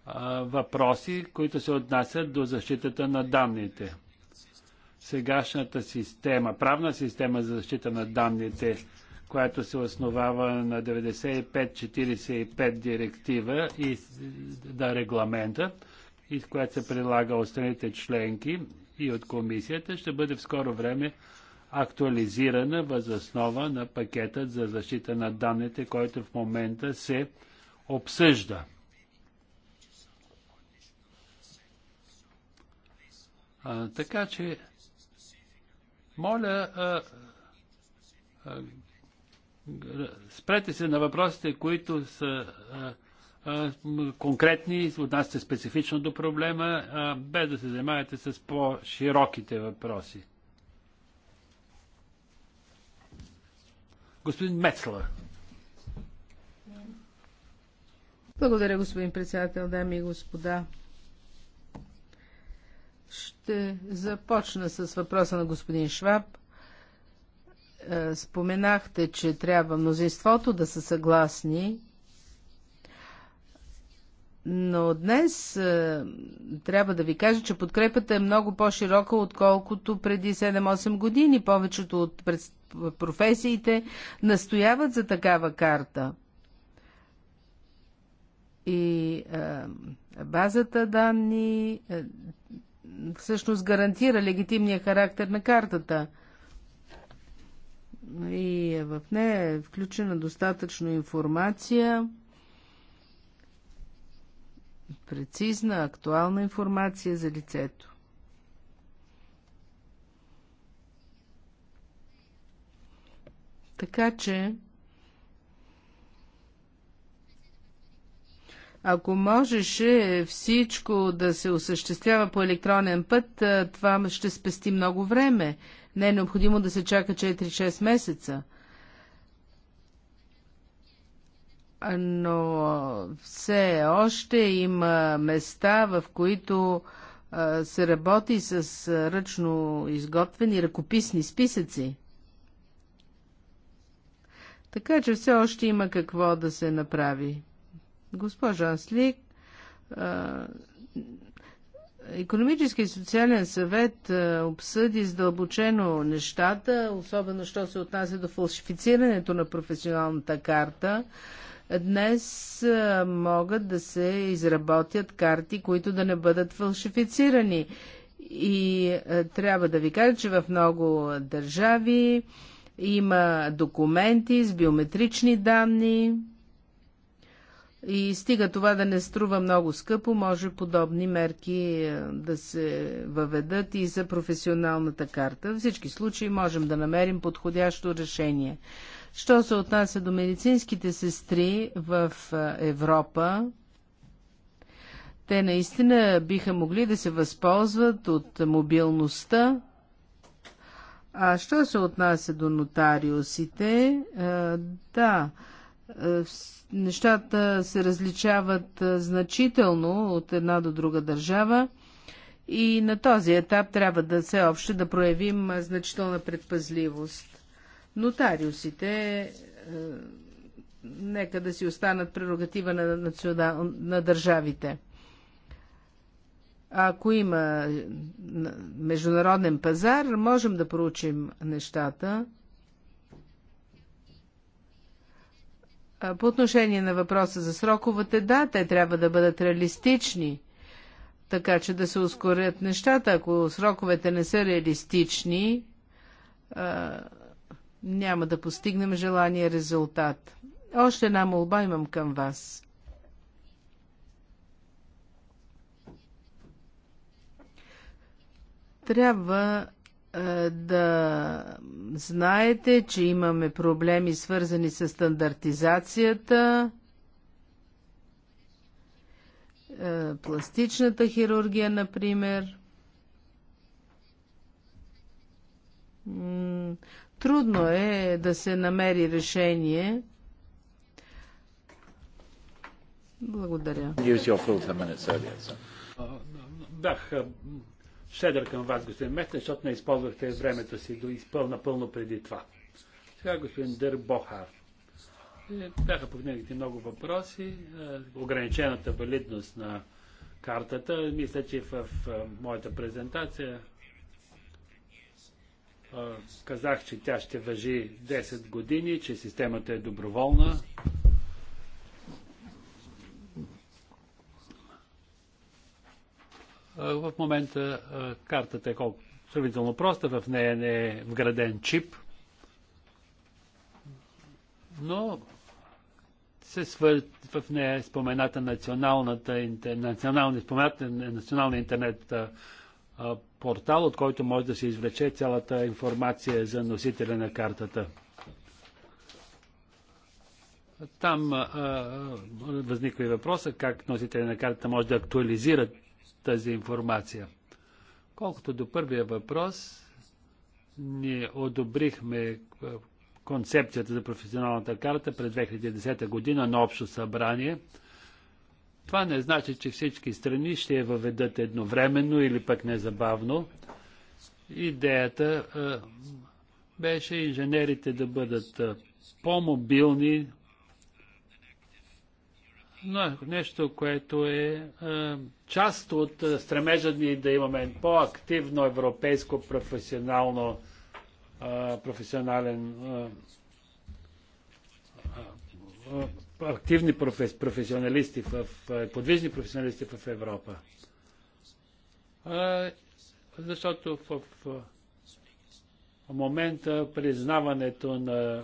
а, въпроси, които се отнасят до защитата на данните сегашната система, правна система за защита на данните, която се основава на 95-45 директива и да регламента, и която се прилага от страните членки и от комисията, ще бъде в скоро време актуализирана въз основа на пакетът за защита на данните, който в момента се обсъжда. А, така че моля, а, а, спрете се на въпросите, които са а, конкретни, отнасят се специфично до проблема, без да се занимавате с по-широките въпроси. Господин Мецлър. Благодаря, господин председател, дами и господа. Ще започна с въпроса на господин Шваб. Е, споменахте, че трябва мнозинството да са съгласни, но днес е, трябва да ви кажа, че подкрепата е много по-широка, отколкото преди 7-8 години. Повечето от професиите настояват за такава карта. И е, базата данни всъщност гарантира легитимния характер на картата. И е в нея е включена достатъчно информация, прецизна, актуална информация за лицето. Така че Ако можеше всичко да се осъществява по електронен път, това ще спести много време. Не е необходимо да се чака 4-6 месеца. Но все още има места, в които се работи с ръчно изготвени ръкописни списъци. Така че все още има какво да се направи. Госпожа Аслик, Економически и социален съвет обсъди задълбочено нещата, особено що се отнася до фалшифицирането на професионалната карта. Днес могат да се изработят карти, които да не бъдат фалшифицирани. И трябва да ви кажа, че в много държави има документи с биометрични данни, и стига това да не струва много скъпо, може подобни мерки е, да се въведат и за професионалната карта. В всички случаи можем да намерим подходящо решение. Що се отнася до медицинските сестри в е, Европа, те наистина биха могли да се възползват от мобилността. А що се отнася до нотариусите, е, да, е, нещата се различават е, значително от една до друга държава и на този етап трябва да се общо да проявим е, значителна предпазливост. Нотариусите нека да си останат прерогатива на, национал... на държавите. Ако има международен пазар, можем да проучим нещата. По отношение на въпроса за сроковете, да, те трябва да бъдат реалистични, така че да се ускорят нещата. Ако сроковете не са реалистични, няма да постигнем желания резултат. Още една молба имам към вас. Трябва да Знаете, че имаме проблеми свързани с стандартизацията, е, пластичната хирургия, например. Трудно е да се намери решение. Благодаря. Бях щедър към вас, господин Мехтен, защото не използвахте времето си до изпълна пълно преди това. Сега господин Дър Бохар. Е, бяха повдигнати много въпроси. Е, ограничената валидност на картата. Мисля, че в е, моята презентация казах, че тя ще въжи 10 години, че системата е доброволна. В момента картата е колко сравнително проста, в нея не е вграден чип, но се свър... в нея е спомената националната, национални, спомената национална интернет портал, от който може да се извлече цялата информация за носителя на картата. Там а, възниква и въпроса как носителя на картата може да актуализират тази информация. Колкото до първия въпрос, ние одобрихме е, концепцията за професионалната карта през 2010 година на общо събрание. Това не значи, че всички страни ще я въведат едновременно или пък незабавно. Идеята е, беше инженерите да бъдат е, по-мобилни, но нещо, което е, е част от е, стремежа ни да имаме по-активно европейско професионално е, професионален активни професионалисти в, подвижни професионалисти в Европа. Защото в, в момента признаването на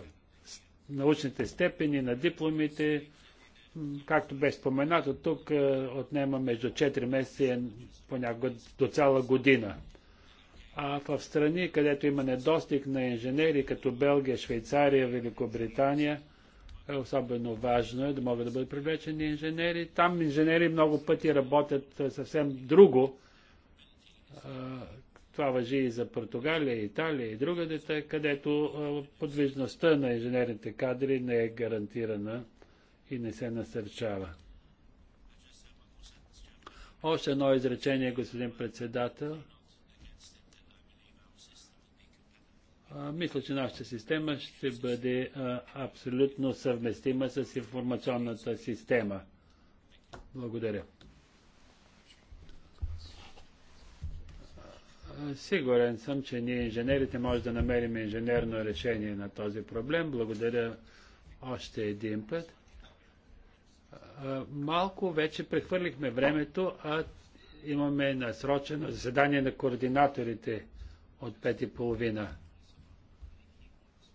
научните степени, на дипломите, както бе споменато тук, е, отнема между 4 месеца и понякога до цяла година. А в страни, където има недостиг на инженери, като Белгия, Швейцария, Великобритания, е особено важно е да могат да бъдат привлечени инженери. Там инженери много пъти работят е, съвсем друго. Е, това въжи и за Португалия, Италия и друга дета, където подвижността на инженерните кадри не е гарантирана и не се насърчава. Още едно изречение, господин председател. А, мисля, че нашата система ще бъде а, абсолютно съвместима с информационната система. Благодаря. Сигурен съм, че ние инженерите може да намерим инженерно решение на този проблем. Благодаря още един път малко вече прехвърлихме времето, а имаме насрочено заседание на координаторите от пет и половина.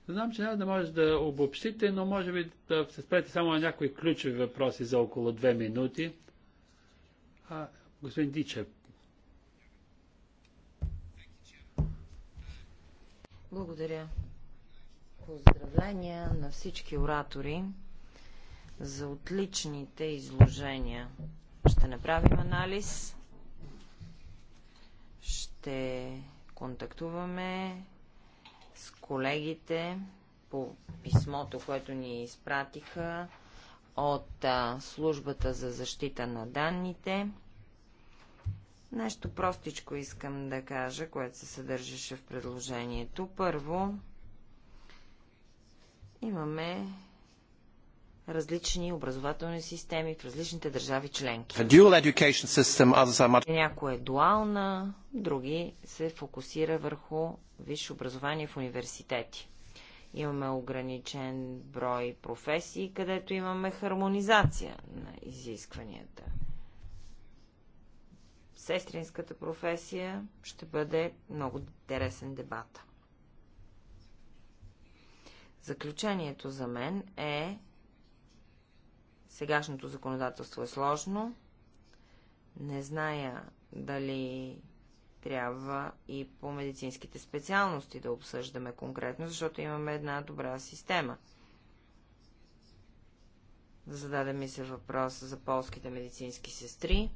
Знам, че няма да може да обобщите, но може би да се спрете само на някои ключови въпроси за около две минути. А, господин Дичев. Благодаря. Поздравления на всички оратори за отличните изложения. Ще направим анализ, ще контактуваме с колегите по писмото, което ни изпратиха от службата за защита на данните. Нещо простичко искам да кажа, което се съдържаше в предложението. Първо, имаме различни образователни системи в различните държави членки. Някоя е дуална, други се фокусира върху висше образование в университети. Имаме ограничен брой професии, където имаме хармонизация на изискванията. Сестринската професия ще бъде много интересен дебат. Заключението за мен е, Сегашното законодателство е сложно. Не зная дали трябва и по медицинските специалности да обсъждаме конкретно, защото имаме една добра система. Зададе ми се въпрос за полските медицински сестри.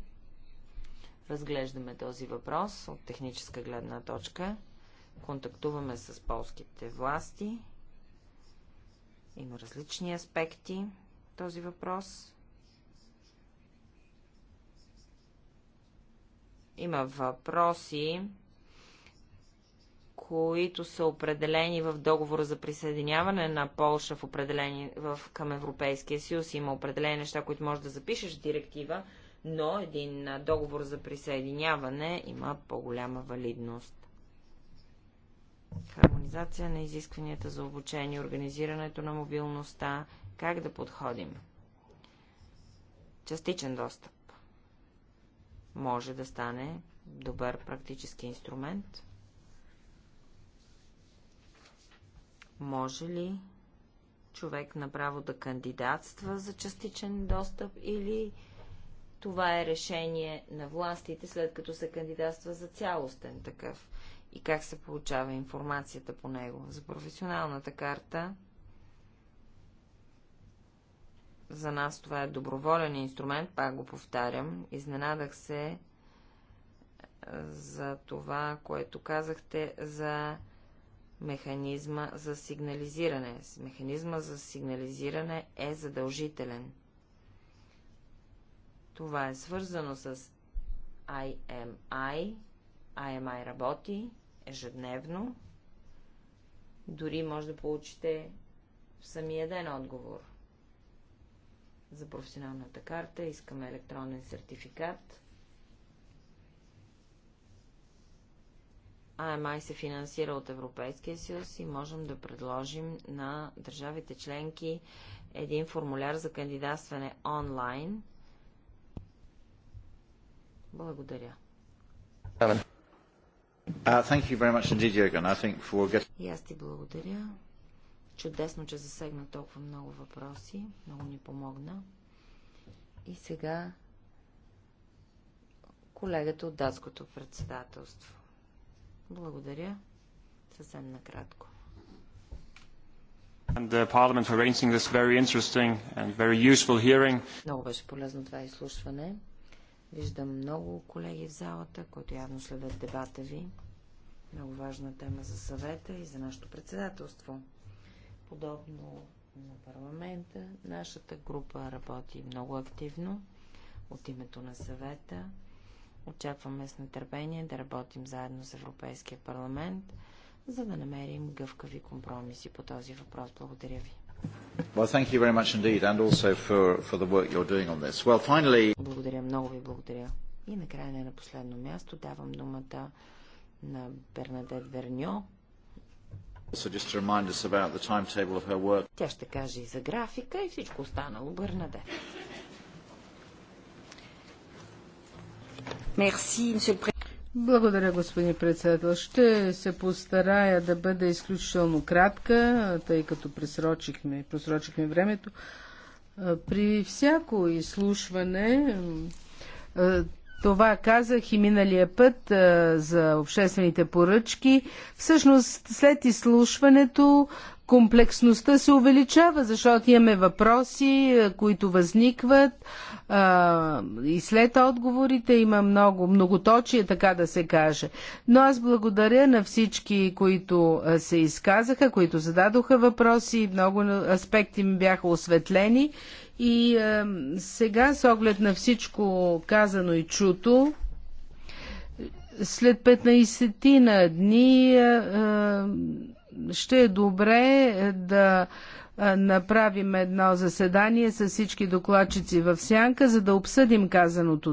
Разглеждаме този въпрос от техническа гледна точка. Контактуваме с полските власти. Има различни аспекти този въпрос. Има въпроси, които са определени в договора за присъединяване на Полша в определени, в, към Европейския съюз. Има определени неща, които може да запишеш в директива, но един договор за присъединяване има по-голяма валидност. Хармонизация на изискванията за обучение, организирането на мобилността как да подходим? Частичен достъп може да стане добър практически инструмент. Може ли човек направо да кандидатства за частичен достъп или това е решение на властите, след като се кандидатства за цялостен такъв? И как се получава информацията по него? За професионалната карта За нас това е доброволен инструмент, пак го повтарям. Изненадах се е, за това, което казахте за механизма за сигнализиране. Механизма за сигнализиране е задължителен. Това е свързано с IMI. IMI работи ежедневно. Дори може да получите в самия ден отговор – за професионалната карта, искаме електронен сертификат. АМАЙ се финансира от Европейския съюз и можем да предложим на държавите членки един формуляр за кандидатстване онлайн. Благодаря. Uh, thank you very much indeed, Jürgen. I think for И аз ти благодаря. Чудесно, че засегна толкова много въпроси. Много ни помогна. И сега колегата от датското председателство. Благодаря. Съвсем накратко. And the uh, Parliament for arranging this very interesting and very useful hearing. Много беше полезно това изслушване. Виждам много колеги в залата, които явно следят дебата ви. Много важна тема за съвета и за нашето председателство подобно на парламента. Нашата група работи много активно от името на съвета. Очакваме с нетърпение да работим заедно с Европейския парламент, за да намерим гъвкави компромиси по този въпрос. Благодаря ви. Благодаря, много ви благодаря. И накрая не на последно място давам думата на Бернадет Верньо, тя ще каже и за графика и всичко останало. Бърнаде. Благодаря, господин председател. Ще се постарая да бъда изключително кратка, тъй като пресрочихме, просрочихме времето. При всяко изслушване това казах и миналия път а, за обществените поръчки. Всъщност, след изслушването, комплексността се увеличава, защото имаме въпроси, които възникват а, и след отговорите има много многоточие, така да се каже. Но аз благодаря на всички, които се изказаха, които зададоха въпроси, много аспекти ми бяха осветлени и а, е, сега, с оглед на всичко казано и чуто, след 15 на дни а, е, е, ще е добре да направим едно заседание с всички докладчици в сянка, за да обсъдим казаното